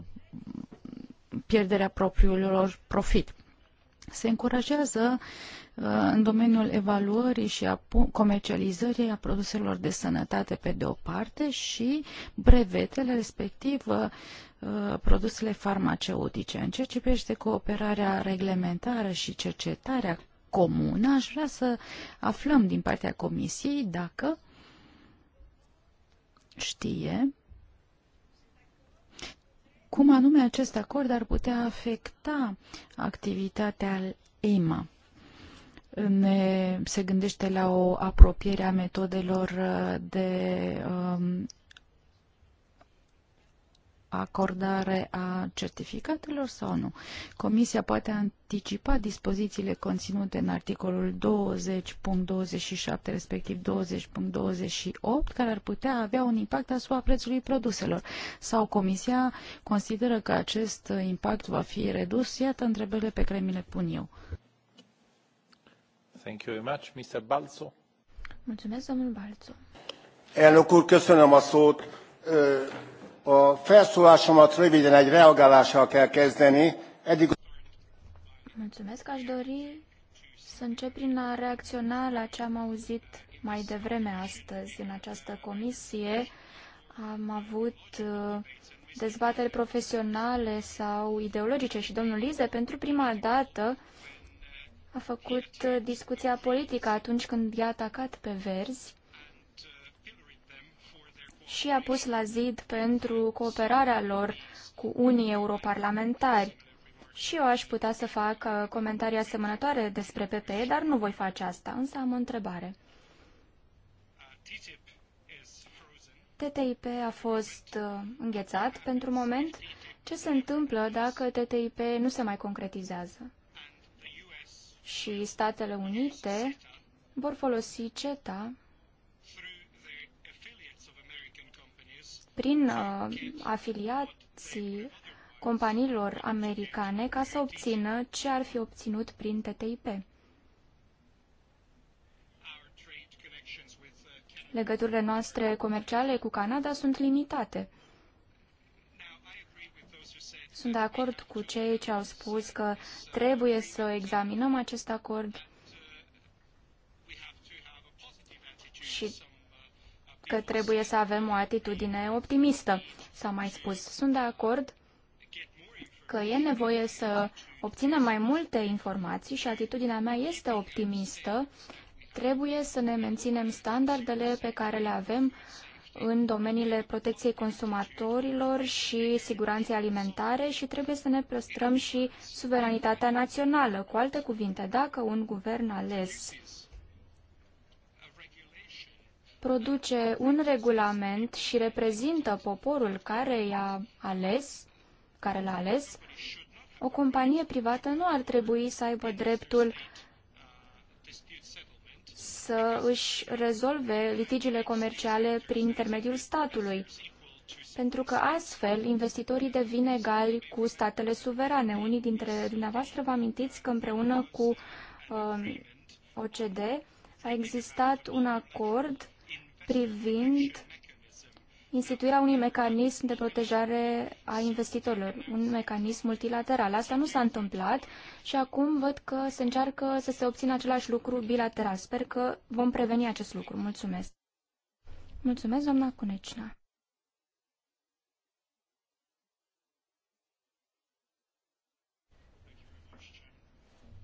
pierderea propriilor profit. Se încurajează Uh, în domeniul evaluării și a comercializării a produselor de sănătate pe de o parte și brevetele respectiv uh, produsele farmaceutice. În ceea ce privește cooperarea reglementară și cercetarea comună, aș vrea să aflăm din partea Comisiei dacă știe cum anume acest acord ar putea afecta activitatea EMA ne, se gândește la o apropiere a metodelor de um, acordare a certificatelor sau nu. Comisia poate anticipa dispozițiile conținute în articolul 20.27 respectiv 20.28 care ar putea avea un impact asupra prețului produselor. Sau Comisia consideră că acest impact va fi redus? Iată întrebările pe care mi le pun eu. Thank you very much. Mr. Balzo. Mulțumesc, domnul Balzo. Elnök úr, köszönöm a szót. A felszólásomat röviden egy reagálással kell kezdeni. Eddig... Mulțumesc, aș dori să încep prin a reacționa la ce am auzit mai devreme astăzi în această comisie. Am avut dezbateri profesionale sau ideologice și domnul Lize pentru prima dată a făcut uh, discuția politică atunci când i-a atacat pe verzi și a pus la zid pentru cooperarea lor cu unii europarlamentari. Și eu aș putea să fac uh, comentarii asemănătoare despre PP, dar nu voi face asta, însă am o întrebare. TTIP a fost uh, înghețat pentru moment. Ce se întâmplă dacă TTIP nu se mai concretizează? și Statele Unite vor folosi CETA prin uh, afiliații companiilor americane ca să obțină ce ar fi obținut prin TTIP. Legăturile noastre comerciale cu Canada sunt limitate. Sunt de acord cu cei ce au spus că trebuie să examinăm acest acord și că trebuie să avem o atitudine optimistă, s-a mai spus. Sunt de acord că e nevoie să obținem mai multe informații și atitudinea mea este optimistă. Trebuie să ne menținem standardele pe care le avem în domeniile protecției consumatorilor și siguranței alimentare și trebuie să ne păstrăm și suveranitatea națională. Cu alte cuvinte, dacă un guvern ales produce un regulament și reprezintă poporul care i-a ales, care l-a ales, o companie privată nu ar trebui să aibă dreptul să își rezolve litigiile comerciale prin intermediul statului, pentru că astfel investitorii devin egali cu statele suverane. Unii dintre dumneavoastră vă amintiți că împreună cu um, OECD OCD a existat un acord privind instituirea unui mecanism de protejare a investitorilor, un mecanism multilateral. Asta nu s-a întâmplat și acum văd că se încearcă să se obțină același lucru bilateral. Sper că vom preveni acest lucru. Mulțumesc. Mulțumesc, doamna Cunecina.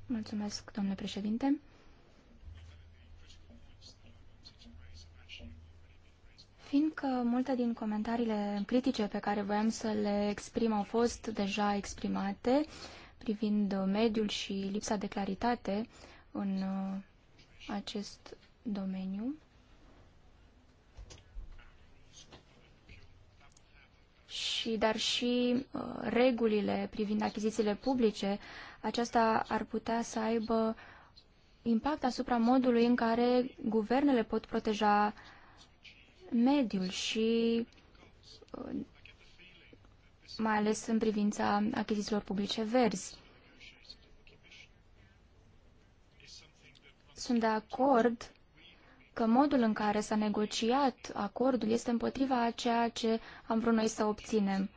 Mulțumesc, domnule președinte. Fiindcă multe din comentariile critice pe care voiam să le exprim au fost deja exprimate privind mediul și lipsa de claritate în uh, acest domeniu, și, dar și uh, regulile privind achizițiile publice, aceasta ar putea să aibă impact asupra modului în care guvernele pot proteja uh, mediul și uh, mai ales în privința achizițiilor publice verzi. Sunt de acord că modul în care s-a negociat acordul este împotriva a ceea ce am vrut noi să obținem.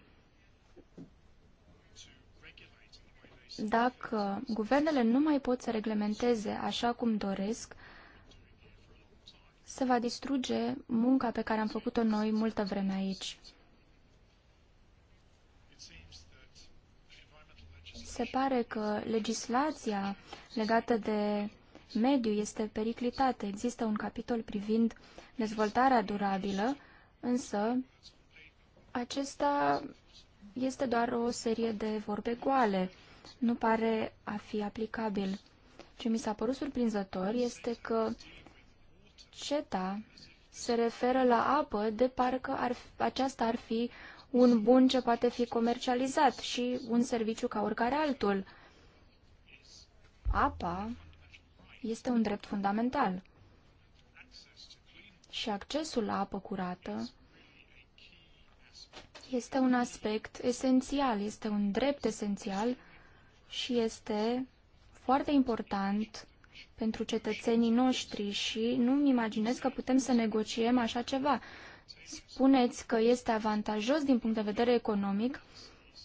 Dacă guvernele nu mai pot să reglementeze așa cum doresc, se va distruge munca pe care am făcut-o noi multă vreme aici. Se pare că legislația legată de mediu este periclitată. Există un capitol privind dezvoltarea durabilă, însă acesta este doar o serie de vorbe goale. Nu pare a fi aplicabil. Ce mi s-a părut surprinzător este că CETA se referă la apă, de parcă ar, aceasta ar fi un bun ce poate fi comercializat și un serviciu ca oricare altul. Apa este un drept fundamental și accesul la apă curată este un aspect esențial, este un drept esențial și este foarte important pentru cetățenii noștri și nu-mi imaginez că putem să negociem așa ceva. Spuneți că este avantajos din punct de vedere economic,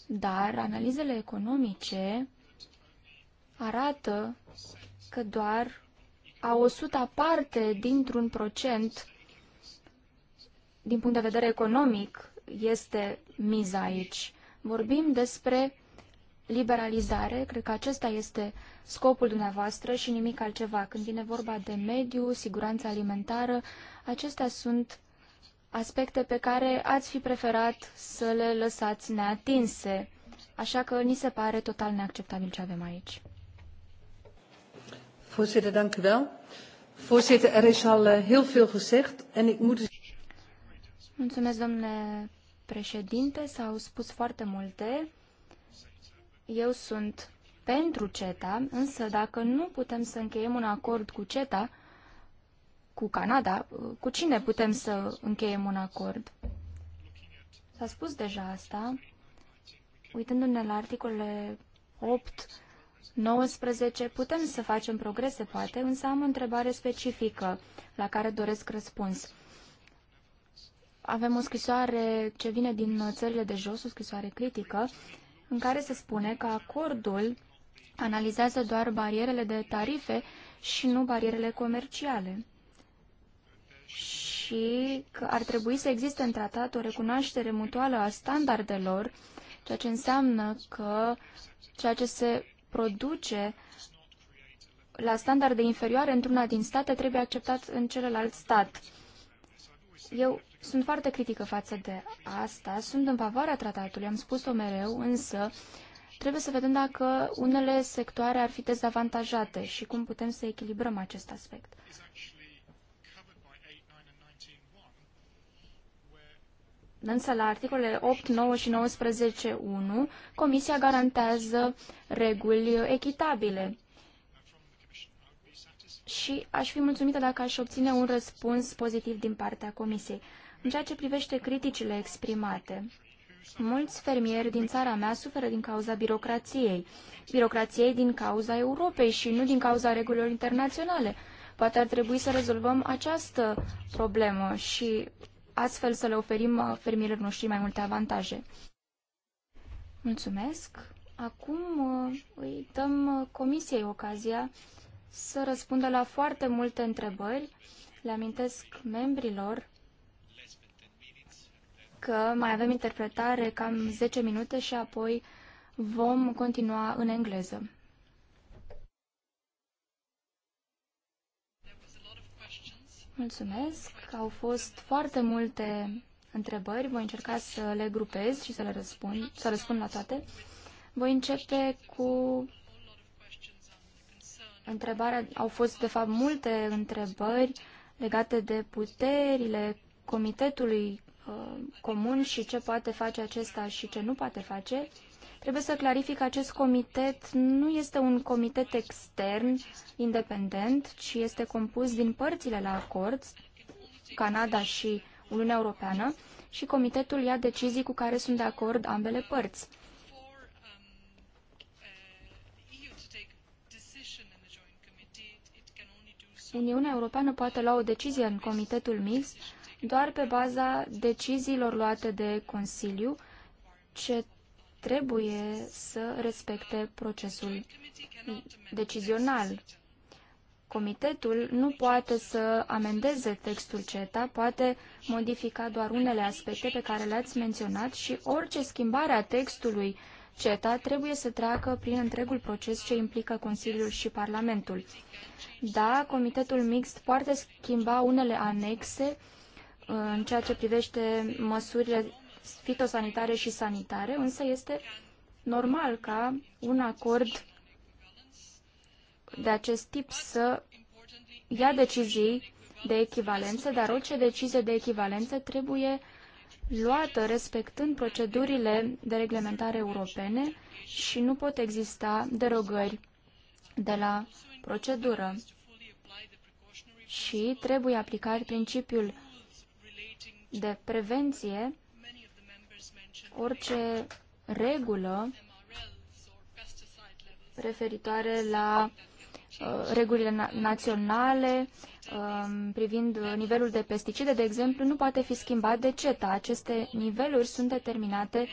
dar analizele economice arată că doar a 100 parte dintr-un procent din punct de vedere economic este miza aici. Vorbim despre liberalizare, cred că acesta este scopul dumneavoastră și nimic altceva. Când vine vorba de mediu, siguranța alimentară, acestea sunt aspecte pe care ați fi preferat să le lăsați neatinse. Așa că ni se pare total neacceptabil ce avem aici. Voorzitter, dank u wel. Voorzitter, er is al eh, heel veel gezegd en ik moet... Mulțumesc, domnule președinte. S-au spus foarte multe. Eu sunt pentru CETA, însă dacă nu putem să încheiem un acord cu CETA, cu Canada, cu cine putem să încheiem un acord? S-a spus deja asta. Uitându-ne la articolele 8, 19, putem să facem progrese, poate, însă am o întrebare specifică la care doresc răspuns. Avem o scrisoare ce vine din țările de jos, o scrisoare critică, în care se spune că acordul analizează doar barierele de tarife și nu barierele comerciale și că ar trebui să existe în tratat o recunoaștere mutuală a standardelor, ceea ce înseamnă că ceea ce se produce la standarde inferioare într-una din state trebuie acceptat în celălalt stat. Eu sunt foarte critică față de asta, sunt în favoarea tratatului, am spus-o mereu, însă trebuie să vedem dacă unele sectoare ar fi dezavantajate și cum putem să echilibrăm acest aspect. Însă la articolele 8, 9 și 1, Comisia garantează reguli echitabile. Și aș fi mulțumită dacă aș obține un răspuns pozitiv din partea Comisiei. În ceea ce privește criticile exprimate, mulți fermieri din țara mea suferă din cauza birocrației. Birocrației din cauza Europei și nu din cauza regulilor internaționale. Poate ar trebui să rezolvăm această problemă și astfel să le oferim uh, fermierilor noștri mai multe avantaje. Mulțumesc. Acum uh, îi dăm uh, comisiei ocazia să răspundă la foarte multe întrebări. Le amintesc membrilor că mai avem interpretare cam 10 minute și apoi vom continua în engleză. Mulțumesc. Au fost foarte multe întrebări. Voi încerca să le grupez și să le răspund, să răspund la toate. Voi începe cu întrebarea. Au fost, de fapt, multe întrebări legate de puterile comitetului Uh, comun și ce poate face acesta și ce nu poate face, trebuie să clarific că acest comitet nu este un comitet extern, independent, ci este compus din părțile la acord, Canada și Uniunea Europeană, și comitetul ia decizii cu care sunt de acord ambele părți. Uniunea Europeană poate lua o decizie în comitetul mix doar pe baza deciziilor luate de Consiliu, ce trebuie să respecte procesul decizional. Comitetul nu poate să amendeze textul CETA, poate modifica doar unele aspecte pe care le-ați menționat și orice schimbare a textului CETA trebuie să treacă prin întregul proces ce implică Consiliul și Parlamentul. Da, Comitetul Mixt poate schimba unele anexe în ceea ce privește măsurile fitosanitare și sanitare, însă este normal ca un acord de acest tip să ia decizii de echivalență, dar orice decizie de echivalență trebuie luată respectând procedurile de reglementare europene și nu pot exista derogări de la procedură. Și trebuie aplicat principiul de prevenție, orice regulă referitoare la uh, regulile na naționale uh, privind nivelul de pesticide, de exemplu, nu poate fi schimbat de CETA. Aceste niveluri sunt determinate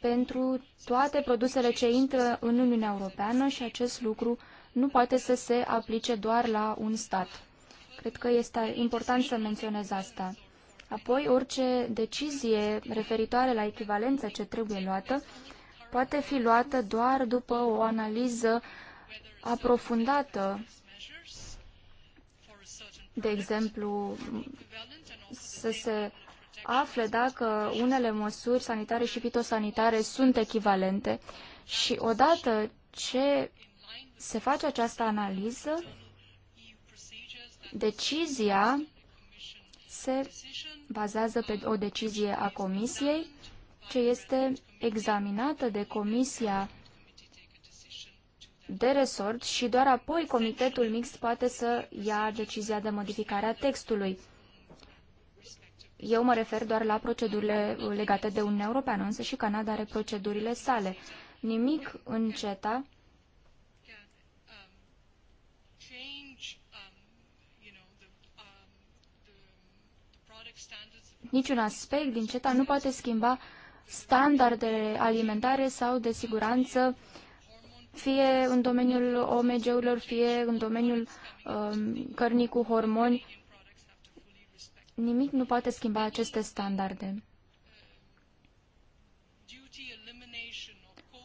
pentru toate produsele ce intră în Uniunea Europeană și acest lucru nu poate să se aplice doar la un stat. Cred că este important să menționez asta. Apoi, orice decizie referitoare la echivalența ce trebuie luată poate fi luată doar după o analiză aprofundată. De exemplu, să se afle dacă unele măsuri sanitare și fitosanitare sunt echivalente și odată ce se face această analiză, decizia se bazează pe o decizie a Comisiei, ce este examinată de Comisia de resort și doar apoi Comitetul Mix poate să ia decizia de modificare a textului. Eu mă refer doar la procedurile legate de Uniunea Europeană, însă și Canada are procedurile sale. Nimic în CETA Niciun aspect din CETA nu poate schimba standardele alimentare sau de siguranță, fie în domeniul OMG-urilor, fie în domeniul um, cărnii cu hormoni. Nimic nu poate schimba aceste standarde.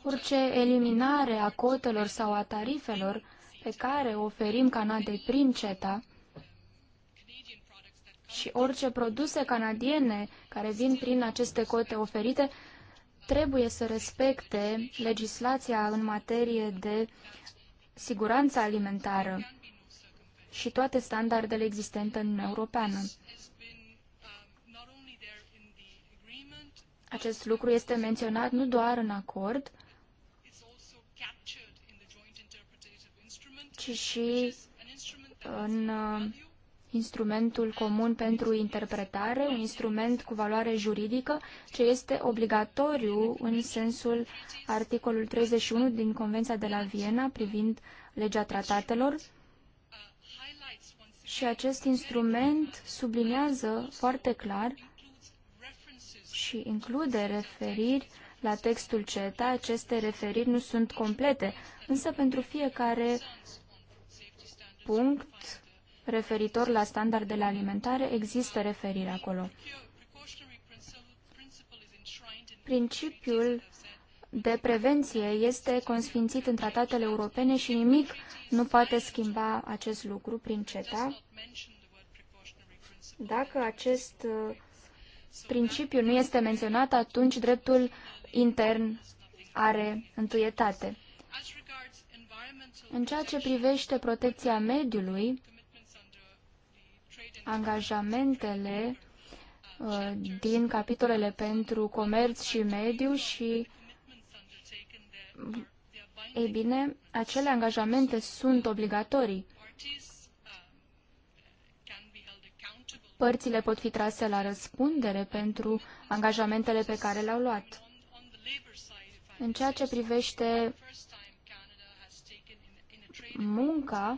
Orice eliminare a cotelor sau a tarifelor pe care o oferim de prin CETA și orice produse canadiene care vin prin aceste cote oferite trebuie să respecte legislația în materie de siguranță alimentară și toate standardele existente în Uniunea Europeană. Acest lucru este menționat nu doar în acord, ci și în uh, instrumentul comun pentru interpretare, un instrument cu valoare juridică, ce este obligatoriu în sensul articolul 31 din Convenția de la Viena privind legea tratatelor. Și acest instrument subliniază foarte clar și include referiri la textul CETA. Aceste referiri nu sunt complete, însă pentru fiecare punct referitor la standardele alimentare, există referire acolo. Principiul de prevenție este consfințit în tratatele europene și nimic nu poate schimba acest lucru prin CETA. Dacă acest uh, principiu nu este menționat, atunci dreptul intern are întâietate. În ceea ce privește protecția mediului, angajamentele uh, din capitolele pentru comerț și mediu și ei bine, acele angajamente sunt obligatorii. Părțile pot fi trase la răspundere pentru angajamentele pe care le-au luat. În ceea ce privește munca,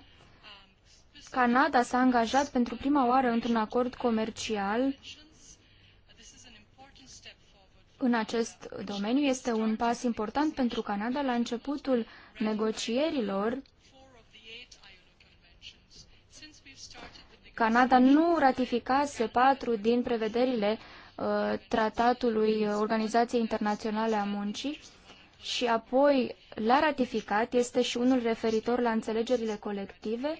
Canada s-a angajat pentru prima oară într-un acord comercial în acest domeniu. Este un pas important pentru Canada la începutul negocierilor. Canada nu ratificase patru din prevederile uh, tratatului Organizației Internaționale a Muncii și apoi l-a ratificat, este și unul referitor la înțelegerile colective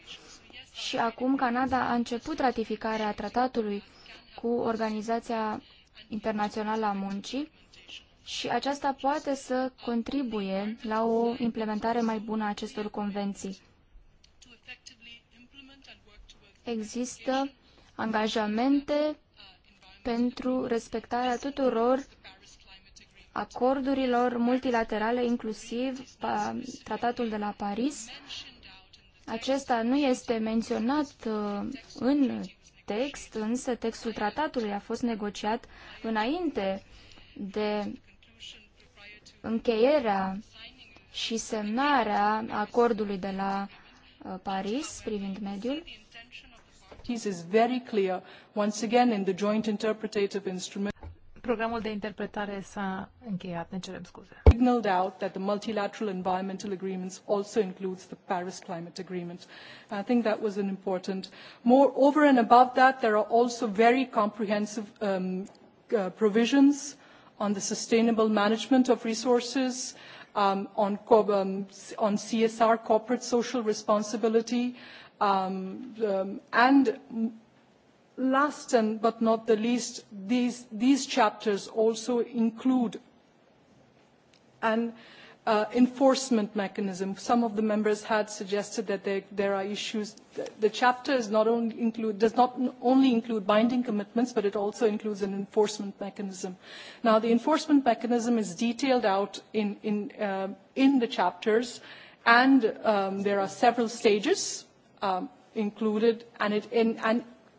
și acum Canada a început ratificarea tratatului cu Organizația Internațională a Muncii și aceasta poate să contribuie la o implementare mai bună a acestor convenții. Există angajamente pentru respectarea tuturor acordurilor multilaterale, inclusiv tratatul de la Paris acesta nu este menționat uh, în text, însă textul tratatului a fost negociat înainte de încheierea și semnarea acordului de la uh, Paris privind mediul. Programul de interpretare s-a încheiat, ne cerem scuze. No doubt that the multilateral environmental agreements also includes the Paris Climate Agreement. I think that was an important. More over and above that, there are also very comprehensive um, uh, provisions on the sustainable management of resources, um, on, um, on CSR, corporate social responsibility, um, um, and last but not the least, these, these chapters also include an uh, enforcement mechanism. Some of the members had suggested that there, there are issues. The, the chapter is not only include, does not only include binding commitments, but it also includes an enforcement mechanism. Now, the enforcement mechanism is detailed out in, in, uh, in the chapters, and um, there are several stages um, included, and, it, in, and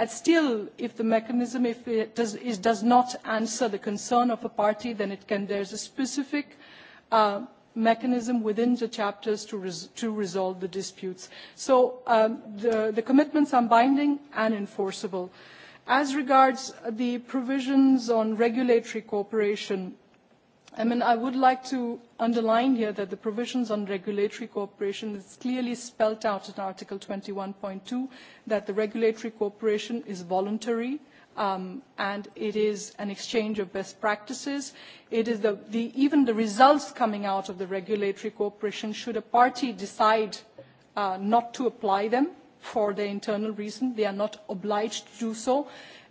And still, if the mechanism does, not answer the concern of a party, then there is a specific uh, mechanism within the chapters to, resolve the disputes. So um, the commitments are binding and enforceable. As regards the provisions on regulatory cooperation, I, mean, I would like to underline here that the provisions on regulatory cooperation is clearly spelled out in Article 21.2 that the regulatory cooperation is voluntary um, and it is an exchange of best practices. It is the, the, even the results coming out of the regulatory cooperation should a party decide uh, not to apply them for their internal reason. They are not obliged to do so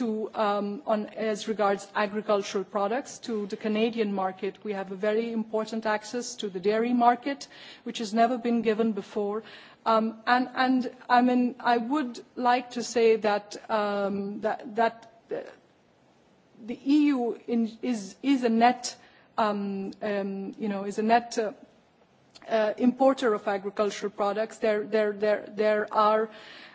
Um, on, as regards agricultural products to the Canadian market. We have a very important access to the dairy market, which has never been given before. Um, and, and I, mean, I would like to say that, um, that, that uh, the EU in, is, is a net, um, um, you know, is a net uh, uh, importer of agricultural products. There, there, there, there are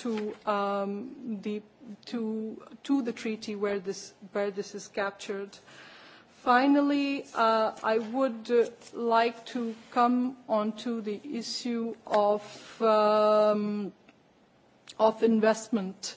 to um, the to to the treaty where this where this is captured. Finally, uh, I would uh, like to come onto the issue of um, of investment